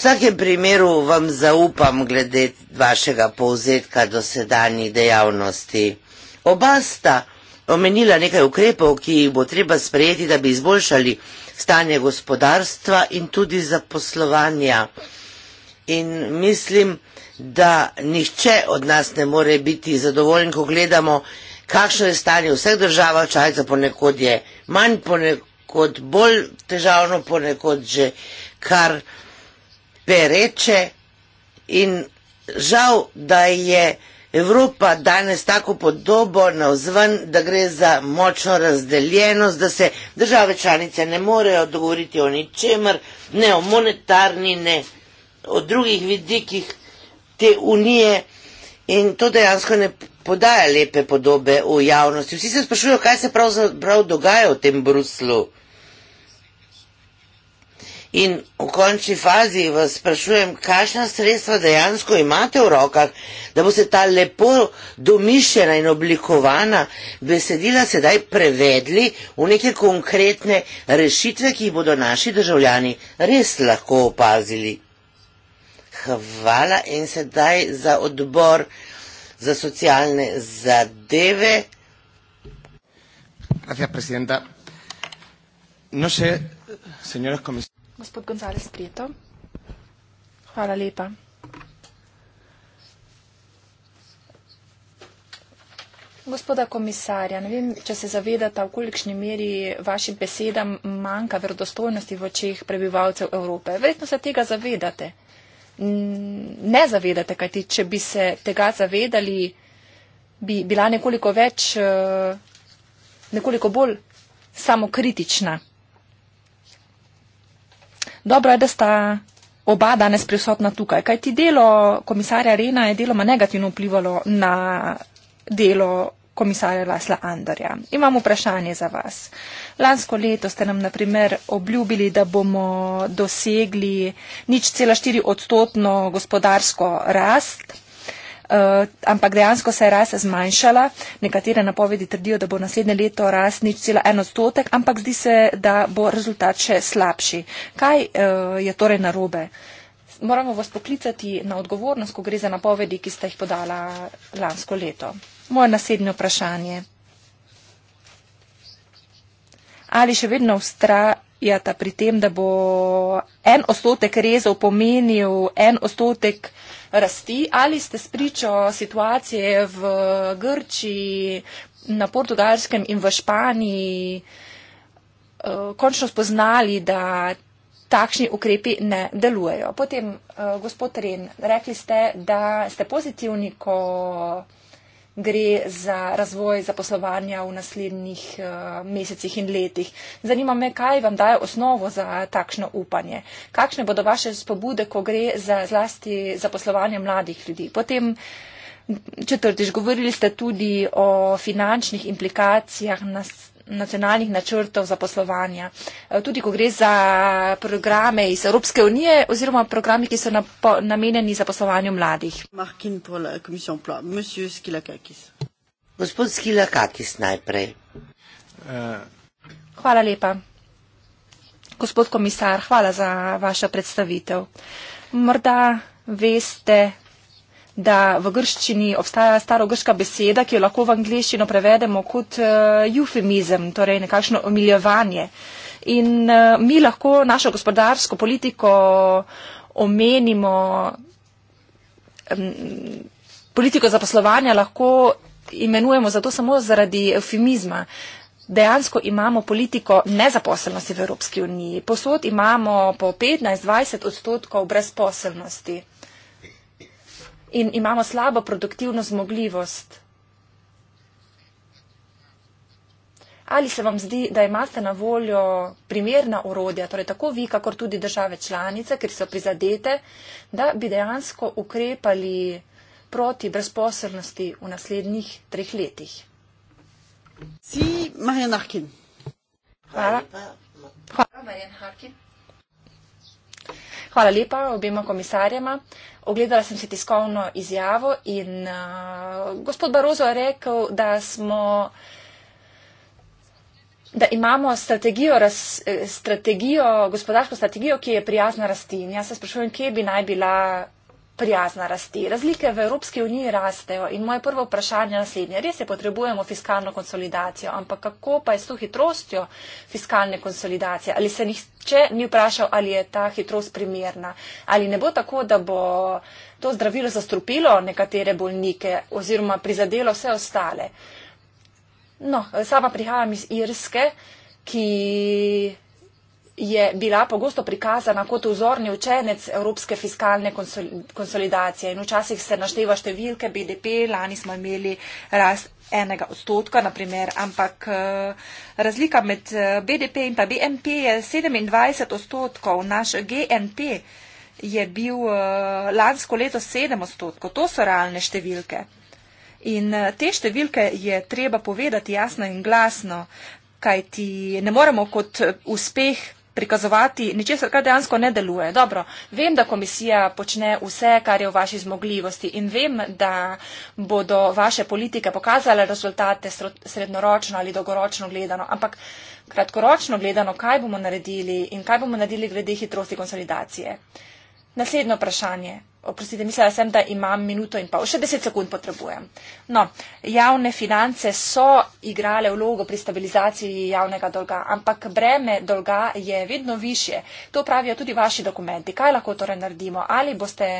vsakem primeru vam zaupam glede vašega povzetka do sedanji dejavnosti. Oba sta omenila nekaj ukrepov, ki jih bo treba sprejeti, da bi izboljšali stanje gospodarstva in tudi zaposlovanja. In mislim, da nihče od nas ne more biti zadovoljen, ko gledamo, kakšno je stanje v vseh državah, čajca ponekod je manj, ponekod bolj težavno, ponekod že kar pereče in žal, da je Evropa danes tako podobo na vzven, da gre za močno razdeljenost, da se države članice ne morejo dogovoriti o ničemer, ne o monetarni, ne o drugih vidikih te unije in to dejansko ne podaja lepe podobe v javnosti. Vsi se sprašujejo, kaj se pravzaprav dogaja v tem Bruslu. In v končni fazi vas sprašujem, kakšna sredstva dejansko imate v rokah, da bo se ta lepo domišljena in oblikovana besedila sedaj prevedli v neke konkretne rešitve, ki jih bodo naši državljani res lahko opazili. Hvala in sedaj za odbor za socialne zadeve. Gracias, presidenta. No sé, señores comisarios. Gospod Gonzalez, prijeto. Hvala lepa. Gospoda komisarja, ne vem, če se zavedate, v kolikšni meri vašim besedam manjka verodostojnosti v očeh prebivalcev Evrope. Verjetno se tega zavedate. Ne zavedate, kajti če bi se tega zavedali, bi bila nekoliko več, eh, nekoliko bolj samokritična. Dobro je, da sta oba danes prisotna tukaj, kaj ti delo komisarja Rena je deloma negativno vplivalo na delo komisarja Lasla Andarja. Imam vprašanje za vas. Lansko leto ste nam, na primer, obljubili, da bomo dosegli nič cela štiri odstotno gospodarsko rast. Eh, ampak dejansko se je rast zmanjšala. Nekatere napovedi trdijo, da bo naslednje leto rast nič cela en odstotek, ampak zdi se, da bo rezultat še slabši. Kaj eh, je torej narobe? Moramo vas poklicati na odgovornost, ko gre za napovedi, ki ste jih podala lansko leto. Moje naslednje vprašanje. Ali še vedno ustrajata pri tem, da bo en odstotek rezov pomenil en odstotek uh, rasti. Ali ste spričo situacije v Grčiji, na portugalskem in v Španiji eh, končno spoznali, da takšni ukrepi ne delujejo? Potem, eh, gospod Ren, rekli ste, da ste pozitivni, ko gre za razvoj zaposlovanja v naslednjih eh, mesecih in letih. Zanima me, kaj vam daje osnovo za takšno upanje. Kakšne bodo vaše spobude, ko gre za zlasti zaposlovanje mladih ljudi? Potem četrtič, govorili ste tudi o finančnih implikacijah na nacionalnih načrtov zaposlovanja. Eh, tudi ko gre za programe iz Evropske unije oziroma programe, ki so na, po, namenjeni zaposlovanju mladih. Gospod Skilakakis najprej. Eh. Hvala lepa. Gospod komisar, hvala za vašo predstavitev. Morda veste, da v grščini obstaja staro grška beseda, ki jo lahko v angliščino prevedemo kot uh, eufemizem, torej nekakšno omiljevanje. In uh, mi lahko našo gospodarsko politiko omenimo, um, politiko zaposlovanja lahko imenujemo zato samo zaradi eufemizma. Dejansko imamo politiko nezaposlenosti v Evropski uniji. Posod imamo po 15-20 odstotkov brezposelnosti in imamo slabo produktivno zmogljivost. Ali se vam zdi, da imate na voljo primerna urodja, torej tako vi, kakor tudi države članice, ker so prizadete, da bi dejansko ukrepali proti brezposobnosti v naslednjih treh letih? Si, Marjan Harkin. Hvala. Hvala, Marjan Harkin. Hvala lepa obima komisarjama. Ogledala sem si tiskovno izjavo in uh, gospod Barozo je rekel, da, smo, da imamo strategijo, raz, strategijo, gospodarsko strategijo, ki je prijazna rasti. In jaz se sprašujem, kje bi naj bila prijazna rasti. Razlike v Evropski uniji rastejo in moje prvo vprašanje je naslednje. Res je, potrebujemo fiskalno konsolidacijo, ampak kako pa je s to hitrostjo fiskalne konsolidacije? Ali se nihče ni vprašal, ali je ta hitrost primerna? Ali ne bo tako, da bo to zdravilo zastrupilo nekatere bolnike oziroma prizadelo vse ostale? No, sama prihajam iz Irske, ki je bila pogosto prikazana kot vzorni učenec evropske fiskalne konsolidacije in včasih se našteva številke BDP, lani smo imeli rast enega odstotka, naprimer, ampak eh, razlika med eh, BDP in pa BNP je 27 odstotkov, naš GNP je bil eh, lansko leto 7 odstotkov, to so realne številke. In te številke je treba povedati jasno in glasno, kajti ne moremo kot uspeh prikazovati ničesar, kar dejansko ne deluje. Dobro, vem, da komisija počne vse, kar je v vaši zmogljivosti in vem, da bodo vaše politike pokazale rezultate srednjeročno ali dolgoročno gledano, ampak kratkoročno gledano, kaj bomo naredili in kaj bomo naredili glede hitrosti konsolidacije. Naslednje vprašanje. Oprostite, mislila sem, da imam minuto in pol, še deset sekund potrebujem. No, javne finance so igrale vlogo pri stabilizaciji javnega dolga, ampak breme dolga je vedno više. To pravijo tudi vaši dokumenti. Kaj lahko torej naredimo? Ali boste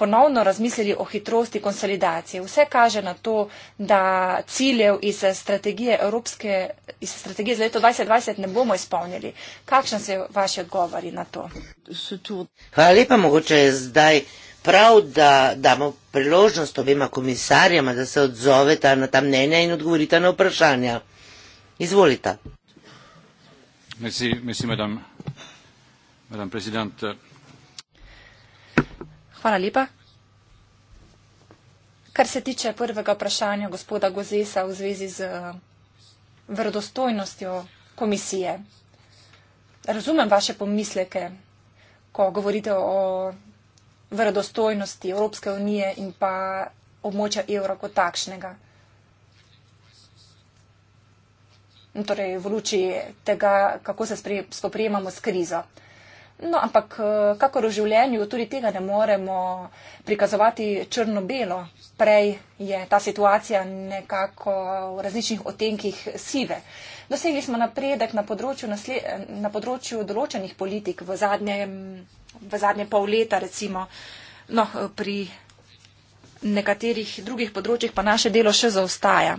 ponovno razmislili o hitrosti konsolidacije. Vse kaže na to, da ciljev iz strategije, Evropske, iz strategije za leto 2020 ne bomo izpolnili. Kakšne so vaše odgovori na to? Hvala lepa, mogoče je zdaj prav, da damo priložnost obema komisarjama, da se odzoveta na ta mnenja in odgovorita na vprašanja. Izvolite. Merci, merci, madame, madame Hvala lepa. Kar se tiče prvega vprašanja gospoda Gozesa v zvezi z eh, vredostojnostjo komisije. Razumem vaše pomisleke, ko govorite o vredostojnosti Evropske unije in pa območja evra kot takšnega. Torej, v luči tega, kako se spoprijemamo s krizo. No, ampak eh, kakor v življenju, tudi tega ne moremo prikazovati črno-belo. Prej je ta situacija nekako v različnih otenkih sive. Dosegli smo napredek na področju, nasle, na področju določenih politik v zadnje, v zadnje pol leta, recimo no, eh, pri nekaterih drugih področjih pa naše delo še zaostaja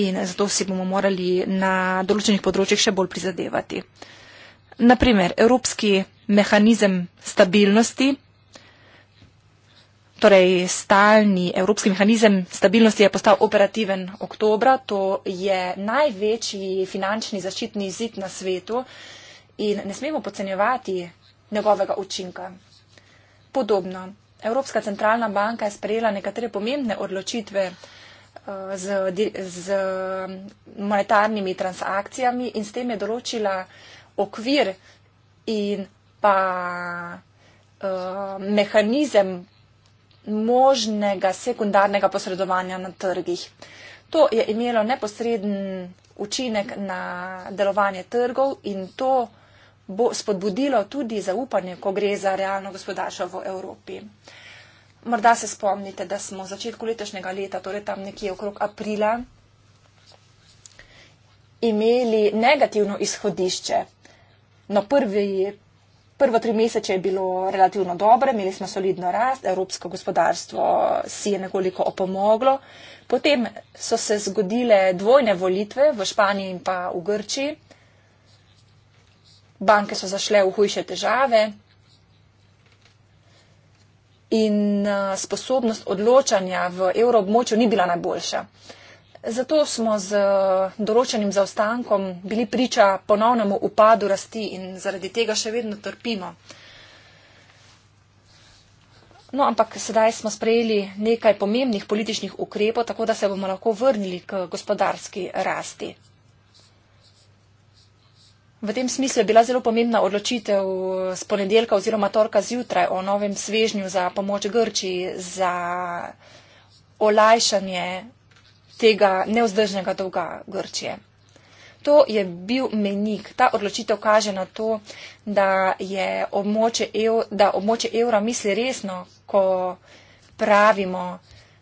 in zato si bomo morali na določenih področjih še bolj prizadevati naprimer, evropski mehanizem stabilnosti, torej stalni evropski mehanizem stabilnosti je postal operativen oktobra, to je največji finančni zaščitni zid na svetu in ne smemo podcenjevati njegovega učinka. Podobno, Evropska centralna banka je sprejela nekatere pomembne odločitve eh, z, z monetarnimi transakcijami in s tem je določila okvir in pa uh, mehanizem možnega sekundarnega posredovanja na trgih. To je imelo neposreden učinek na delovanje trgov in to bo spodbudilo tudi zaupanje, ko gre za realno gospodarstvo v Evropi. Morda se spomnite, da smo v začetku letošnjega leta, torej tam nekje okrog aprila, imeli negativno izhodišče No, prvi, prvo tri mesece je bilo relativno dobro, imeli smo solidno rast, evropsko gospodarstvo si je nekoliko opomoglo. Potem so se zgodile dvojne volitve v Španiji in pa v Grči. Banke so zašle v hujše težave in eh, sposobnost odločanja v evroobmočju ni bila najboljša. Zato smo z eh, določenim zaostankom bili priča ponovnemu upadu rasti in zaradi tega še vedno trpimo. No, ampak sedaj smo sprejeli nekaj pomembnih političnih ukrepov, tako da se bomo lahko vrnili k gospodarski rasti. V tem smislu je bila zelo pomembna odločitev z eh, ponedeljka oziroma torka zjutraj o novem svežnju za pomoč Grči, za olajšanje tega neuzdržnega dolga Grčije. To je bil menik. Ta odločitev kaže na to, da je območje, ev, da območje evra misli resno, ko pravimo,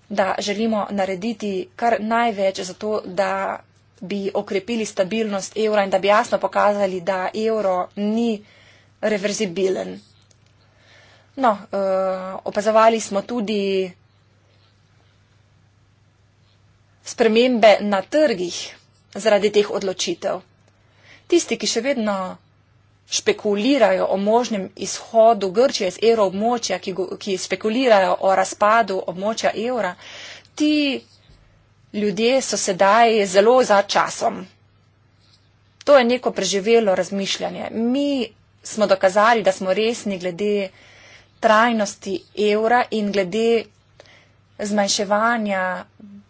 da želimo narediti kar največ za to, da bi okrepili stabilnost evra in da bi jasno pokazali, da evro ni reverzibilen. No, uh, opazovali smo tudi spremembe na trgih zaradi teh odločitev. Tisti, ki še vedno špekulirajo o možnem izhodu Grčije iz evroobmočja, ki, ki špekulirajo o razpadu območja evra, ti ljudje so sedaj zelo za časom. To je neko preživelo razmišljanje. Mi smo dokazali, da smo resni glede trajnosti evra in glede zmanjševanja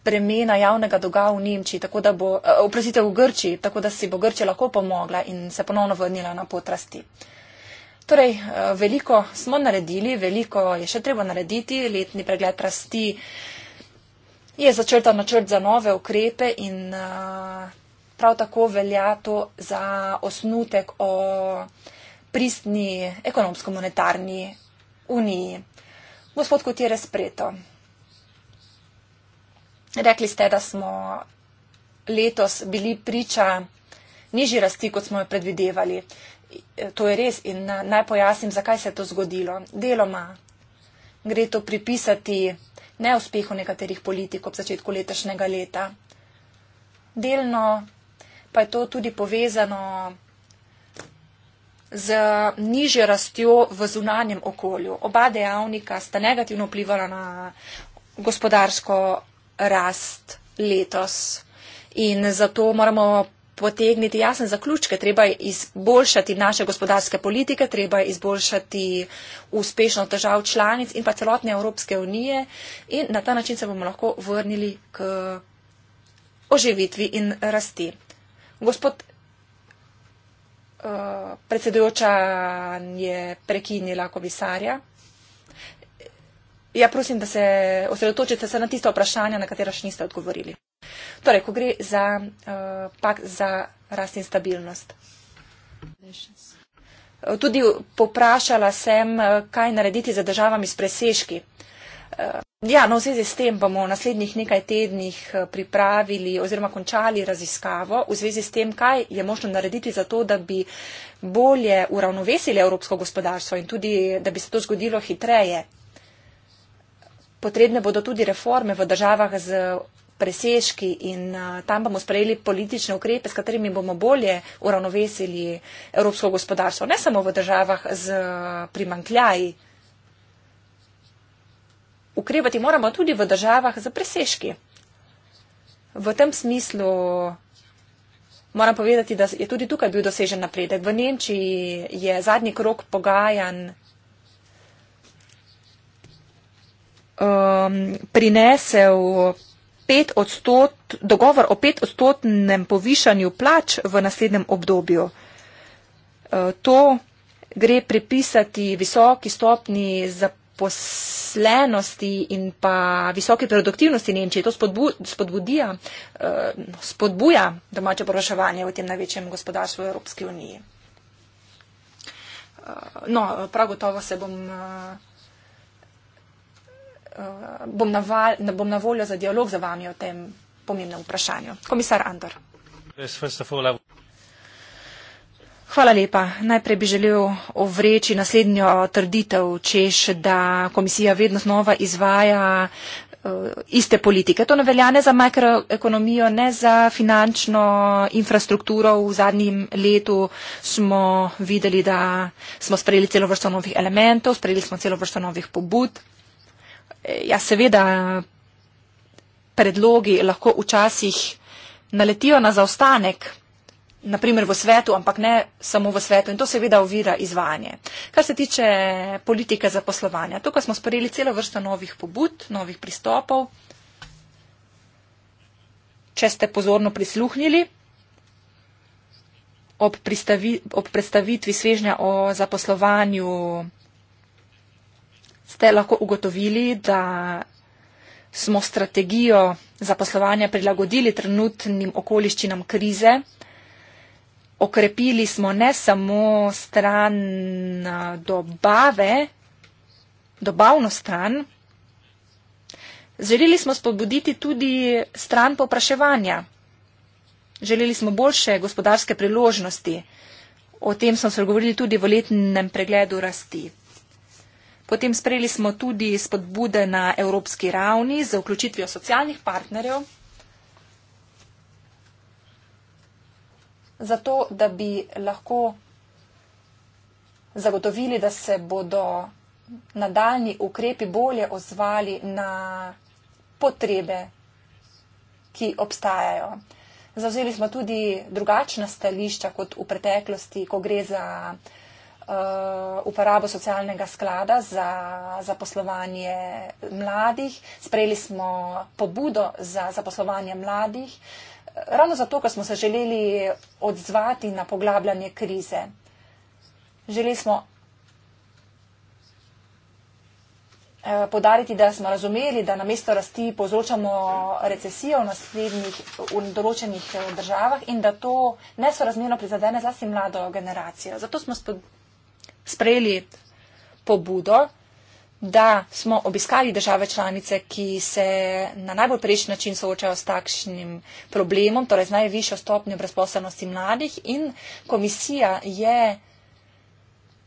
spremena javnega dolga v Nemčiji, tako da bo, eh, oprostite, v Grči, tako da si bo Grče lahko pomogla in se ponovno vrnila na potrasti. Torej, eh, veliko smo naredili, veliko je še treba narediti, letni pregled rasti je začrta načrt za nove ukrepe in eh, prav tako velja to za osnutek o pristni ekonomsko-monetarni uniji. Gospod Kutire Spreto rekli ste, da smo letos bili priča nižji rasti, kot smo jo predvidevali. To je res in eh, naj pojasnim, zakaj se je to zgodilo. Deloma gre to pripisati neuspehu nekaterih politik ob začetku letošnjega leta. Delno pa je to tudi povezano z nižjo rastjo v zunanjem okolju. Oba dejavnika sta negativno vplivala na gospodarsko rast letos. In zato moramo potegniti jasne zaključke. Treba je izboljšati naše gospodarske politike, treba je izboljšati uspešnost držav članic in pa celotne Evropske unije in na ta način se bomo lahko vrnili k oživitvi in rasti. Gospod uh, predsedujoča je prekinila komisarja. Ja, prosim, da se osredotočite se na tisto vprašanje, na katero še niste odgovorili. Torej, ko gre za uh, eh, pak za rast in stabilnost. Tudi poprašala sem, eh, kaj narediti za državami s presežki. Eh, ja, no, v zvezi s tem bomo v naslednjih nekaj tednih pripravili oziroma končali raziskavo v zvezi s tem, kaj je možno narediti za to, da bi bolje uravnovesili evropsko gospodarstvo in tudi, da bi se to zgodilo hitreje Potrebne bodo tudi reforme v državah z presežki in tam bomo sprejeli politične ukrepe, s katerimi bomo bolje uravnovesili evropsko gospodarstvo, ne samo v državah z primankljaji. Ukrepati moramo tudi v državah z presežki. V tem smislu moram povedati, da je tudi tukaj bil dosežen napredek. V Nemčiji je zadnji krok pogajanj um, prinesel odstot, dogovor o pet odstotnem povišanju plač v naslednjem obdobju. Uh, to gre pripisati visoki stopni zaposlenosti in pa visoki produktivnosti Nemčije. To spodbu, uh, spodbuja domače poraševanje v tem največjem gospodarstvu v Evropski uniji. Uh, no, prav gotovo se bom uh, Eh, bom, na bom na voljo za dialog za vami o tem pomembnem vprašanju. Komisar Andor. Hvala lepa. Najprej bi želel ovreči naslednjo trditev, češ, da komisija vedno znova izvaja eh, iste politike. To ne velja ne za makroekonomijo, ne za finančno infrastrukturo. V zadnjem letu smo videli, da smo sprejeli celo vrsto novih elementov, sprejeli smo celo vrsto novih pobud ja, seveda predlogi lahko včasih naletijo na zaostanek, naprimer v svetu, ampak ne samo v svetu in to seveda ovira izvajanje. Kar se tiče politike zaposlovanja, tukaj smo sprejeli celo vrsto novih pobud, novih pristopov. Če ste pozorno prisluhnili, ob, pristavi, ob predstavitvi svežnja o zaposlovanju ste lahko ugotovili, da smo strategijo zaposlovanja prilagodili trenutnim okoliščinam krize. Okrepili smo ne samo stran eh, dobave, dobavno stran, želeli smo spodbuditi tudi stran popraševanja. Želeli smo boljše gospodarske priložnosti. O tem smo se govorili tudi v letnem pregledu rasti. Potem sprejeli smo tudi spodbude na evropski ravni z vključitvijo socialnih partnerjev. Zato, da bi lahko zagotovili, da se bodo nadaljni ukrepi bolje ozvali na potrebe, ki obstajajo. Zavzeli smo tudi drugačna stališča kot v preteklosti, ko gre za Uh, uporabo socialnega sklada za zaposlovanje mladih. Sprejeli smo pobudo za zaposlovanje mladih, ravno zato, ker smo se želeli odzvati na poglabljanje krize. Želeli smo eh, podariti, da smo razumeli, da na mesto rasti povzročamo recesijo v naslednjih v določenih eh, državah in da to nesorazmerno prizadene zlasti mlado generacijo. Zato smo spod sprejeli pobudo, da smo obiskali države članice, ki se na najbolj preč način soočajo s takšnim problemom, torej z najvišjo stopnjo brezposobnosti mladih in komisija je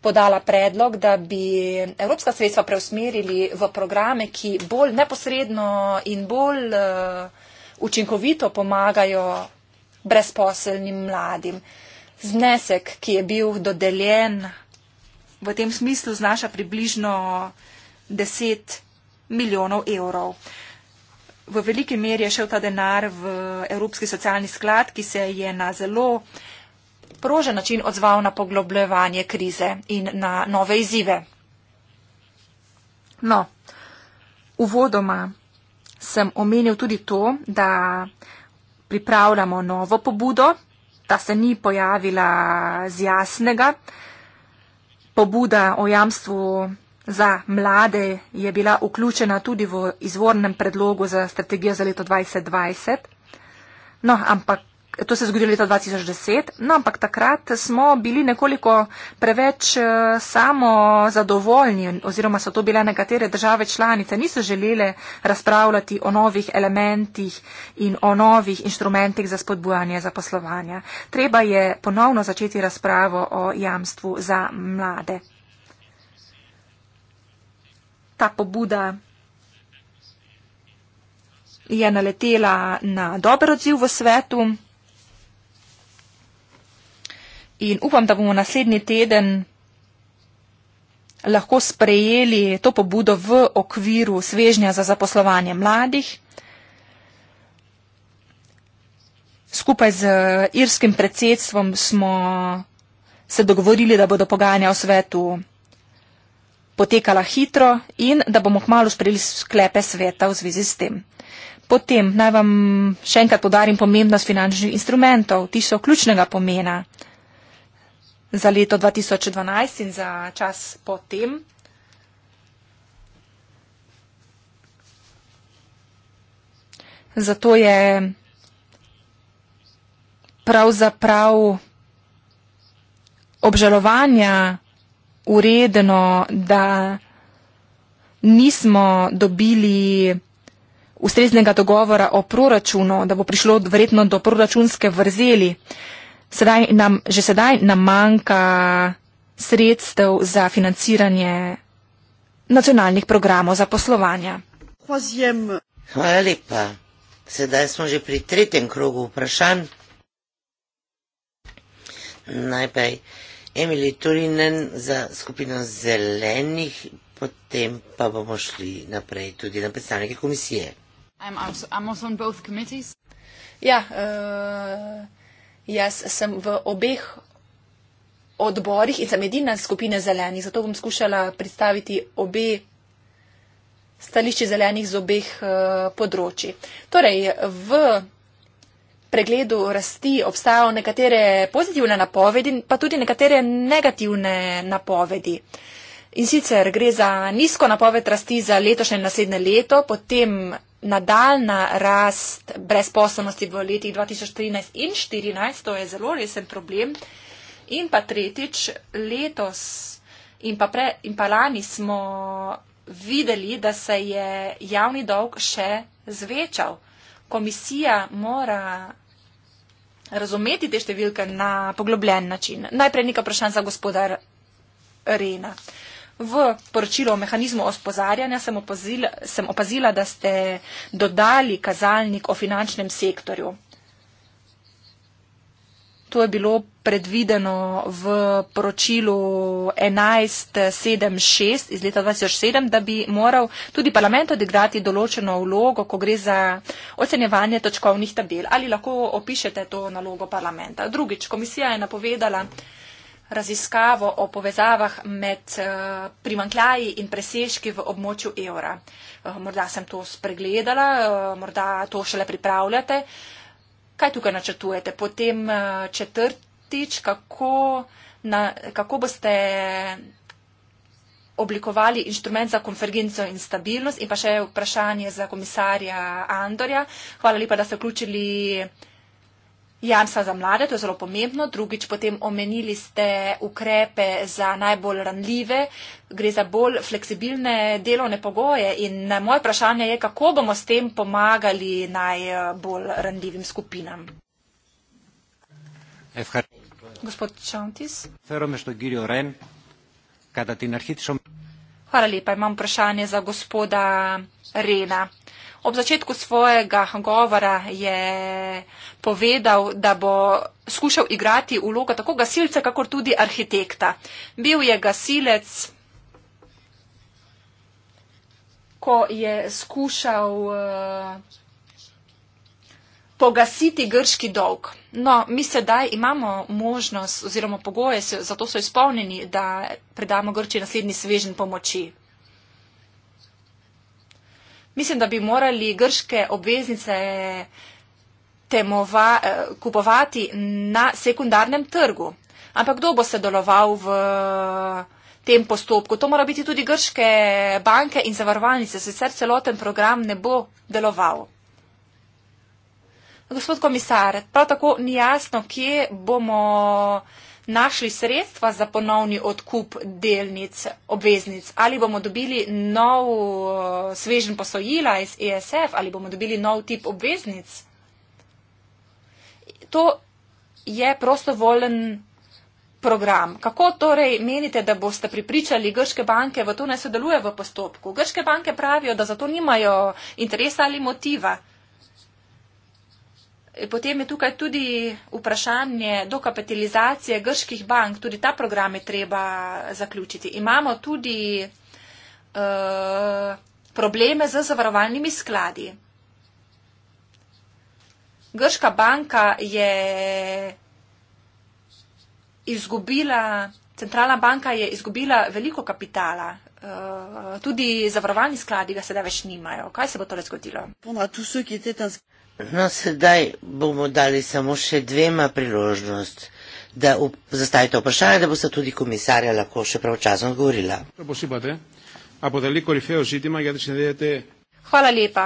podala predlog, da bi evropska sredstva preusmerili v programe, ki bolj neposredno in bolj eh, učinkovito pomagajo brezposelnim mladim. Znesek, ki je bil dodeljen v tem smislu znaša približno 10 milijonov evrov. V veliki meri je šel ta denar v Evropski socialni sklad, ki se je na zelo prožen način odzval na poglobljevanje krize in na nove izzive. No, uvodoma sem omenil tudi to, da pripravljamo novo pobudo, da se ni pojavila z jasnega. Uh, pobuda o jamstvu za mlade je bila vključena tudi v izvornem predlogu za strategijo za leto 2020. No, ampak To se je zgodilo leta 2010, no, ampak takrat smo bili nekoliko preveč eh, samo zadovoljni oziroma so to bile nekatere države članice, niso želele razpravljati o novih elementih in o novih inštrumentih za spodbujanje zaposlovanja. Treba je ponovno začeti razpravo o jamstvu za mlade. Ta pobuda je naletela na dober odziv v svetu. In upam, da bomo naslednji teden lahko sprejeli to pobudo v okviru svežnja za zaposlovanje mladih. Skupaj z irskim predsedstvom smo se dogovorili, da bodo pogajanja o svetu potekala hitro in da bomo kmalo sprejeli sklepe sveta v zvezi s tem. Potem naj vam še enkrat podarim pomembnost finančnih instrumentov, ti so ključnega pomena za leto 2012 in za čas potem. Zato je pravzaprav obžalovanja uredno, da nismo dobili ustreznega dogovora o proračunu, da bo prišlo verjetno do proračunske vrzeli. Sedaj nam, že sedaj nam manjka sredstev za financiranje nacionalnih programov za poslovanje. Hvala lepa. Sedaj smo že pri tretjem krogu vprašanj. Najprej Emily Turinen za skupino zelenih, potem pa bomo šli naprej tudi na predstavnike komisije. Ja, uh, Jaz sem v obeh odborih in sem edina skupina zelenih, zato bom skušala predstaviti obe stališči zelenih z obeh uh, eh, področji. Torej, v pregledu rasti obstajajo nekatere pozitivne napovedi, pa tudi nekatere negativne napovedi. In sicer gre za nizko napoved rasti za letošnje in naslednje leto, potem nadaljna rast brezposobnosti v letih 2013 in 2014, to je zelo resen problem. In pa tretjič, letos in pa, pre, in pa lani smo videli, da se je javni dolg še zvečal. Komisija mora razumeti te številke na poglobljen način. Najprej nekaj vprašanj za gospodar Rena. Uh, V poročilu o mehanizmu ospozarjanja sem opazila, sem opazila, da ste dodali kazalnik o finančnem sektorju. To je bilo predvideno v poročilu 1176 iz leta 2007, da bi moral tudi parlament odigrati določeno vlogo, ko gre za ocenjevanje točkovnih tabel. Ali lahko opišete to nalogo parlamenta? Drugič, komisija je napovedala, raziskavo o povezavah med eh, primankljaji in presežki v območju evra. Eh, morda sem to spregledala, eh, morda to šele pripravljate. Kaj tukaj načrtujete? Potem četrtič, kako, na, kako boste oblikovali inštrument za konvergenco in stabilnost? In pa še vprašanje za komisarja Andorja. Hvala lepa, da ste vključili Jamstva za mlade, to je zelo pomembno. Drugič, potem omenili ste ukrepe za najbolj ranljive, gre za bolj fleksibilne delovne pogoje. In moje vprašanje je, kako bomo s tem pomagali najbolj ranljivim skupinam. FHR. Gospod Čantis. Hvala lepa, imam vprašanje za gospoda Rena. Ob začetku svojega govora je povedal, da bo skušal igrati vlogo tako gasilca, kakor tudi arhitekta. Bil je gasilec, ko je skušal eh, pogasiti grški dolg. No, mi sedaj imamo možnost oziroma pogoje, zato so izpolnjeni, da predamo Grči naslednji svežen pomoči. Mislim, da bi morali grške obveznice temova, eh, kupovati na sekundarnem trgu. Ampak kdo bo sodeloval v tem postopku? To mora biti tudi grške banke in zavarovalnice, sicer celoten program ne bo deloval. Gospod komisar, prav tako ni jasno, kje bomo našli sredstva za ponovni odkup delnic, obveznic, ali bomo dobili nov eh, svežen posojila iz ESF, ali bomo dobili nov tip obveznic. To je prostovoljen program. Kako torej menite, da boste pripričali grške banke, v to ne sodeluje v postopku? Grške banke pravijo, da zato nimajo interesa ali motiva. Potem je tukaj tudi vprašanje dokapitalizacije grških bank, tudi ta program je treba zaključiti. Imamo tudi uh, probleme z zavarovalnimi skladi. Grška banka je izgubila, centralna banka je izgubila veliko kapitala. Uh, tudi zavarovalni skladi ga sedaj več nimajo. Kaj se bo torej zgodilo? No, sedaj bomo dali samo še dvema priložnost, da zastavite vprašanje, da bo se tudi komisarja lahko še pravočasno odgovorila. Hvala lepa.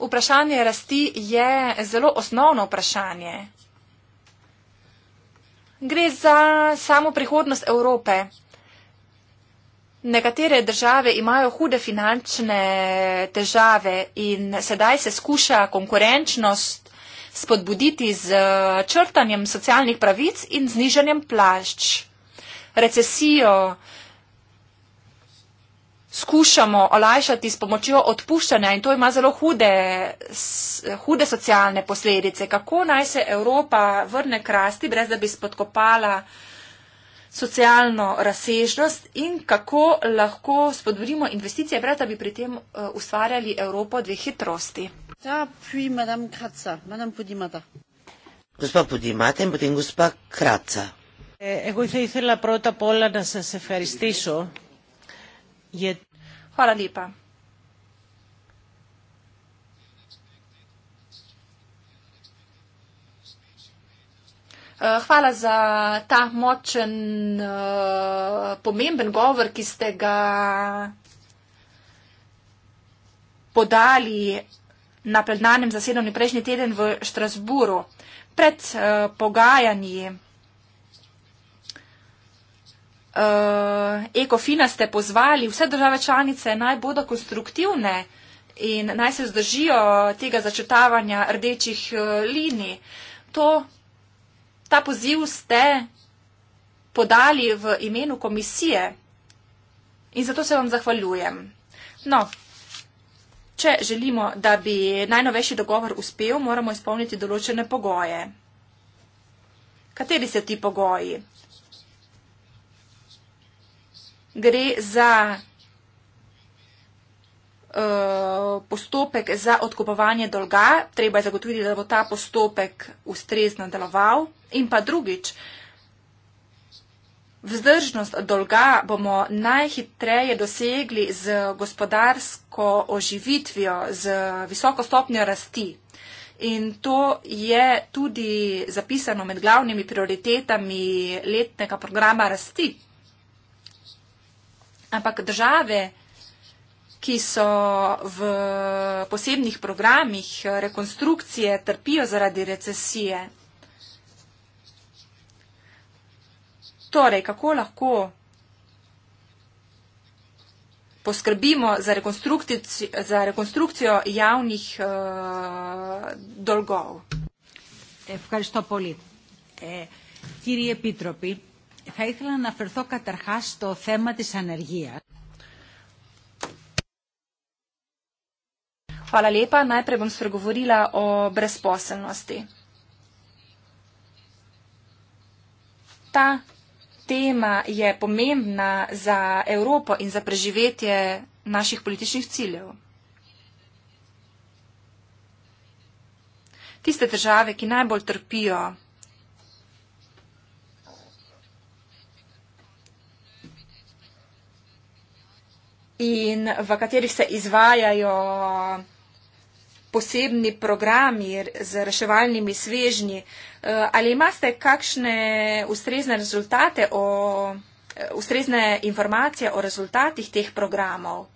Vprašanje rasti je zelo osnovno vprašanje. Gre za samo prihodnost Evrope. Nekatere države imajo hude finančne težave in sedaj se skuša konkurenčnost spodbuditi z eh, črtanjem socialnih pravic in zniženjem plašč. Recesijo skušamo olajšati s pomočjo odpuščanja in to ima zelo hude, hude socialne posledice. Kako naj se Evropa vrne krasti, brez da bi spodkopala uh, socialno razsežnost in kako lahko spodbudimo investicije, brez da bi pri tem eh, ustvarjali Evropo dveh hitrosti. Ja, pri madam Kratca, madam Podimata. Gospa Podimata in potem gospa Kratca. Eh, Hvala lepa. Eh, hvala za ta močen, eh, pomemben govor, ki ste ga podali na prednanem zasedanju prejšnji teden v Štrasburu. Pred eh, pogajanji ECOFIN-a ste pozvali vse države članice naj bodo konstruktivne in naj se zdržijo tega začrtavanja rdečih linij. To Ta poziv ste podali v imenu komisije in zato se vam zahvaljujem. No, če želimo, da bi najnovejši dogovor uspel, moramo izpolniti določene pogoje. Kateri so ti pogoji? Gre za Eh, postopek za odkupovanje dolga, treba je zagotoviti, da bo ta postopek ustrezno deloval. In pa drugič, vzdržnost dolga bomo najhitreje dosegli z gospodarsko oživitvijo, z visoko stopnjo rasti. In to je tudi zapisano med glavnimi prioritetami letnega programa rasti. Ampak države, ki so v posebnih programih eh, rekonstrukcije, trpijo zaradi recesije. Torej, kako lahko poskrbimo za, za rekonstrukcijo javnih uh, dolgov? Hvala. Θα ήθελα να αναφερθώ καταρχάς στο θέμα της ανεργίας. Hvala lepa. Najprej bom spregovorila o brezposelnosti. Ta tema je pomembna za Evropo in za preživetje naših političnih ciljev. Tiste države, ki najbolj trpijo in v katerih se izvajajo posebni programi z reševalnimi svežnji. Eh, ali imate kakšne ustrezne rezultate, o, eh, ustrezne informacije o rezultatih teh programov?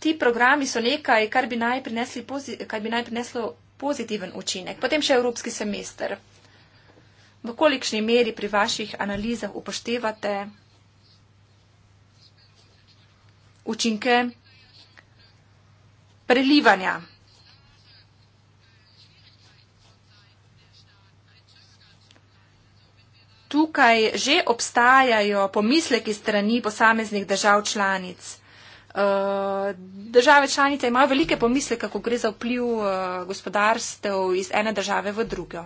Ti programi so nekaj, kar bi naj, prinesli, kar bi naj prineslo pozitiven učinek. Potem še evropski semester. V kolikšni meri pri vaših analizah upoštevate učinke prelivanja. Tukaj že obstajajo pomisleki strani posameznih držav članic. Eh, države članice imajo velike pomisle, kako gre za vpliv eh, gospodarstev iz ene države v drugo.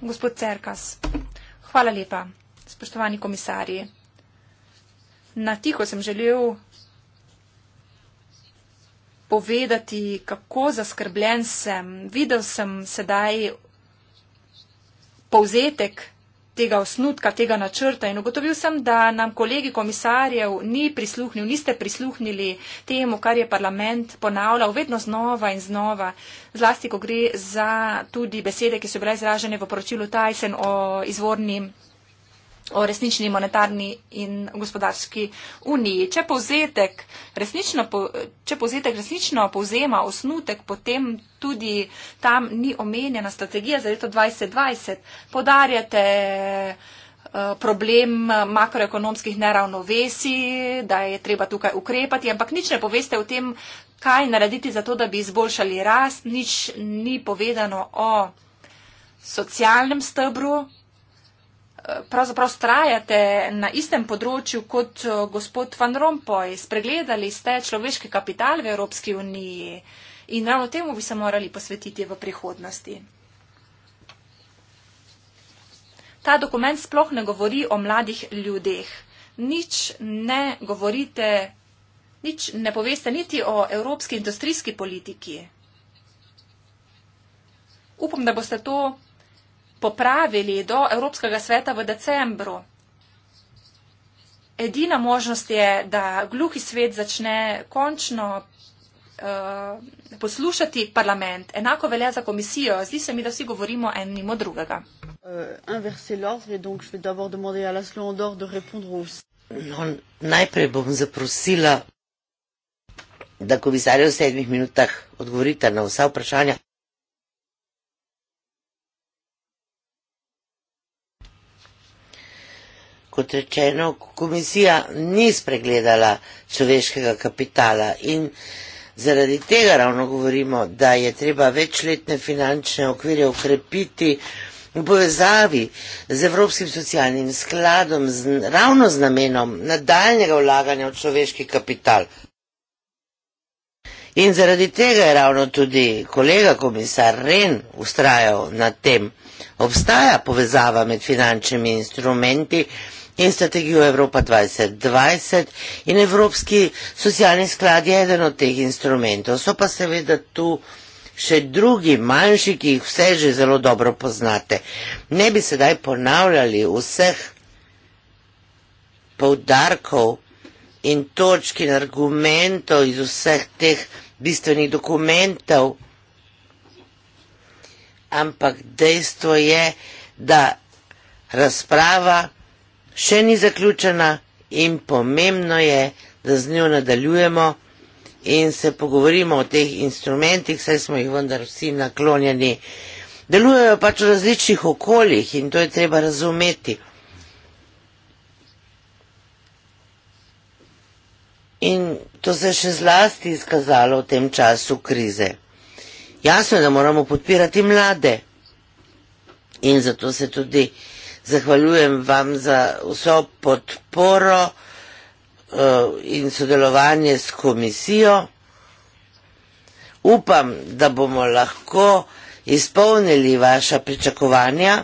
Gospod Cerkas, hvala lepa, spoštovani komisarji. Na tiho sem želel povedati, kako zaskrbljen sem. Videl sem sedaj povzetek tega osnutka, tega načrta in ugotovil sem, da nam kolegi komisarjev ni prisluhnil, niste prisluhnili temu, kar je parlament ponavljal vedno znova in znova, zlasti, ko gre za tudi besede, ki so bile izražene v poročilu Tyson o izvornim o resnični monetarni in gospodarski uniji. Če povzetek resnično, po, če povzetek resnično povzema osnutek, potem tudi tam ni omenjena strategija za leto 2020. Podarjate eh, problem makroekonomskih neravnovesi, da je treba tukaj ukrepati, ampak nič ne poveste o tem, kaj narediti za to, da bi izboljšali rast, nič ni povedano o socialnem stebru pravzaprav trajate na istem področju kot eh, gospod Van Rompuy. Spregledali ste človeški kapital v Evropski uniji in ravno temu bi se morali posvetiti v prihodnosti. Ta dokument sploh ne govori o mladih ljudeh. Nič ne govorite, nič ne poveste niti o evropski industrijski politiki. Upam, da boste to popravili do Evropskega sveta v decembru. Edina možnost je, da gluhi svet začne končno uh, poslušati parlament. Enako velja za komisijo. Zdi se mi, da vsi govorimo en mimo drugega. Eh, ja, najprej bom zaprosila, da komisarja v sedmih minutah odgovorite na vsa vprašanja. kot rečeno, komisija ni spregledala človeškega kapitala in zaradi tega ravno govorimo, da je treba večletne finančne okvire ukrepiti v povezavi z Evropskim socialnim skladom, z, ravno z namenom nadaljnega vlaganja v človeški kapital. In zaradi tega je ravno tudi kolega komisar Ren ustrajal na tem, obstaja povezava med finančnimi instrumenti, in strategijo Evropa 2020 in Evropski socialni sklad je eden od teh instrumentov. So pa seveda tu še drugi manjši, ki jih vse že zelo dobro poznate. Ne bi sedaj ponavljali vseh poudarkov in točk in argumentov iz vseh teh bistvenih dokumentov, ampak dejstvo je, da razprava še ni zaključena in pomembno je, da z njo nadaljujemo in se pogovorimo o teh instrumentih, saj smo jih vendar vsi naklonjeni. Delujejo pač v različnih okoljih in to je treba razumeti. In to se je še zlasti izkazalo v tem času krize. Jasno je, da moramo podpirati mlade in zato se tudi zahvaljujem vam za vso podporo eh, in sodelovanje s komisijo. Upam, da bomo lahko izpolnili vaša pričakovanja.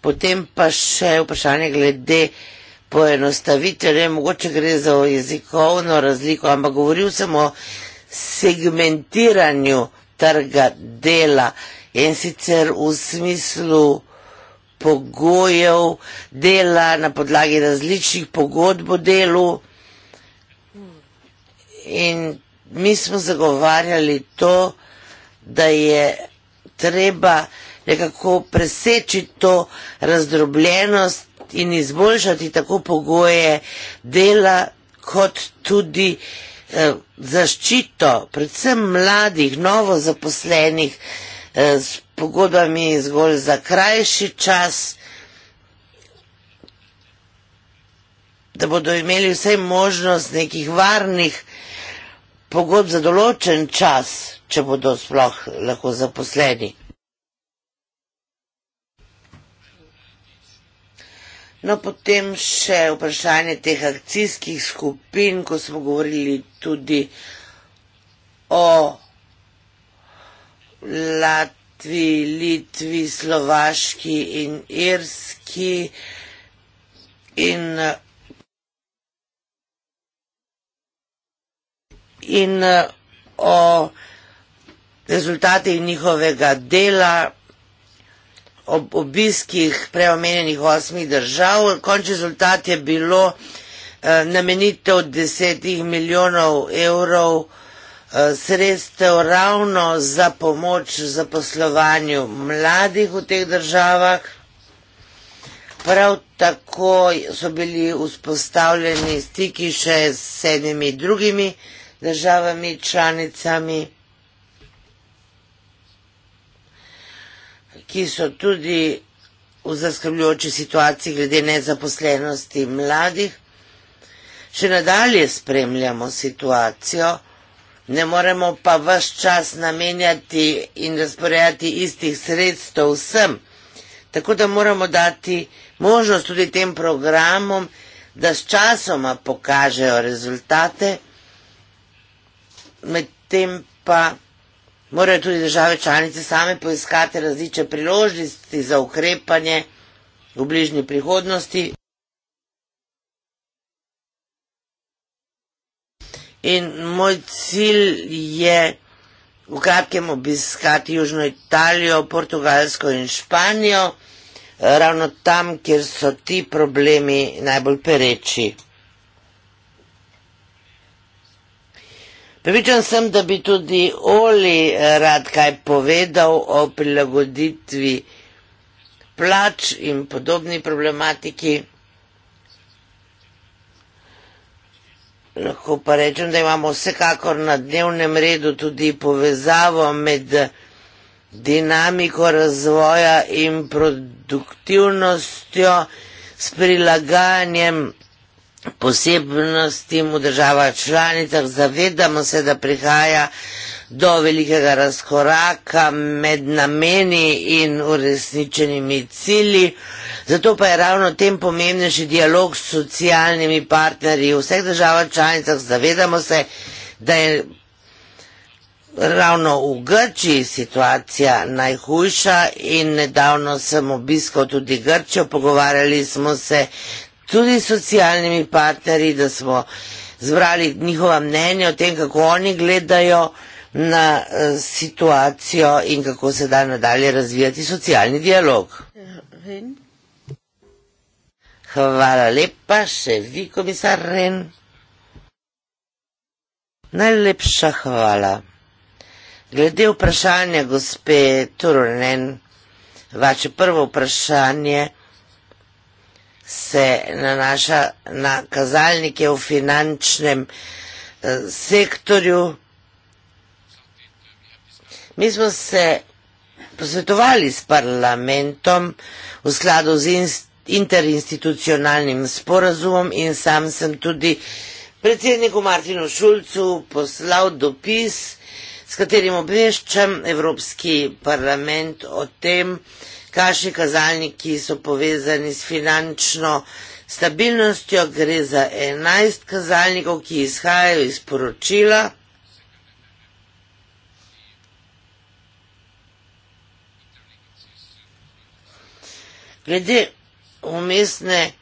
Potem pa še vprašanje glede poenostavitve. Mogoče gre za jezikovno razliko, ampak govoril sem o segmentiranju trga dela in sicer v smislu pogojev dela, na podlagi različnih pogodb o delu. In mi smo zagovarjali to, da je treba nekako preseči to razdrobljenost in izboljšati tako pogoje dela, kot tudi eh, zaščito, predvsem mladih, novo zaposlenih, eh, s pogodba mi je zgolj za krajši čas, da bodo imeli vsej možnost nekih varnih pogodb za določen čas, če bodo sploh lahko zaposleni. No, potem še vprašanje teh akcijskih skupin, ko smo govorili tudi o lat Latvi, Litvi, Slovaški in Irski in, in o rezultatih njihovega dela ob obiskih preomenjenih osmih držav. Konč rezultat je bilo eh, namenitev desetih milijonov evrov Eh, sredstev ravno za pomoč za poslovanju mladih v teh državah. Prav tako so bili vzpostavljeni stiki še s sedmimi drugimi državami, članicami, ki so tudi v zaskrbljujoči situaciji glede nezaposlenosti mladih. Še nadalje spremljamo situacijo, ne moremo pa vse čas namenjati in razporejati istih sredstev vsem. Tako da moramo dati možnost tudi tem programom, da s časoma pokažejo rezultate, medtem pa morajo tudi države članice same poiskati različne priložnosti za ukrepanje v bližnji prihodnosti. In moj cilj je v kratkem obiskati Južno Italijo, Portugalsko in Španijo, ravno tam, kjer so ti problemi najbolj pereči. Pripričan sem, da bi tudi Oli rad kaj povedal o prilagoditvi plač in podobni problematiki. lahko pa rečem, da imamo vsekakor na dnevnem redu tudi povezavo med dinamiko razvoja in produktivnostjo s prilagajanjem posebnostim v državah članicah. Zavedamo se, da prihaja do velikega razkoraka med nameni in uresničenimi cilji. Zato pa je ravno tem pomembnejši dialog s socialnimi partnerji v vseh državah članicah. Zavedamo se, da je ravno v Grčiji situacija najhujša in nedavno sem obiskal tudi Grčijo. Pogovarjali smo se tudi s socialnimi partnerji, da smo zbrali njihova mnenja o tem, kako oni gledajo na eh, situacijo in kako se da nadalje razvijati socialni dialog. Ja, Hvala lepa še vi, komisar Ren. Najlepša hvala. Glede vprašanja gospe Turunen, vaše prvo vprašanje se nanaša na kazalnike v finančnem eh, sektorju. Mi smo se posvetovali s parlamentom v skladu z institucijami, interinstitucionalnim sporazumom in sam sem tudi predsedniku Martinu Šulcu poslal dopis, s katerim obveščam Evropski parlament o tem, kakšni kazalniki so povezani s finančno stabilnostjo. Gre za 11 kazalnikov, ki izhajajo iz poročila. Glede umestne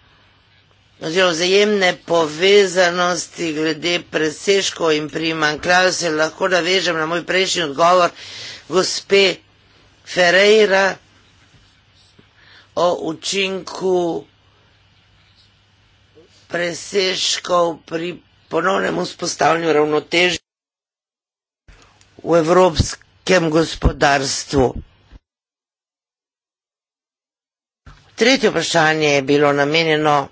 oziroma vzajemne povezanosti glede preseškov in primankljajo se lahko navežem na moj prejšnji odgovor gospe Ferreira o učinku preseškov pri ponovnem vzpostavljanju ravnotežja v evropskem gospodarstvu. Tretje vprašanje je bilo namenjeno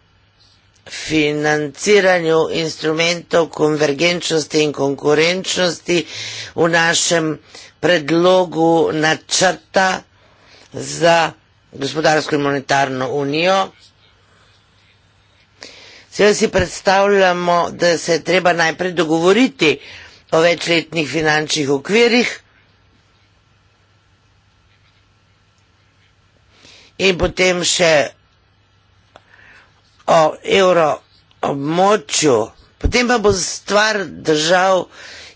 financiranju instrumentov konvergenčnosti in konkurenčnosti v našem predlogu načrta za gospodarsko in monetarno unijo. Seveda si predstavljamo, da se je treba najprej dogovoriti o večletnih finančnih okvirih. in potem še o evroobmočju, potem pa bo stvar držav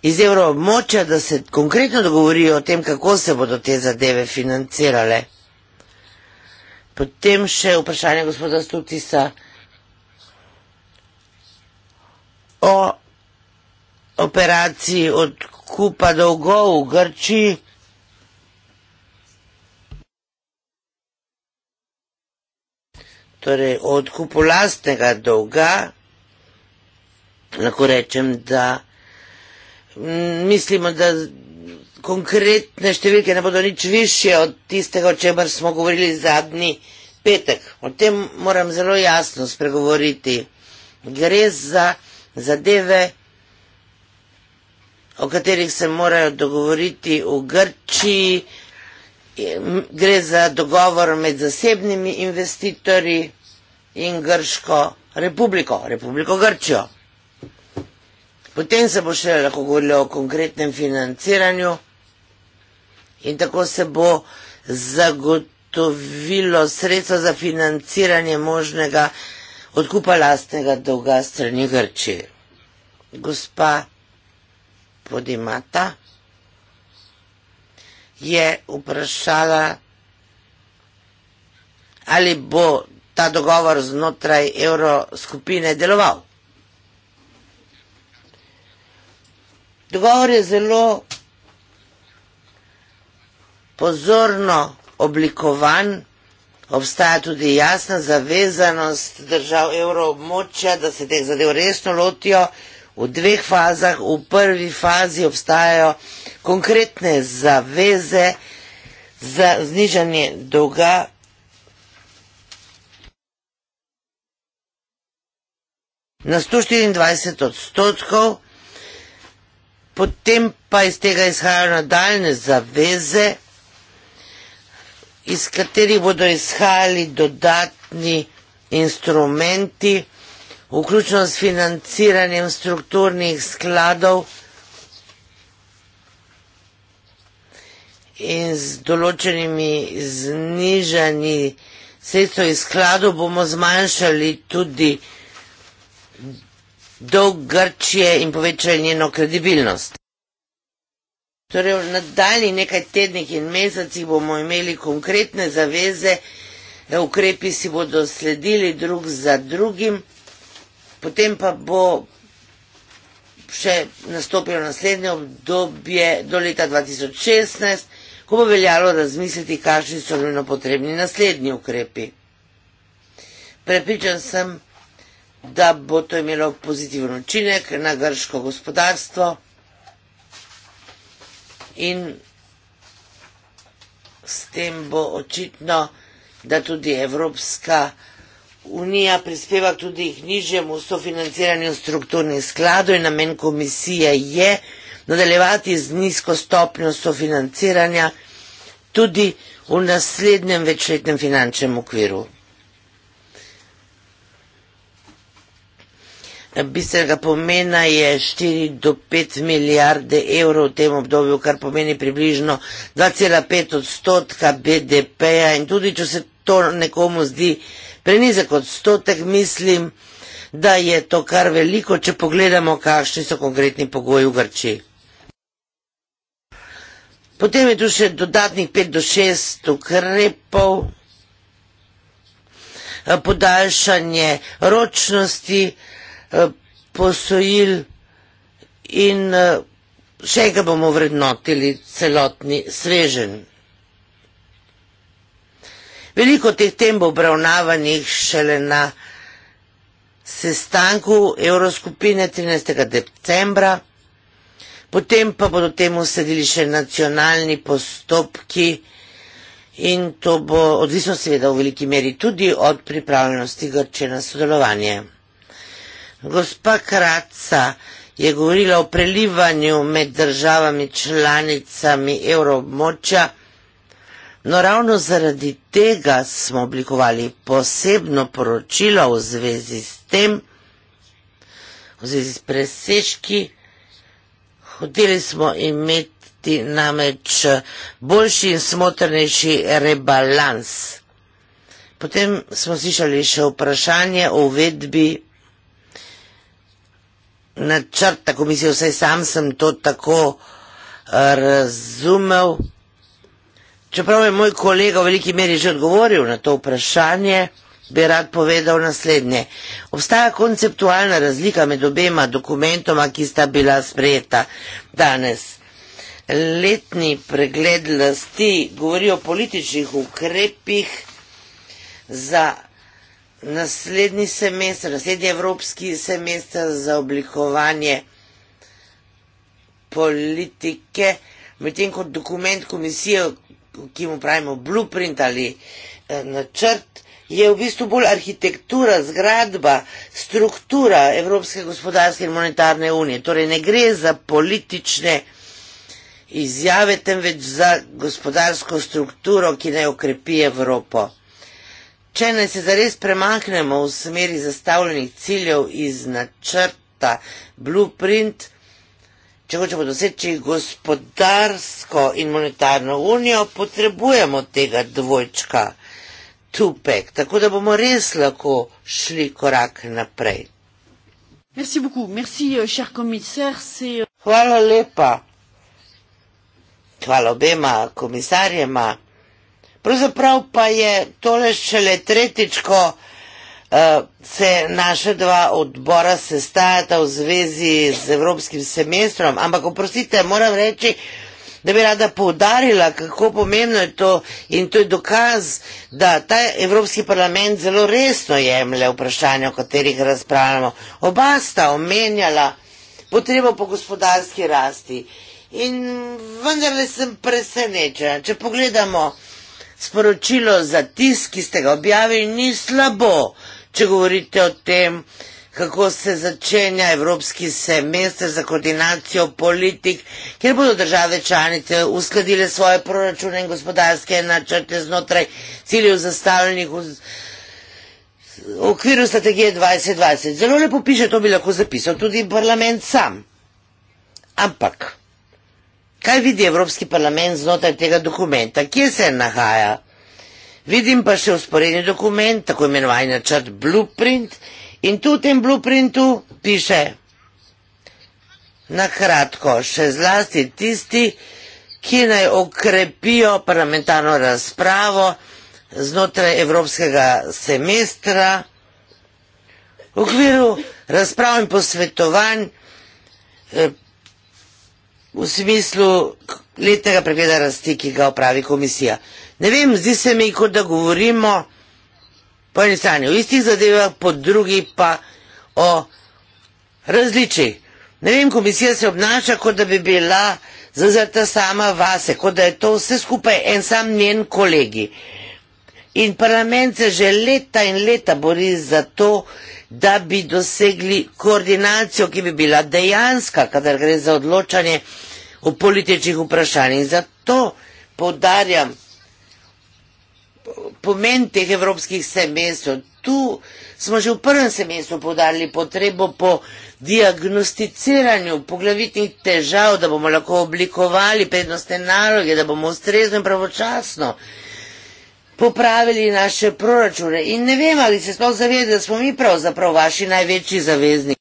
iz evroobmočja, da se konkretno dogovorijo o tem, kako se bodo te zadeve financirale. Potem še vprašanje gospoda Stutisa o operaciji odkupa dolgov v Grčiji. torej o odkupu lastnega dolga, lahko rečem, da mm, mislimo, da konkretne številke ne bodo nič više od tistega, o čemer smo govorili zadnji petek. O tem moram zelo jasno spregovoriti. Gre za zadeve, o katerih se morajo dogovoriti v Grčiji, gre za dogovor med zasebnimi investitorji in Grško republiko, Republiko Grčijo. Potem se bo še lahko govorilo o konkretnem financiranju in tako se bo zagotovilo sredstvo za financiranje možnega odkupa lastnega dolga strani Grčije. Gospa Podimata je vprašala, ali bo ta dogovor znotraj evroskupine deloval. Dogovor je zelo pozorno oblikovan, obstaja tudi jasna zavezanost držav evroobmočja, da se teh zadev resno lotijo v dveh fazah. V prvi fazi obstajajo konkretne zaveze za znižanje dolga. Na 124 odstotkov, potem pa iz tega izhajajo nadaljne zaveze, iz katerih bodo izhajali dodatni instrumenti, vključno s financiranjem strukturnih skladov. in z določenimi znižanji sredstvo iz skladu bomo zmanjšali tudi dolg Grčije in povečali njeno kredibilnost. Torej, v nadaljni nekaj tednih in mesecih bomo imeli konkretne zaveze, eh, ukrepi si bodo sledili drug za drugim, potem pa bo še nastopilo naslednje obdobje do leta 2016, ko bo veljalo razmisliti, kakšni so nujno potrebni naslednji ukrepi. Prepričan sem, da bo to imelo pozitiven učinek na grško gospodarstvo in s tem bo očitno, da tudi Evropska unija prispeva tudi k nižjemu sofinanciranju strukturnih skladov in namen komisije je, nadaljevati z nizko stopnjo sofinanciranja tudi v naslednjem večletnem finančnem okviru. Bistvenega pomena je 4 do 5 milijarde evrov v tem obdobju, kar pomeni približno 2,5 odstotka BDP-ja in tudi, če se to nekomu zdi prenizek odstotek, mislim, da je to kar veliko, če pogledamo, kakšni so konkretni pogoji v Grčiji. Potem je tu še dodatnih 5 do 6 ukrepov, eh, podaljšanje ročnosti eh, posojil in eh, še ga bomo vrednotili celotni svežen. Veliko teh tem bo obravnavanih šele na sestanku Euroskupine 13. decembra. Potem pa bodo temu sledili še nacionalni postopki in to bo odvisno seveda v veliki meri tudi od pripravljenosti Grče na sodelovanje. Gospa Kraca je govorila o prelivanju med državami članicami evroobmočja. No ravno zaradi tega smo oblikovali posebno poročilo v zvezi s tem, v zvezi s preseški, hoteli smo imeti namreč eh, boljši in smotrnejši rebalans. Potem smo slišali še vprašanje o uvedbi načrta komisije, vsaj sam sem to tako eh, razumel. Čeprav je moj kolega v veliki meri že odgovoril na to vprašanje, bi rad povedal naslednje. Obstaja konceptualna razlika med obema dokumentoma, ki sta bila sprejeta danes. Letni pregled lasti govori o političnih ukrepih za naslednji semestr, naslednji evropski semestr za oblikovanje politike, medtem kot dokument komisije, ki mu pravimo blueprint ali eh, načrt, eh, je v bistvu bolj arhitektura, zgradba, struktura Evropske gospodarske in monetarne unije. Torej ne gre za politične izjave, temveč za gospodarsko strukturo, ki naj okrepi Evropo. Če naj se zares premaknemo v smeri zastavljenih ciljev iz načrta Blueprint, če hočemo doseči gospodarsko in monetarno unijo, potrebujemo tega dvojčka tupek, tako da bomo res lahko šli korak naprej. Merci beaucoup. Merci, euh, cher commissaire. C'est... Euh, Hvala lepa. Hvala obema komisarjema. Pravzaprav pa je tole šele tretjič, ko uh, eh, se naše dva odbora sestajata v zvezi z evropskim semestrom, ampak oprostite, moram reči, uh, da bi rada poudarila, kako pomembno je to in to je dokaz, da ta Evropski parlament zelo resno jemlje vprašanje, o katerih razpravljamo. Oba sta omenjala potrebo po gospodarski rasti in vendarle sem presenečena. Če pogledamo sporočilo za tisk, ki ste ga objavili, ni slabo, če govorite o tem, kako se začenja evropski semestr za koordinacijo politik, kjer bodo države članice uskladile svoje proračune in gospodarske načrte znotraj ciljev zastavljenih v okviru strategije 2020. Zelo lepo piše, to bi lahko zapisal tudi parlament sam. Ampak, kaj vidi Evropski parlament znotraj tega dokumenta? Kje se nahaja? Vidim pa še usporedni dokument, tako imenovani načrt Blueprint, In tu v tem blueprintu piše na kratko še zlasti tisti, ki naj okrepijo parlamentarno razpravo znotraj evropskega semestra v okviru razprav in posvetovanj eh, v smislu letnega pregleda rasti, ki ga opravi komisija. Ne vem, zdi se mi, kot da govorimo po eni strani o istih zadevah, po drugi pa o različnih. Ne vem, komisija se obnaša, kot da bi bila zazrta sama vase, kot da je to vse skupaj en sam njen kolegi. In parlament se že leta in leta bori za to, da bi dosegli koordinacijo, ki bi bila dejanska, kadar gre za odločanje o političnih vprašanjih. Zato poudarjam, pomen teh evropskih semestrov. Tu smo že v prvem semestru podarili potrebo po diagnosticiranju poglavitnih težav, da bomo lahko oblikovali prednostne naloge, da bomo ustrezno in pravočasno popravili naše proračune. In ne vem, ali se sploh zaveda, da smo mi pravzaprav vaši največji zavezniki.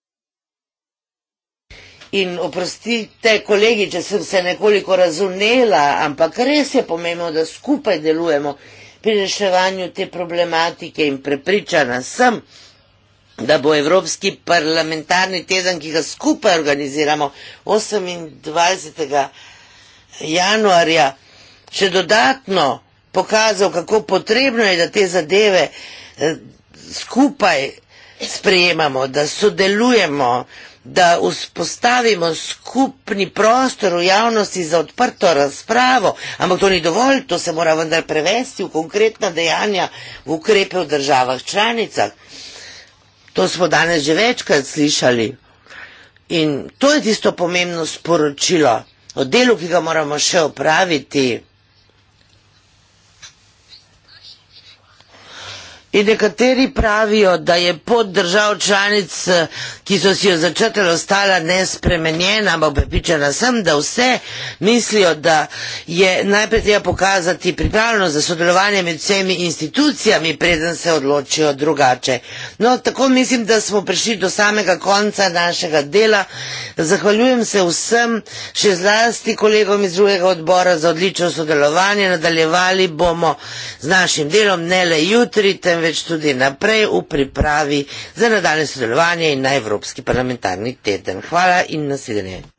In oprostite, kolegi, če sem se nekoliko razumela, ampak res je pomembno, da skupaj delujemo pri reševanju te problematike in prepričana sem, da bo Evropski parlamentarni teden, ki ga skupaj organiziramo 28. januarja, še dodatno pokazal, kako potrebno je, da te zadeve eh, skupaj sprejemamo, da sodelujemo, da vzpostavimo skupni prostor v javnosti za odprto razpravo, ampak to ni dovolj, to se mora vendar prevesti v konkretna dejanja, v ukrepe v državah članicah. To smo danes že večkrat slišali in to je tisto pomembno sporočilo o delu, ki ga moramo še opraviti. In nekateri pravijo, da je pot držav članic, eh, ki so si jo začrtali, ostala nespremenjena, ampak prepričana sem, da vse mislijo, da je najprej treba pokazati pripravljenost za sodelovanje med vsemi institucijami, preden se odločijo drugače. No, tako mislim, da smo prišli do samega konca našega dela. Zahvaljujem se vsem, še zlasti kolegom iz drugega odbora za odlično sodelovanje. Nadaljevali bomo z našim delom, ne le jutri, temveč temveč tudi naprej v pripravi za nadaljne sodelovanje in na Evropski parlamentarni teden. Hvala in nasvidenje.